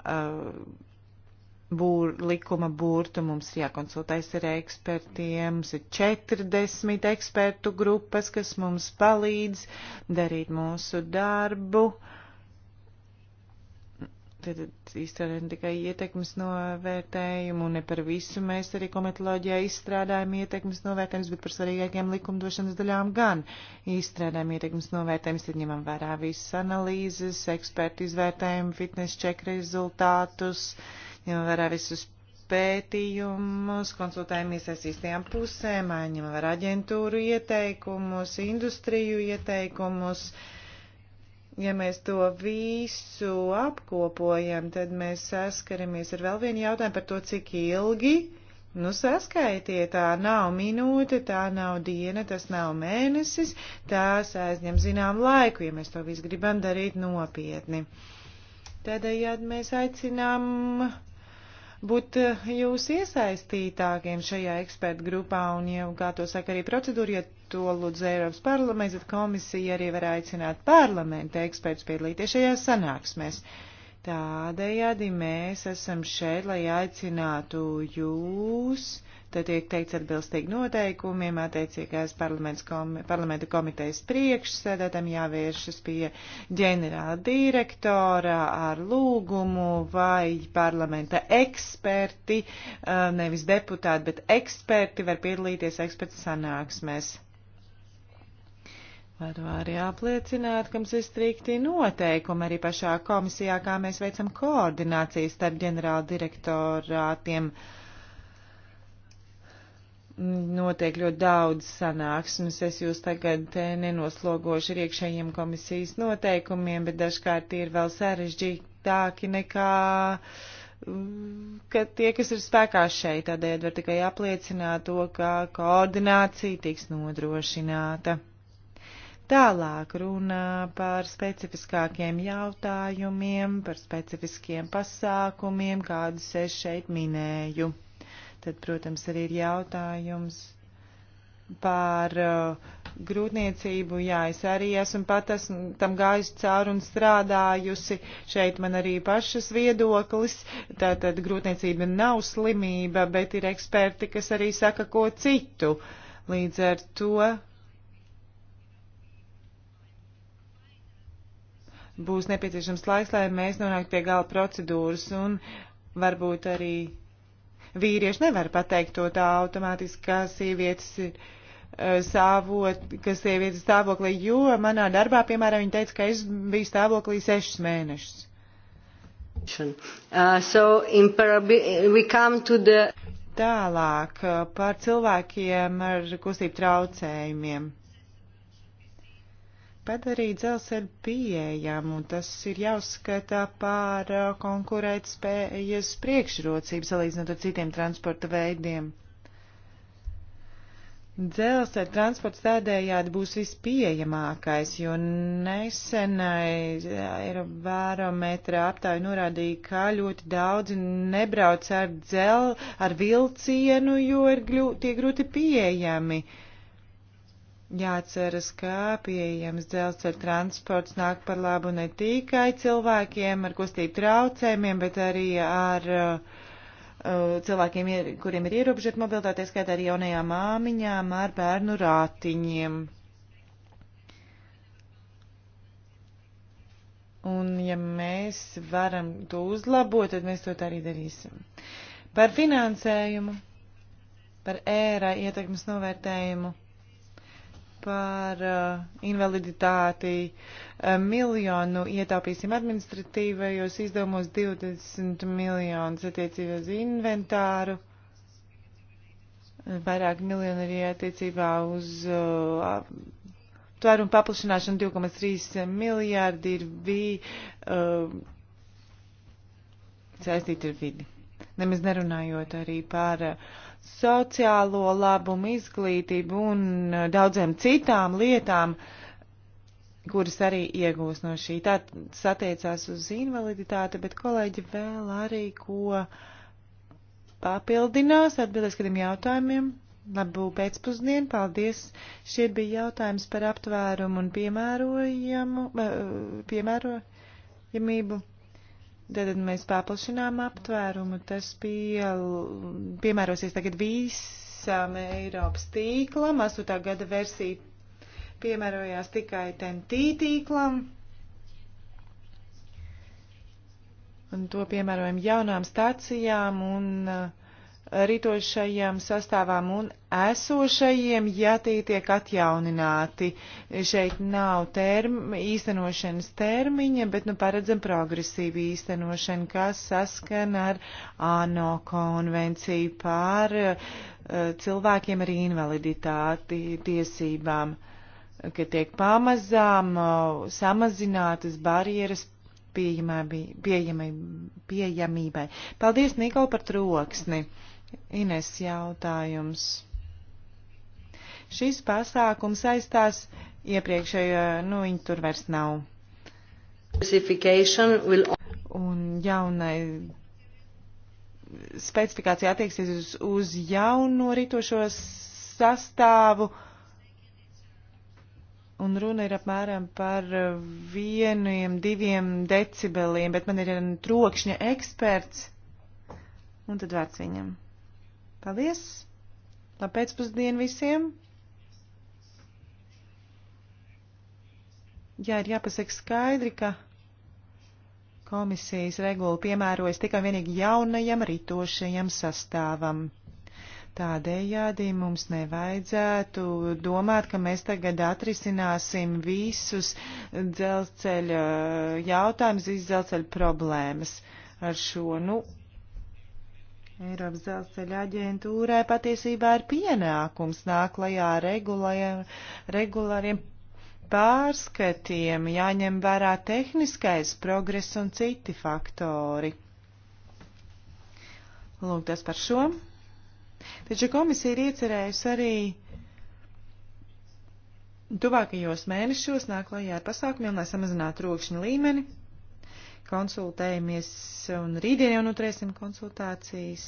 uh, būr, likuma burtu, mums ir jākonsultējas ar ekspertiem, mums ir 40 ekspertu grupas, kas mums palīdz darīt mūsu darbu. Tad izstrādājam tikai ietekmes novērtējumu, un ne par visu mēs arī komitoloģijā izstrādājam ietekmes novērtējumus, bet par svarīgākiem likumdošanas daļām gan izstrādājam ietekmes novērtējumus, tad ņemam vērā visas analīzes, ekspertu izvērtējumu, fitnes čeka rezultātus. Uh, ņemam vērā visus pētījumus, konsultējamies ar īstajām pusēm, ņemam vērā aģentūru ieteikumus, industriju ieteikumus. Ja mēs to visu apkopojam, tad mēs saskaramies ar vēl vienu jautājumu par to, cik ilgi Nu, saskaitiet, tā nav minūte, tā nav diena, tas nav mēnesis, tās aizņem zinām laiku, ja mēs to visu gribam darīt nopietni. Tādējādi mēs aicinām būt eh, jūs iesaistītākiem šajā ekspertu grupā un, ja, kā to saka arī procedūra, ja to lūdz Eiropas parlaments, tad komisija arī var aicināt parlamenta ekspertus piedalīties šajās sanāksmēs. Tādējādi mēs esam šeit, lai aicinātu jūs Te tiek teikts atbilstīgi noteikumiem, attiecīgās komi, parlamenta komitejas priekšsēdētam jāvēršas pie ģenerāla direktora ar lūgumu vai parlamenta eksperti, nevis deputāti, bet eksperti var piedalīties eksperta sanāksmēs. Varu arī apliecināt, ka mums ir strikti noteikumi arī pašā komisijā, kā mēs veicam koordināciju starp ģenerāla direktorātiem. Uh, notiek ļoti daudz sanāksmes. Es jūs tagad eh, nenoslogošu ar iekšējiem komisijas noteikumiem, bet dažkārt ir vēl sarežģītāki nekā mm, ka tie, kas ir spēkā šeit, tādēļ var tikai apliecināt to, ka koordinācija tiks nodrošināta. Tālāk runā par specifiskākiem jautājumiem, par specifiskiem pasākumiem, kādus es šeit minēju. Tad, protams, arī ir jautājums par uh, grūtniecību. Jā, es arī esmu pat esmu tam gājusi cauri un strādājusi. Šeit man arī pašas viedoklis. Tātad grūtniecība nav slimība, bet ir eksperti, kas arī saka ko citu. Līdz ar to būs nepieciešams laiks, lai mēs nonāktu pie gala procedūras un varbūt arī vīrieši nevar pateikt to tā automātiski, kā sievietes ir e, stāvot, ka sievietes stāvoklī, jo manā darbā, piemēram, viņa teica, ka es biju stāvoklī sešus mēnešus. Uh, so the... Tālāk e, par cilvēkiem ar kustību traucējumiem padarīt dzelzceļu pieejamu, un tas ir jāuzskata pār uh, konkurēt spējas priekšrocības salīdzinot ar citiem transporta veidiem. Dzelzceļa transports tādējādi būs vispieejamākais, jo nesenai Eirobarometra aptāju norādīja, ka ļoti daudzi nebrauc ar dzel, ar vilcienu, jo ir gļu, tie grūti pieejami. Uh, Jāceras, ka pieejams dzelzceļa transports nāk par labu ne tikai cilvēkiem ar kustību traucējumiem, bet arī ar uh, uh cilvēkiem, ir, kuriem ir ierobežota mobilitāte, skaitā arī jaunajām māmiņām ar bērnu rātiņiem. Un ja mēs varam to uzlabot, tad mēs to tā arī darīsim. Par finansējumu, par ēra ietekmes novērtējumu par uh, invaliditāti. Uh, miljonu ietaupīsim administratīvajos izdevumos, 20 miljonus attiecībā uz inventāru, vairāk miljonu arī attiecībā uz uh, tvērumu paplašināšanu 2,3 miljārdi ir bija uh, saistīti ar vidi. Nemaz nerunājot arī par uh, sociālo labumu, izglītību un eh, daudziem citām lietām, kuras arī iegūs no šī. Tā satiecās uz invaliditāti, bet kolēģi vēl arī ko papildinās atbildēs kādiem jautājumiem. Labu pēcpusdienu, paldies. Šie bija jautājums par aptvērumu un piemērojamu, eh, piemērojamību. Tātad mēs paplašinām aptvērumu, tas pie, piemērosies tagad visam Eiropas tīklam, 8. gada versija piemērojās tikai TNT tīklam. Un to piemērojam jaunām stacijām un uh, rītošajam sastāvām un esošajiem, ja tie tiek atjaunināti. Šeit nav term, īstenošanas termiņa, bet nu paredzam progresīvu īstenošanu, kas saskan ar ANO konvenciju par uh, cilvēkiem ar invaliditāti tiesībām, ka tiek pamazām uh, samazinātas barjeras pieejamībai. Pieejamībai. Paldies, Nikola, par troksni! Ines jautājums. Šis pasākums aizstās iepriekšējo, nu viņi tur vairs nav. Will... Un jaunai specifikācija attieksies uz, uz jauno ritošo sastāvu. Un runa ir apmēram par vieniem, diviem decibeliem, bet man ir trokšņa eksperts. Un tad vērts viņam. Paldies! Labpēcpusdienu visiem! Jā, ir jāpasaka skaidri, ka komisijas regula piemērojas tikai vienīgi jaunajam ritošajam sastāvam. Tādējādi mums nevajadzētu domāt, ka mēs tagad atrisināsim visus dzelceļa jautājumus, visas dzelceļa problēmas ar šo, nu, Eiropas dzelzceļa aģentūrai patiesībā ir pienākums nāk lajā regulāriem pārskatiem, jāņem vērā tehniskais progress un citi faktori. Lūk, tas par šo. Taču komisija ir iecerējusi arī tuvākajos mēnešos nāk lajā ar pasākumiem, lai samazinātu rokšņu līmeni konsultējamies un rītdien jau noturēsim konsultācijas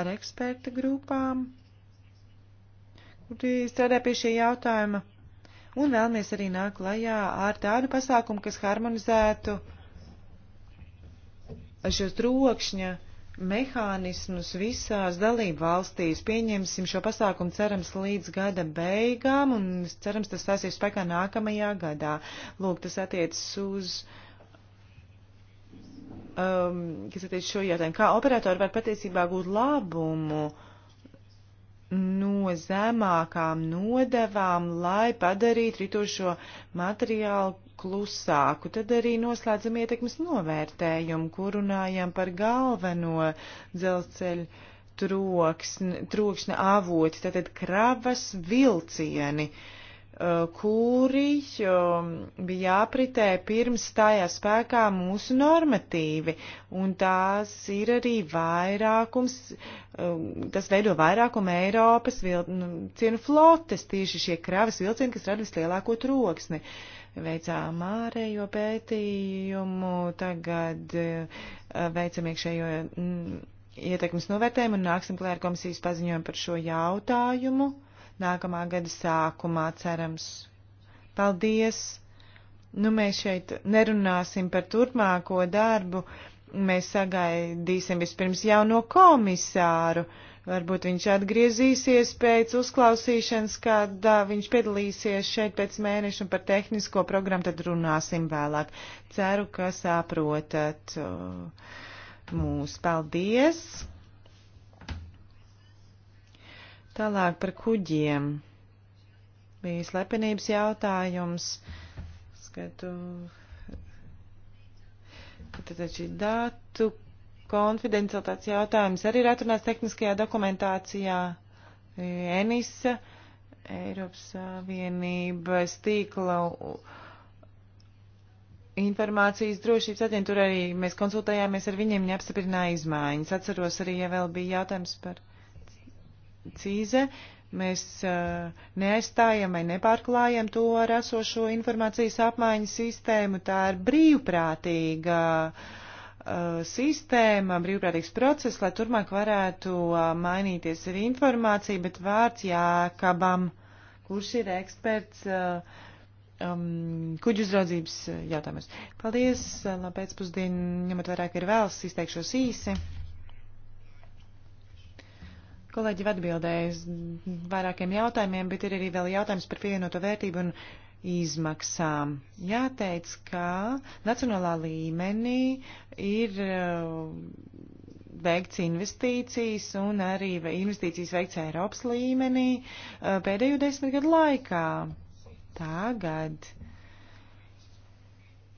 ar eksperta grupām, kuri strādā pie šī jautājuma. Un vēlamies arī nākt klajā ar tādu pasākumu, kas harmonizētu šos trokšņa mehānismus visās dalību valstīs. Pieņemsim šo pasākumu cerams līdz gada beigām un cerams tas stāsies spēkā nākamajā gadā. Lūk, tas attiecas uz uh, um, kas attiec šo jautājumu, kā operatori var patiesībā gūt labumu no zemākām nodevām, lai padarītu ritošo materiālu klusāku. Tad arī noslēdzam ietekmes novērtējumu, kur runājam par galveno dzelzceļu troksni, trokšņa avoti, tātad kravas vilcieni. Uh, Uh, kuri um, bija jāpritē pirms stājās spēkā mūsu normatīvi, un tās ir arī vairākums, um, tas veido vairākumu Eiropas vilcienu nu, flotes, tieši šie kravas vilcieni, kas rada vislielāko troksni. Veicām ārējo pētījumu, tagad uh, veicam iekšējo mm, ietekmes novērtējumu un nāksim klēr komisijas paziņojumu par šo jautājumu nākamā gada sākumā, cerams. Paldies! Nu, mēs šeit nerunāsim par turpmāko darbu, mēs sagaidīsim vispirms jauno komisāru. Varbūt viņš atgriezīsies pēc uzklausīšanas, kad viņš piedalīsies šeit pēc mēneša un par tehnisko programmu, tad runāsim vēlāk. Ceru, ka saprotat uh, mūs. Paldies! Tālāk par kuģiem. Bija slepenības jautājums. Skatu. Tad šī datu konfidencialitātes jautājums arī ir atrunāts tehniskajā dokumentācijā. Enisa, Eiropas Savienības tīkla informācijas drošības aģentūra arī mēs konsultējāmies ar viņiem, viņi apstiprināja izmaiņas. Atceros arī, ja vēl bija jautājums par precīza. Mēs eh, neaizstājam vai nepārklājam to ar esošo informācijas apmaiņas sistēmu. Tā ir brīvprātīga eh, sistēma, brīvprātīgs process, lai turmāk varētu eh, mainīties ar informāciju, bet vārds Jākabam, kurš ir eksperts um, kuģu uzraudzības jautājumos. Paldies, labpēcpusdien, ņemot vairāk ir vēls, izteikšos īsi. Kolēģi atbildējis vairākiem jautājumiem, bet ir arī vēl jautājums par pievienoto vērtību un izmaksām. Jāteic, ka nacionālā līmenī ir uh, veikts investīcijas un arī investīcijas veikts Eiropas līmenī uh, pēdējo desmit gadu laikā. Tagad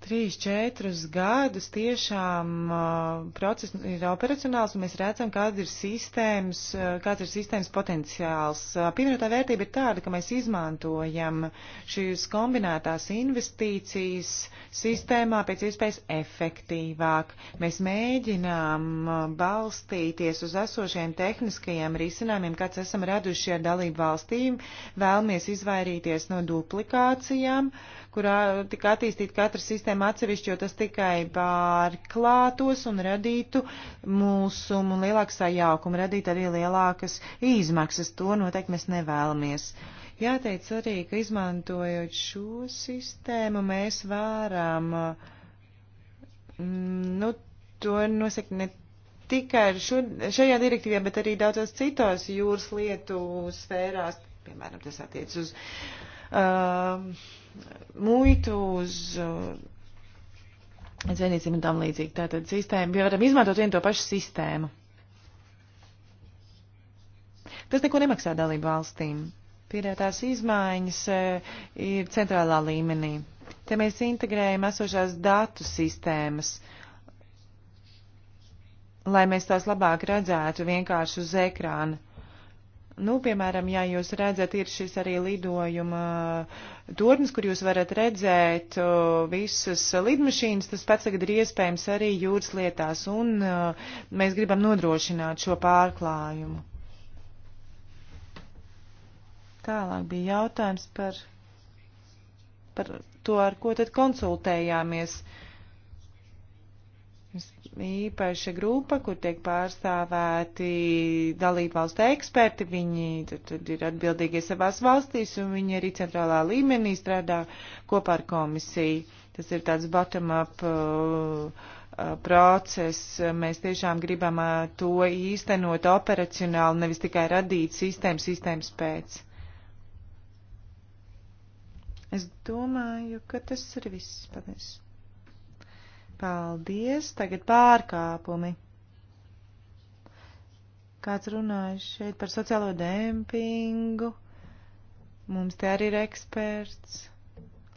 trīs, četrus gadus tiešām uh, process ir operacionāls, un mēs redzam, kāda ir sistēmas, uh, kāds ir sistēmas potenciāls. Uh, Pievienotā vērtība ir tāda, ka mēs izmantojam šīs kombinētās investīcijas sistēmā pēc iespējas efektīvāk. Mēs mēģinām uh, balstīties uz esošiem tehniskajiem risinājumiem, kāds esam raduši ar dalību valstīm, vēlamies izvairīties no duplikācijām, kurā tika attīstīta katra sistēma atsevišķi, jo tas tikai pārklātos un radītu mūsumu lielāku sajaukumu, radītu arī lielākas izmaksas. To noteikti mēs nevēlamies. Jāteic arī, ka izmantojot šo sistēmu, mēs varam, mm, nu, to nosaka ne tikai šo, šajā direktīvā, bet arī daudzās citās jūras lietu sfērās, piemēram, tas attiec uz. Uh, muitu, uz uh, zvejniecību un tam līdzīgi. Tātad sistēma, ja varam izmantot vienu to pašu sistēmu. Tas neko nemaksā dalību valstīm. Pierētās izmaiņas uh, ir centrālā līmenī. Te mēs integrējam esošās datu sistēmas, lai mēs tās labāk redzētu vienkārši uz ekrāna Nu, piemēram, ja jūs redzat, ir šis arī lidojuma turnis, kur jūs varat redzēt uh, visas lidmašīnas, tas pats tagad ir iespējams arī jūras lietās, un uh, mēs gribam nodrošināt šo pārklājumu. Tālāk bija jautājums par, par to, ar ko tad konsultējāmies. Uh, īpaša grupa, kur tiek pārstāvēti dalībvalstu eksperti. Viņi tad, tad ir atbildīgie savās valstīs un viņi arī centrālā līmenī strādā kopā ar komisiju. Tas ir tāds bottom-up uh, uh process. Mēs tiešām gribam uh, to īstenot operacionāli, nevis tikai radīt sistēmu sistēmas pēc. Es domāju, ka tas ir viss. Paldies! Paldies. Tagad pārkāpumi. Kāds runāja šeit par sociālo dempingu? Mums te arī ir eksperts.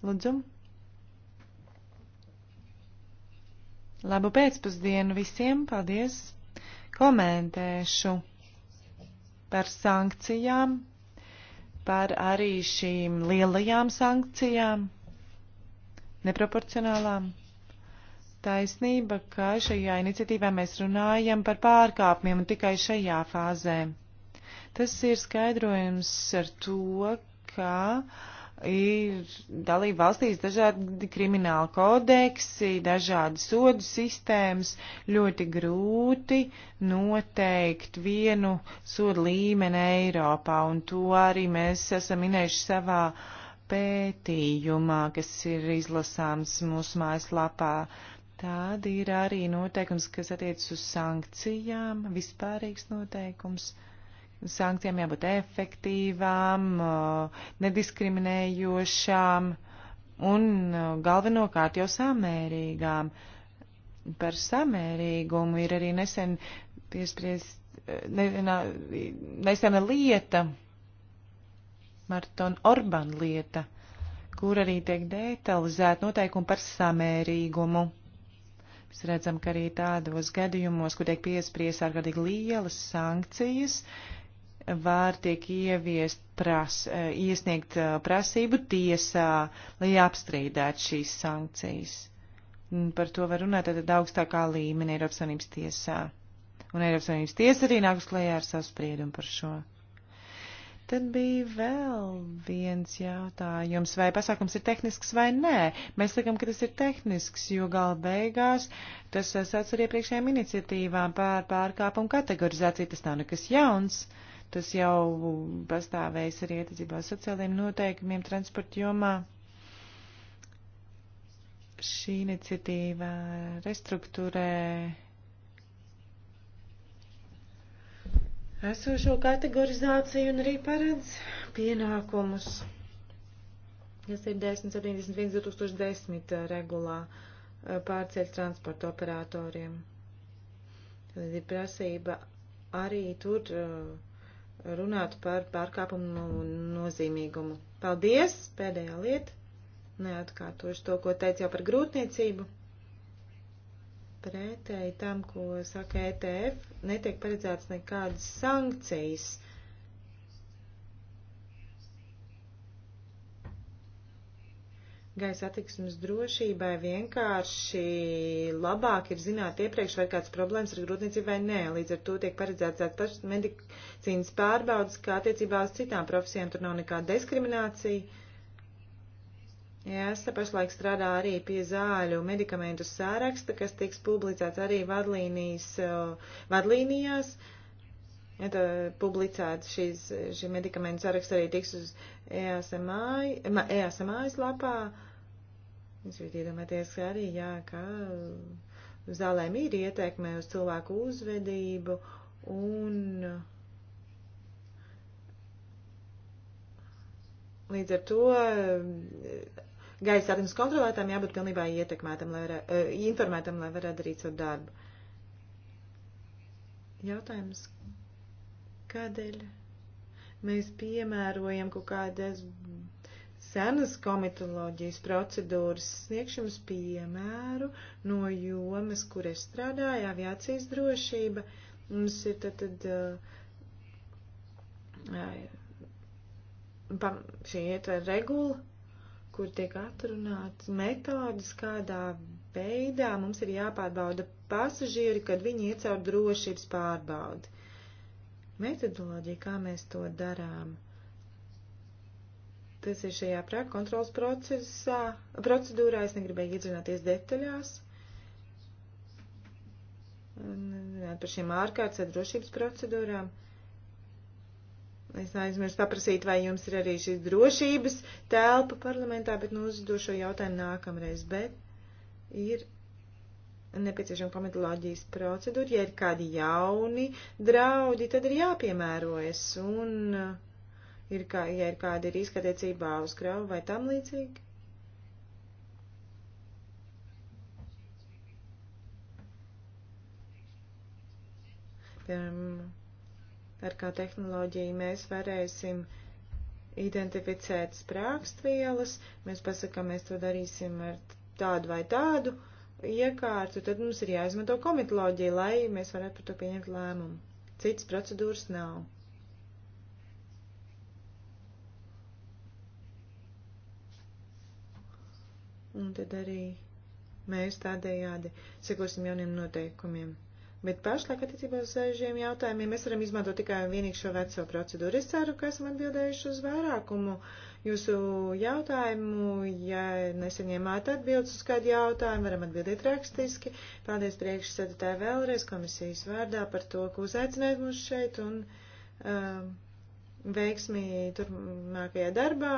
Lūdzu. Labu pēcpusdienu visiem. Paldies. Komentēšu par sankcijām, par arī šīm lielajām sankcijām, neproporcionālām taisnība, ka šajā iniciatīvā mēs runājam par pārkāpumiem tikai šajā fāzē. Tas ir skaidrojums ar to, ka ir dalība valstīs dažādi krimināli kodeksi, dažādi sodu sistēmas, ļoti grūti noteikt vienu sodu līmeni Eiropā, un to arī mēs esam minējuši savā pētījumā, kas ir izlasāms mūsu mājaslapā. lapā Tāda ir arī noteikums, kas attiecas uz sankcijām, vispārīgs noteikums. Sankcijām jābūt efektīvām, eh, nediskriminējošām un eh, galvenokārt jau samērīgām. Par samērīgumu ir arī nesen piespries, eh, ne, nesena lieta, Marton Orban lieta, kur arī tiek detalizēta noteikumi par samērīgumu Mēs redzam, ka arī tādos gadījumos, kur tiek piespriezt ārkārtīgi lielas sankcijas, var tiek ieviest pras, eh, iesniegt eh, prasību tiesā, lai apstrīdētu šīs sankcijas. Par to var runāt tad augstākā līmenī Eiropas Savienības tiesā. Un Eiropas Savienības tiesa arī nāk uz klējā ar savu spriedumu par šo. Tad bija vēl viens jautājums, vai pasākums ir tehnisks vai nē. Mēs sakam, ka tas ir tehnisks, jo gala beigās tas sasauc ar iepriekšējām iniciatīvām pār pārkāpumu kategorizāciju. Tas nav nekas jauns. Tas jau pastāvējis arī attiecībā sociāliem noteikumiem transporta jomā. Šī iniciatīva restruktūrē esošo kategorizāciju un arī paredz pienākumus. Tas ir 1071 2010 eh, regulā eh, pārceļ transporta operatoriem. Tad ir prasība arī tur eh, runāt par pārkāpumu nozīmīgumu. Paldies! Pēdējā lieta. Neatkārtošu to, ko teicu jau par grūtniecību pretēji tam, ko saka ETF, netiek paredzēts nekādas sankcijas. Gaisa attiksmes drošībai vienkārši labāk ir zināt iepriekš, vai kāds problēmas ar grūtniecību vai nē. Līdz ar to tiek paredzēts tāds pašs medicīnas pārbaudas, kā attiecībā uz citām profesijām. Tur nav nekāda diskriminācija. Jā, es pašlaik strādā arī pie zāļu medikamentu sāraksta, kas tiks publicēts arī vadlīnijas, eh, vadlīnijās. Ja tā publicēts šīs, šī medikamentu sāraksta arī tiks uz ESMA, ESMA lapā. Es varu iedomāties arī, jā, ka zālēm ir ieteikme uz cilvēku uzvedību un līdz ar to gaisa attīstības kontrolētājiem jābūt pilnībā ietekmētam, lai, uh, informētam, lai varētu darīt savu darbu. Jautājums, kādēļ mēs piemērojam kaut kādas senas komitoloģijas procedūras, sniegšu jums piemēru no jomas, kur es strādāju, aviācijas drošība. Mums ir tad, tad uh, uh, šī ietver regula, kur tiek atrunāts metodas, kādā veidā mums ir jāpārbauda pasažieri, kad viņi iet caur drošības pārbaudi. Metodoloģija, kā mēs to darām, tas ir šajā prāka kontrols procesā, procedūrā, es negribēju iedzināties detaļās. Un, par šiem ārkārtas drošības procedūrām. Uh, Es neaizmirstu paprasīt, vai jums ir arī šī drošības telpa parlamentā, bet nu uzdošo jautājumu nākamreiz. Bet ir nepieciešama pamatoloģijas procedūra. Ja ir kādi jauni draudi, tad ir jāpiemērojas. Un uh, ir kā, ja ir kādi riski attiecībā uz kravu vai tam līdzīgi. Piemēram, ar kā tehnoloģiju mēs varēsim identificēt sprākstvielas, mēs pasakām, mēs to darīsim ar tādu vai tādu iekārtu, tad mums ir jāizmanto komitoloģija, lai mēs varētu par to pieņemt lēmumu. Citas procedūras nav. Un tad arī mēs tādējādi sekosim jauniem noteikumiem. Bet pašlaik attiecībā uz šiem jautājumiem mēs varam izmantot tikai un vienīgi šo veco procedūru. Es ceru, ka esam atbildējuši uz vairākumu jūsu jautājumu. Ja nesaņēmāt atbildes uz kādu jautājumu, varam atbildēt rakstiski. Paldies priekšsēdētāji vēlreiz komisijas vārdā par to, ka uzaicinājāt mūs šeit un um, veiksmī turpmākajā darbā.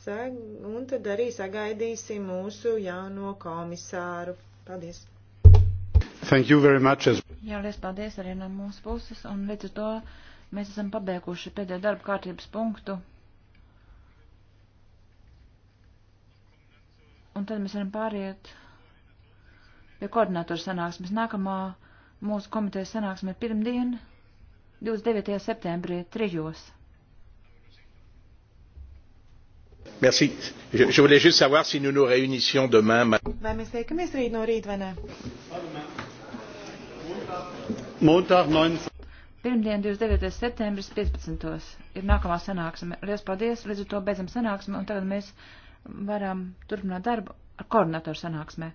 Sag, un tad arī sagaidīsim mūsu jauno komisāru. Paldies! Thank you very much. Jā, liels paldies arī no mūsu puses, un līdz ar to mēs esam pabeiguši pēdējo darba kārtības punktu. Un tad mēs varam pāriet pie koordinātora sanāksmes. Nākamā mūsu komitejas sanāksme ir pirmdien, 29. septembrī, trijos. Merci. Je, je voulais juste savoir si nous nous réunissions demain. Vai mēs tiekamies rīt no rīt vai nē? Montag, 29. Pirmdien, 29. septembris, 15. ir nākamā sanāksme. Lielas paldies, līdz ar to beidzam sanāksmi, un tagad mēs varam turpināt darbu ar koordinatoru sanāksmē.